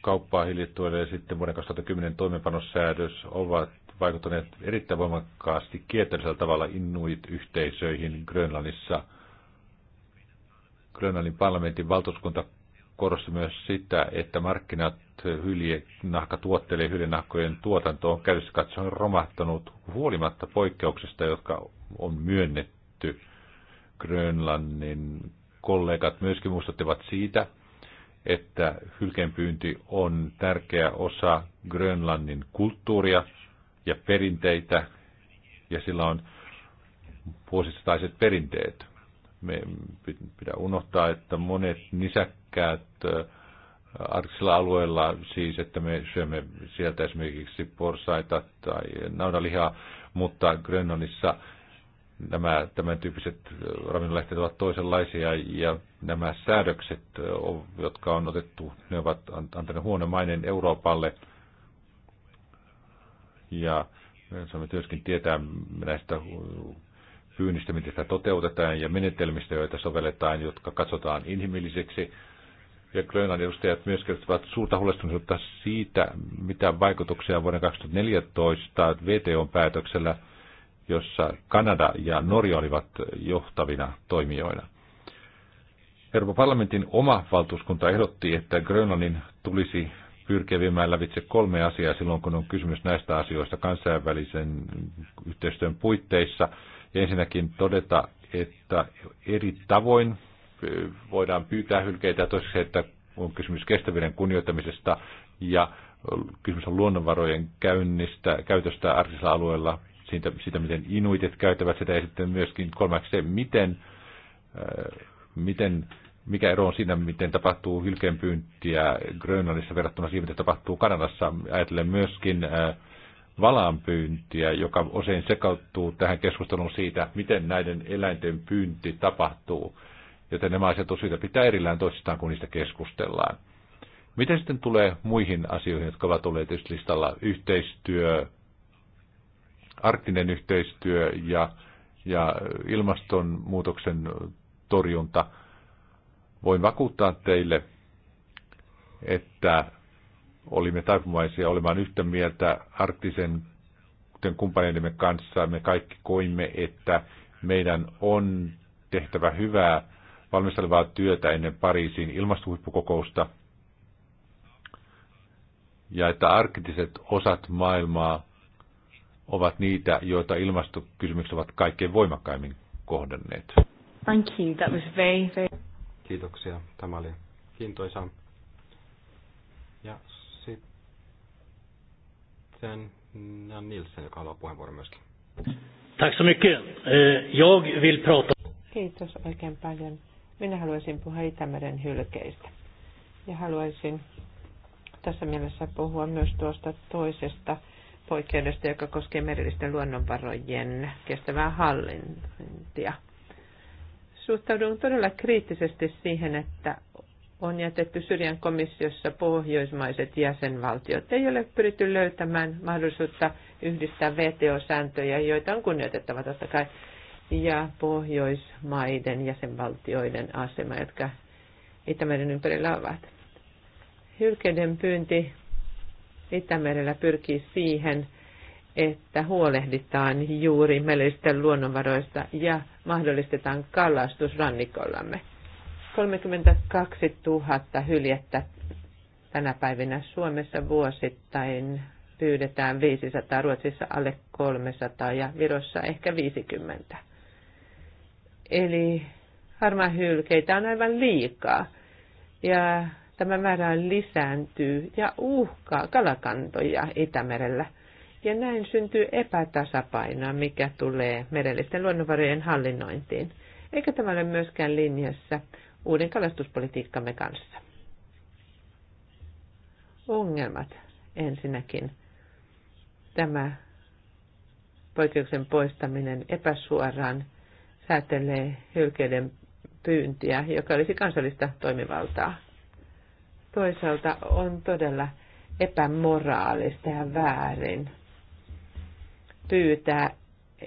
S3: kauppaa hiljattuille ja sitten vuoden 2010 toimeenpanossäädös ovat vaikuttaneet erittäin voimakkaasti kielteisellä tavalla Inuit-yhteisöihin Grönlannissa. Grönlannin parlamentin valtuuskunta korosti myös sitä, että markkinat hyljenahkatuotteille ja hyljenahkojen tuotanto on käytössä katsoen romahtanut huolimatta poikkeuksista, jotka on myönnetty. Grönlannin kollegat myöskin muistuttivat siitä, että hylkeenpyynti on tärkeä osa Grönlannin kulttuuria ja perinteitä, ja sillä on vuosistaiset perinteet. Me pitää unohtaa, että monet nisäkkäät arktisilla alueilla, siis että me syömme sieltä esimerkiksi porsaita tai naudalihaa, mutta Grönlannissa nämä tämän tyyppiset ravinnonlähteet ovat toisenlaisia ja nämä säädökset, jotka on otettu, ne ovat antaneet huonon maineen Euroopalle. Ja saamme myöskin tietää näistä pyynnistä, miten sitä toteutetaan ja menetelmistä, joita sovelletaan, jotka katsotaan inhimilliseksi. Ja Grönan edustajat myös kertovat suurta huolestuneisuutta siitä, mitä vaikutuksia vuoden 2014 VTO-päätöksellä – jossa Kanada ja Norja olivat johtavina toimijoina. Euroopan parlamentin oma valtuuskunta ehdotti, että Grönlannin tulisi pyrkiä viemään lävitse kolme asiaa silloin, kun on kysymys näistä asioista kansainvälisen yhteistyön puitteissa. ensinnäkin todeta, että eri tavoin eh, voidaan pyytää hylkeitä ja toiseksi, että on kysymys kestävyyden kunnioittamisesta ja kysymys on luonnonvarojen käynnistä, käytöstä arktisella alueella siitä, siitä, miten inuitit käyttävät sitä, ja sitten myöskin kolmeksi se, miten, ää, äh, miten, mikä ero on siinä, miten tapahtuu hylkeenpyyntiä Grönlannissa verrattuna siihen, mitä tapahtuu Kanadassa. Ajatellen myöskin ää, äh, valaanpyyntiä, joka usein sekautuu tähän keskusteluun siitä, miten näiden eläinten pyynti tapahtuu. Joten nämä asiat on syytä pitää erillään toisistaan, kun niistä keskustellaan. Miten sitten tulee muihin asioihin, jotka ovat olleet listalla? Yhteistyö arktinen yhteistyö ja, ja ilmastonmuutoksen torjunta. Voin vakuuttaa teille, että olimme taipumaisia olemaan yhtä mieltä arktisen kumppaneidemme kanssa. Me kaikki koimme, että meidän on tehtävä hyvää valmistelevaa työtä ennen Pariisin ilmastohuippukokousta ja että arktiset osat maailmaa ovat niitä, joita ilmastokysymykset ovat kaikkein voimakkaimmin kohdanneet.
S1: Thank you. That was very, very...
S3: Kiitoksia. Tämä oli kiintoisa.
S2: Ja sitten Jan Nilsen, joka haluaa puheenvuoron myöskin. Tack så mycket. Eh, jag vill prata...
S1: Kiitos oikein paljon. Minä haluaisin puhua Itämeren hylkeistä. Ja haluaisin tässä mielessä puhua myös tuosta toisesta poikkeudesta, joka koskee merellisten luonnonvarojen kestävää hallintia. Suhtaudun todella kriittisesti siihen, että on jätetty Syrjän komissiossa pohjoismaiset jäsenvaltiot. Ei ole pyritty löytämään mahdollisuutta yhdistää VTO-sääntöjä, joita on kunnioitettava totta kai, ja pohjoismaiden jäsenvaltioiden asema, jotka Itämeren ympärillä ovat. Hylkeiden pyynti Itämerellä pyrkii siihen, että huolehditaan juuri merellisten luonnonvaroista ja mahdollistetaan kalastus rannikollamme. 32 000 hyljettä tänä päivänä Suomessa vuosittain pyydetään 500, Ruotsissa alle 300 ja Virossa ehkä 50. Eli hylkeitä on aivan liikaa. Ja tämä määrä lisääntyy ja uhkaa kalakantoja Itämerellä. Ja näin syntyy epätasapainoa, mikä tulee merellisten luonnonvarojen hallinnointiin. Eikä tämä ole myöskään linjassa uuden kalastuspolitiikkamme kanssa. Ongelmat ensinnäkin. Tämä poikkeuksen poistaminen epäsuoraan säätelee hylkeiden pyyntiä, joka olisi kansallista toimivaltaa toisaalta on todella epämoraalista ja väärin pyytää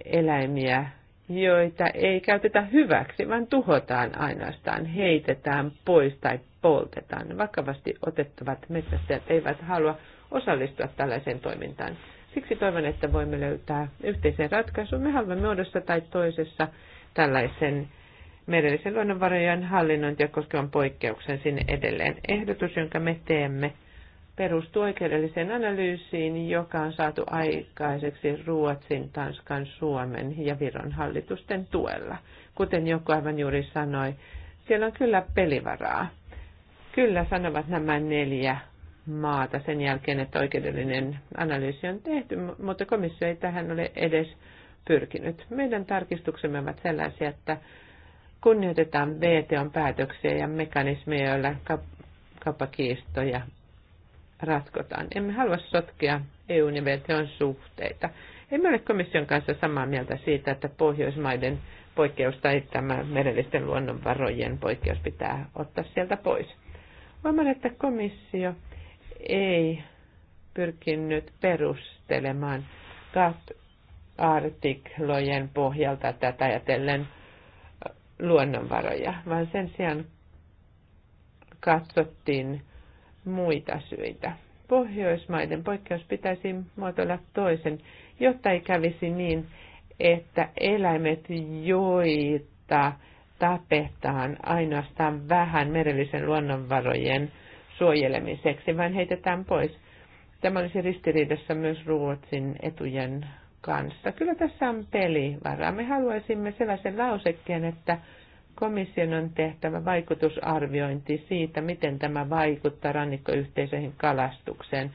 S1: eläimiä, joita ei käytetä hyväksi, vaan tuhotaan ainoastaan, heitetään pois tai poltetaan. Vakavasti otettavat metsästäjät eivät halua osallistua tällaiseen toimintaan. Siksi toivon, että voimme löytää yhteisen ratkaisun. Me haluamme muodossa tai toisessa tällaisen merellisen luonnonvarojen hallinnointia koskevan poikkeuksen sinne edelleen. Ehdotus, jonka me teemme, perustuu oikeudelliseen analyysiin, joka on saatu aikaiseksi Ruotsin, Tanskan, Suomen ja Viron hallitusten tuella. Kuten joku aivan juuri sanoi, siellä on kyllä pelivaraa. Kyllä sanovat nämä neljä maata sen jälkeen, että oikeudellinen analyysi on tehty, mutta komissio ei tähän ole edes pyrkinyt. Meidän tarkistuksemme ovat sellaisia, että kunnioitetaan VTOn päätöksiä ja mekanismeja, joilla kapakiistoja ratkotaan. Emme halua sotkea EUn ja VTOn suhteita. Emme ole komission kanssa samaa mieltä siitä, että Pohjoismaiden poikkeus tai tämä merellisten luonnonvarojen poikkeus pitää ottaa sieltä pois. Huomaan, että komissio ei pyrkinyt perustelemaan GATT-artiklojen pohjalta tätä ajatellen luonnonvaroja, vaan sen sijaan katsottiin muita syitä. Pohjoismaiden poikkeus pitäisi muotoilla toisen, jotta ei kävisi niin, että eläimet, joita tapetaan ainoastaan vähän merellisen luonnonvarojen suojelemiseksi, vaan heitetään pois. Tämä olisi ristiriidassa myös Ruotsin etujen kanssa. Kyllä tässä on pelivaraa. Me haluaisimme sellaisen lausekkeen, että komission on tehtävä vaikutusarviointi siitä, miten tämä vaikuttaa rannikkoyhteisöihin kalastukseen,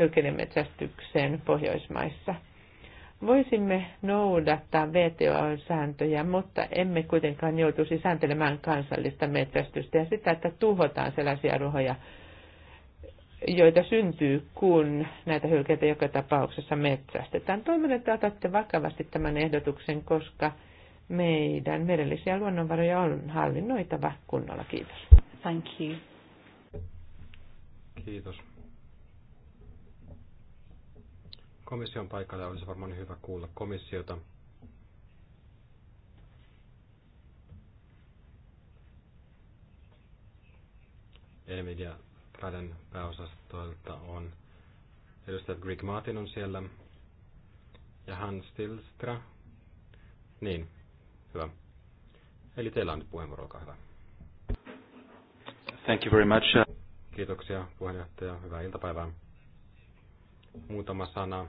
S1: ylkenemetsästykseen Pohjoismaissa. Voisimme noudattaa VTO-sääntöjä, mutta emme kuitenkaan joutuisi sääntelemään kansallista metsästystä ja sitä, että tuhotaan sellaisia ruhoja, joita syntyy, kun näitä hylkeitä joka tapauksessa metsästetään. Toivon, että otatte vakavasti tämän ehdotuksen, koska meidän merellisiä luonnonvaroja on hallinnoitava kunnolla. Kiitos. Thank you.
S2: Kiitos. Komission paikalla olisi varmaan hyvä kuulla komissiota. Emilia Raden pääosastoilta on edustaja Greg Martin on siellä ja Hans Stilstra, Niin, hyvä. Eli teillä on nyt puheenvuoro, olkaa hyvä. Thank you very much. Kiitoksia puheenjohtaja, hyvää iltapäivää. Muutama sana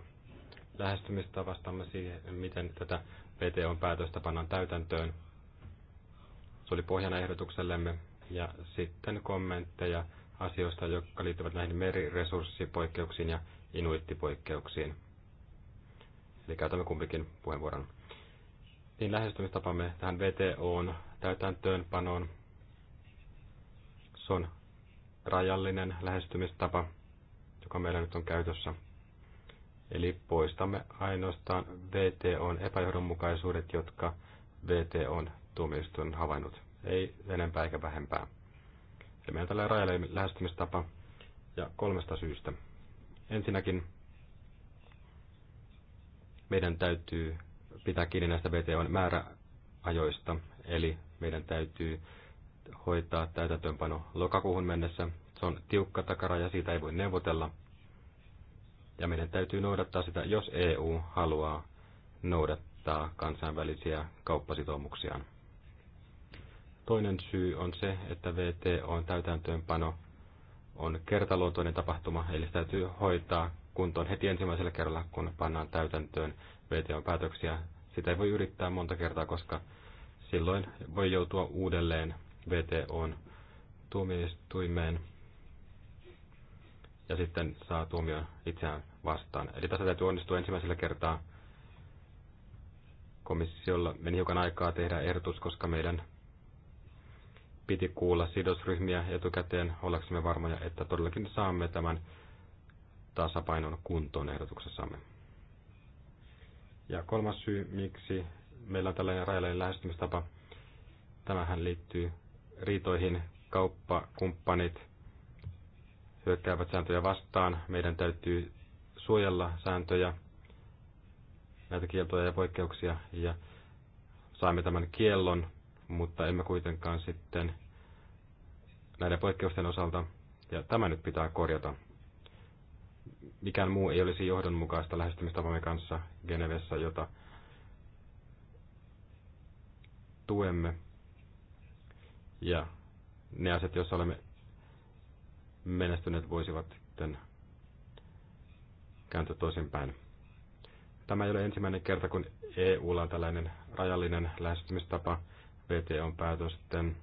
S2: lähestymistavastamme siihen, miten tätä VTOn päätöstä pannaan täytäntöön. Se oli pohjana ehdotuksellemme ja sitten kommentteja asioista, jotka liittyvät näihin meriresurssipoikkeuksiin ja inuittipoikkeuksiin. Eli käytämme kumpikin puheenvuoron. Niin lähestymistapamme tähän VTOn täytäntöönpanoon. Se on rajallinen lähestymistapa, joka meillä nyt on käytössä. Eli poistamme ainoastaan VTOn epäjohdonmukaisuudet, jotka VTOn tuomioistuin havainnut. Ei enempää eikä vähempää. Eli meillä on tällainen rajallinen lähestymistapa ja kolmesta syystä. Ensinnäkin meidän täytyy pitää kiinni näistä VTOn määräajoista, eli meidän täytyy hoitaa täytäntöönpano lokakuuhun mennessä. Se on tiukka takaraja, siitä ei voi neuvotella. Ja meidän täytyy noudattaa sitä, jos EU haluaa noudattaa kansainvälisiä kauppasitoumuksiaan. Toinen syy on se, että VTOn täytäntöönpano on kertaluontoinen tapahtuma, eli sitä täytyy hoitaa kuntoon heti ensimmäisellä kerralla, kun pannaan täytäntöön VTOn päätöksiä. Sitä ei voi yrittää monta kertaa, koska silloin voi joutua uudelleen VTOn tuomioistuimeen ja sitten saa tuomion itseään vastaan. Eli tässä täytyy onnistua ensimmäisellä kertaa. Komissiolla meni hiukan aikaa tehdä ehdotus, koska meidän piti kuulla sidosryhmiä etukäteen, ollaksemme varmoja, että todellakin saamme tämän tasapainon kuntoon ehdotuksessamme. Ja kolmas syy, miksi meillä on tällainen rajallinen lähestymistapa, tämähän liittyy riitoihin. Kauppakumppanit hyökkäävät sääntöjä vastaan. Meidän täytyy suojella sääntöjä, näitä kieltoja ja poikkeuksia, ja saamme tämän kiellon mutta emme kuitenkaan sitten näiden poikkeusten osalta, ja tämä nyt pitää korjata. Mikään muu ei olisi johdonmukaista lähestymistapamme kanssa Genevessä, jota tuemme. Ja ne asiat, joissa olemme menestyneet, voisivat sitten kääntyä toisinpäin. Tämä ei ole ensimmäinen kerta, kun EUlla on tällainen rajallinen lähestymistapa VTOn sitten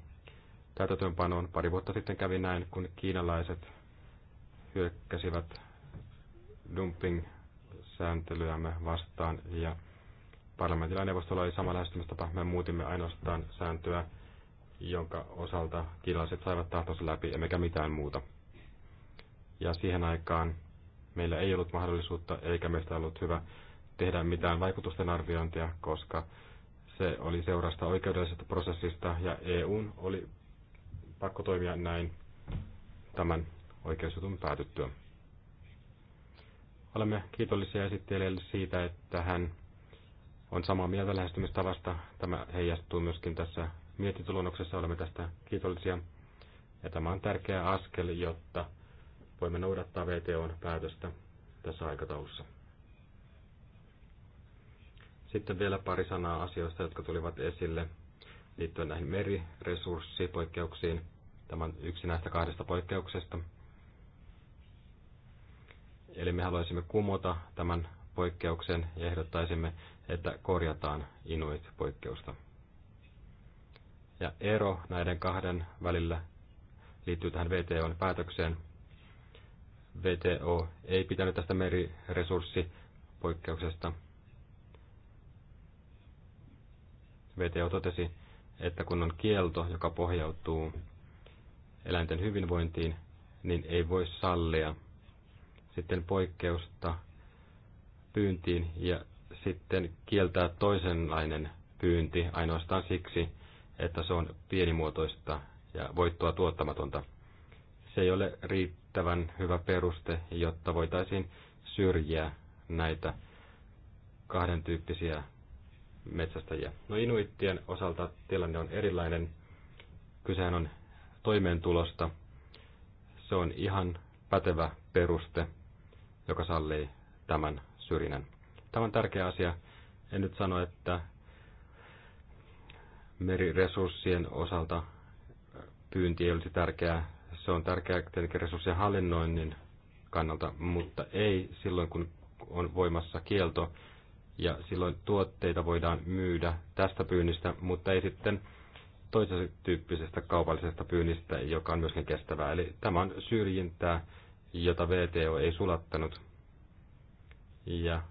S2: täytäntöönpanoon. Pari vuotta sitten kävi näin, kun kiinalaiset hyökkäsivät dumping-sääntelyämme vastaan ja parlamentilla neuvostolla oli sama lähestymistapa. Me muutimme ainoastaan sääntöä, jonka osalta kiinalaiset saivat tahtonsa läpi, emmekä mitään muuta. Ja siihen aikaan meillä ei ollut mahdollisuutta, eikä meistä ollut hyvä tehdä mitään vaikutusten arviointia, koska se oli seurasta oikeudellisesta prosessista ja EUn oli pakko toimia näin tämän oikeusjutun päätyttyä. Olemme kiitollisia esittelijälle siitä, että hän on samaa mieltä lähestymistavasta. Tämä heijastuu myöskin tässä mietintöluonnoksessa. Olemme tästä kiitollisia. Ja tämä on tärkeä askel, jotta voimme noudattaa VTOn päätöstä tässä aikataulussa. Sitten vielä pari sanaa asioista, jotka tulivat esille liittyen näihin meriresurssipoikkeuksiin. Tämä on yksi näistä kahdesta poikkeuksesta. Eli me haluaisimme kumota tämän poikkeuksen ja ehdottaisimme, että korjataan Inuit-poikkeusta. Ja ero näiden kahden välillä liittyy tähän VTOn päätökseen. VTO ei pitänyt tästä meriresurssipoikkeuksesta – VTO totesi, että kun on kielto, joka pohjautuu eläinten hyvinvointiin, niin ei voi sallia sitten poikkeusta pyyntiin ja sitten kieltää toisenlainen pyynti ainoastaan siksi, että se on pienimuotoista ja voittoa tuottamatonta. Se ei ole riittävän hyvä peruste, jotta voitaisiin syrjiä näitä kahden tyyppisiä metsästäjiä. No inuittien osalta tilanne on erilainen. Kysehän on toimeentulosta. Se on ihan pätevä peruste, joka sallii tämän syrjinnän. Tämä on tärkeä asia. En nyt sano, että meriresurssien osalta pyynti ei olisi tärkeää. Se on tärkeää tietenkin resurssien hallinnoinnin kannalta, mutta ei silloin, kun on voimassa kielto, ja silloin tuotteita voidaan myydä tästä pyynnistä, mutta ei sitten toisesta tyyppisestä kaupallisesta pyynnistä, joka on myöskin kestävää. Eli tämä on syrjintää, jota VTO ei sulattanut. Ja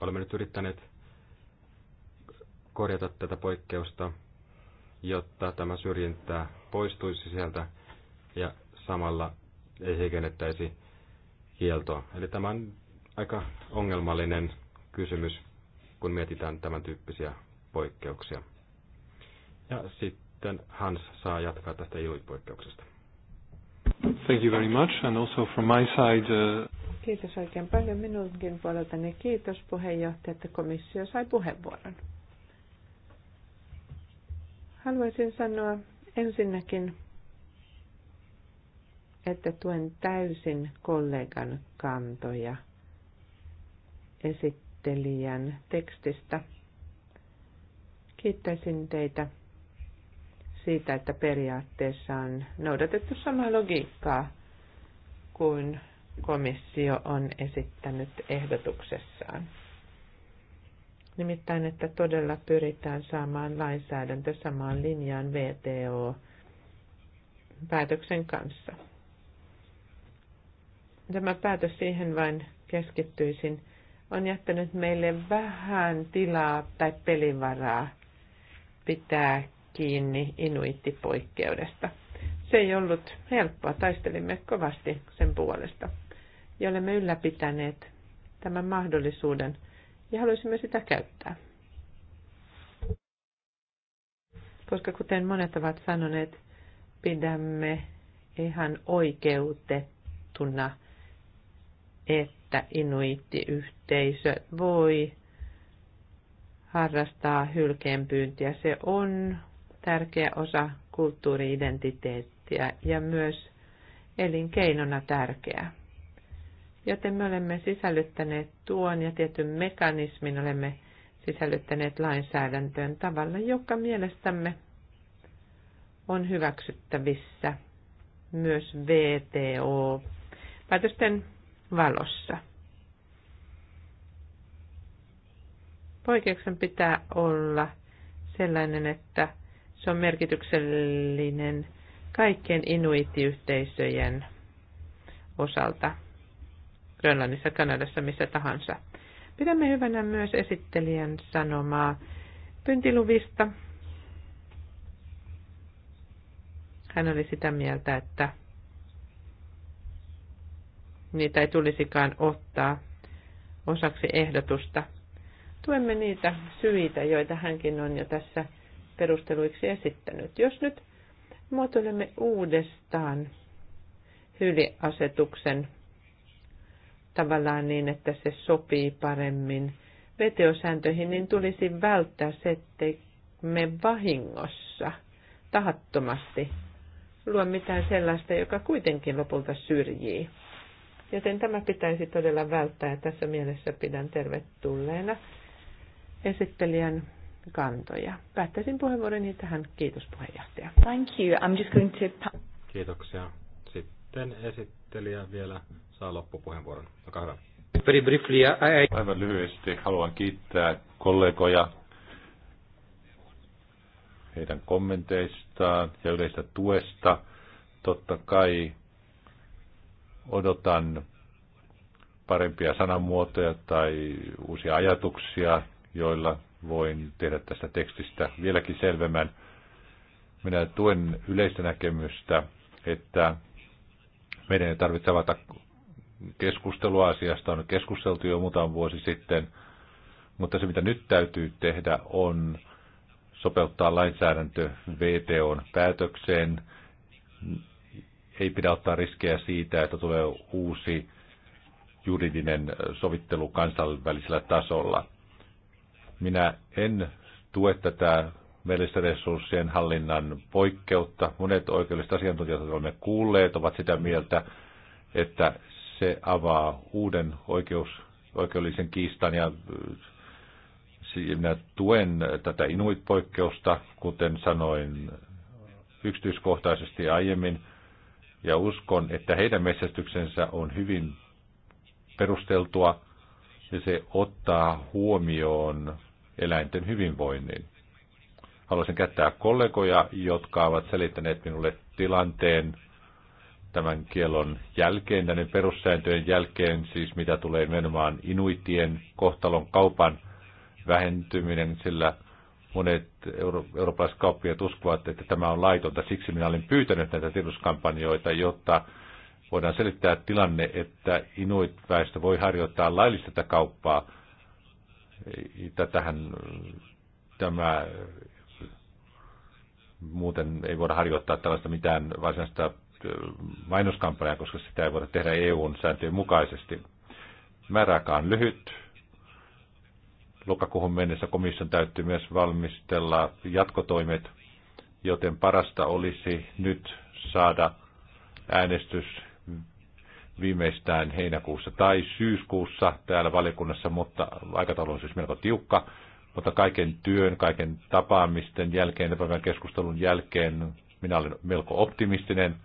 S2: olemme nyt yrittäneet korjata tätä poikkeusta, jotta tämä syrjintää poistuisi sieltä ja samalla ei heikennettäisi kieltoa. Eli tämä on aika ongelmallinen kysymys, kun mietitään tämän tyyppisiä poikkeuksia. Ja sitten Hans saa jatkaa tästä EU-poikkeuksesta. Thank you very
S3: much and also from my side. Uh...
S1: Kiitos oikein paljon minunkin puoleltani. Niin kiitos puheenjohtaja, että komissio sai puheenvuoron. Haluaisin sanoa ensinnäkin, että tuen täysin kollegan kantoja – esittelijän tekstistä. Kiittäisin teitä siitä, että periaatteessa on noudatettu samaa logiikkaa kuin komissio on esittänyt ehdotuksessaan. Nimittäin, että todella pyritään saamaan lainsäädäntö samaan linjaan VTO-päätöksen kanssa. Tämä päätös siihen vain keskittyisin, on jättänyt meille vähän tilaa tai pelivaraa pitää kiinni inuittipoikkeudesta. Se ei ollut helppoa, taistelimme kovasti sen puolesta. Ja olemme ylläpitäneet tämän mahdollisuuden ja haluaisimme sitä käyttää. Koska kuten monet ovat sanoneet, pidämme ihan oikeutettuna, että että inuittiyhteisö voi harrastaa hylkeenpyyntiä. Se on tärkeä osa kulttuuriidentiteettiä ja myös elinkeinona tärkeä. Joten me olemme sisällyttäneet tuon ja tietyn mekanismin olemme sisällyttäneet lainsäädäntöön tavalla, joka mielestämme on hyväksyttävissä myös VTO. Päätösten valossa. Poikkeuksen pitää olla sellainen, että se on merkityksellinen kaikkien inuittiyhteisöjen osalta Grönlannissa, Kanadassa, missä tahansa. Pidämme hyvänä myös esittelijän sanomaa pyntiluvista. Hän oli sitä mieltä, että niitä ei tulisikaan ottaa osaksi ehdotusta. Tuemme niitä syitä, joita hänkin on jo tässä perusteluiksi esittänyt. Jos nyt muotoilemme uudestaan hyliasetuksen tavallaan niin, että se sopii paremmin veteosääntöihin, niin tulisi välttää se, että me vahingossa tahattomasti luo mitään sellaista, joka kuitenkin lopulta syrjii Joten tämä pitäisi todella välttää ja tässä mielessä pidän tervetulleena esittelijän kantoja. Päättäisin puheenvuoroni niin, tähän. Kiitos puheenjohtaja. Thank you. I'm just going to...
S2: Kiitoksia. Sitten esittelijä vielä saa loppupuheenvuoron. Olkaa hyvä.
S3: Very briefly, I... Aivan lyhyesti haluan kiittää kollegoja heidän kommenteistaan ja yleistä tuesta. Totta kai Odotan parempia sanamuotoja tai uusia ajatuksia, joilla voin tehdä tästä tekstistä vieläkin selvemmän. Minä tuen yleistä näkemystä, että meidän ei tarvitse avata keskustelua asiasta. On keskusteltu jo muutaman vuosi sitten, mutta se mitä nyt täytyy tehdä on sopeuttaa lainsäädäntö VTOn päätökseen ei pidä ottaa riskejä siitä, että tulee uusi juridinen sovittelu kansainvälisellä tasolla. Minä en tue tätä merillisresurssien hallinnan poikkeutta. Monet oikeudelliset asiantuntijat, joita olemme kuulleet, ovat sitä mieltä, että se avaa uuden oikeus, oikeudellisen kiistan ja äh, minä tuen tätä inuit-poikkeusta, kuten sanoin yksityiskohtaisesti aiemmin ja uskon, että heidän metsästyksensä on hyvin perusteltua ja se ottaa huomioon eläinten hyvinvoinnin. Haluaisin käyttää kollegoja, jotka ovat selittäneet minulle tilanteen tämän kielon jälkeen, näiden perussääntöjen jälkeen, siis mitä tulee menemään inuitien kohtalon kaupan vähentyminen, sillä – Monet euro- eurooppalaiset kauppiaat uskovat, että tämä on laitonta. Siksi minä olen pyytänyt näitä tiedotuskampanjoita, jotta voidaan selittää tilanne, että inuit-väestö voi harjoittaa laillista kauppaa. Tätähän tämä muuten ei voida harjoittaa tällaista mitään varsinaista mainoskampanjaa, koska sitä ei voida tehdä EUn sääntöjen mukaisesti. Määräkaan lyhyt, lokakuuhun mennessä komission täytyy myös valmistella jatkotoimet, joten parasta olisi nyt saada äänestys viimeistään heinäkuussa tai syyskuussa täällä valiokunnassa, mutta aikataulu on siis melko tiukka. Mutta kaiken työn, kaiken tapaamisten jälkeen, tämän keskustelun jälkeen minä olen melko optimistinen.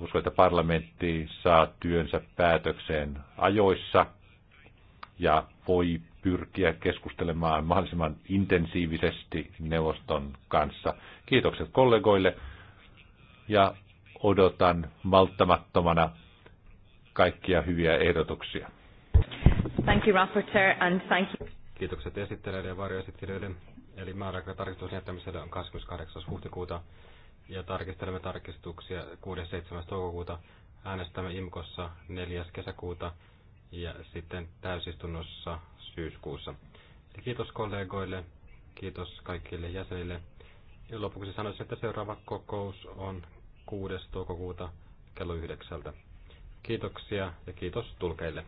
S3: Uskon, että parlamentti saa työnsä päätökseen ajoissa ja voi pyrkiä keskustelemaan mahdollisimman intensiivisesti neuvoston kanssa. Kiitokset kollegoille ja odotan malttamattomana kaikkia hyviä ehdotuksia. Thank you, Rapporteur,
S1: and thank
S2: you. Kiitokset esittelijöiden ja varjoesittelijöiden. Eli määräaika tarkistuksen jättämiselle on 28. huhtikuuta ja tarkistelemme tarkistuksia 7. toukokuuta. Äänestämme IMKossa 4. kesäkuuta ja sitten täysistunnossa syyskuussa. Eli kiitos kollegoille, kiitos kaikille jäsenille. Ja lopuksi sanoisin, että seuraava kokous on 6. toukokuuta kello yhdeksältä. Kiitoksia ja kiitos tulkeille.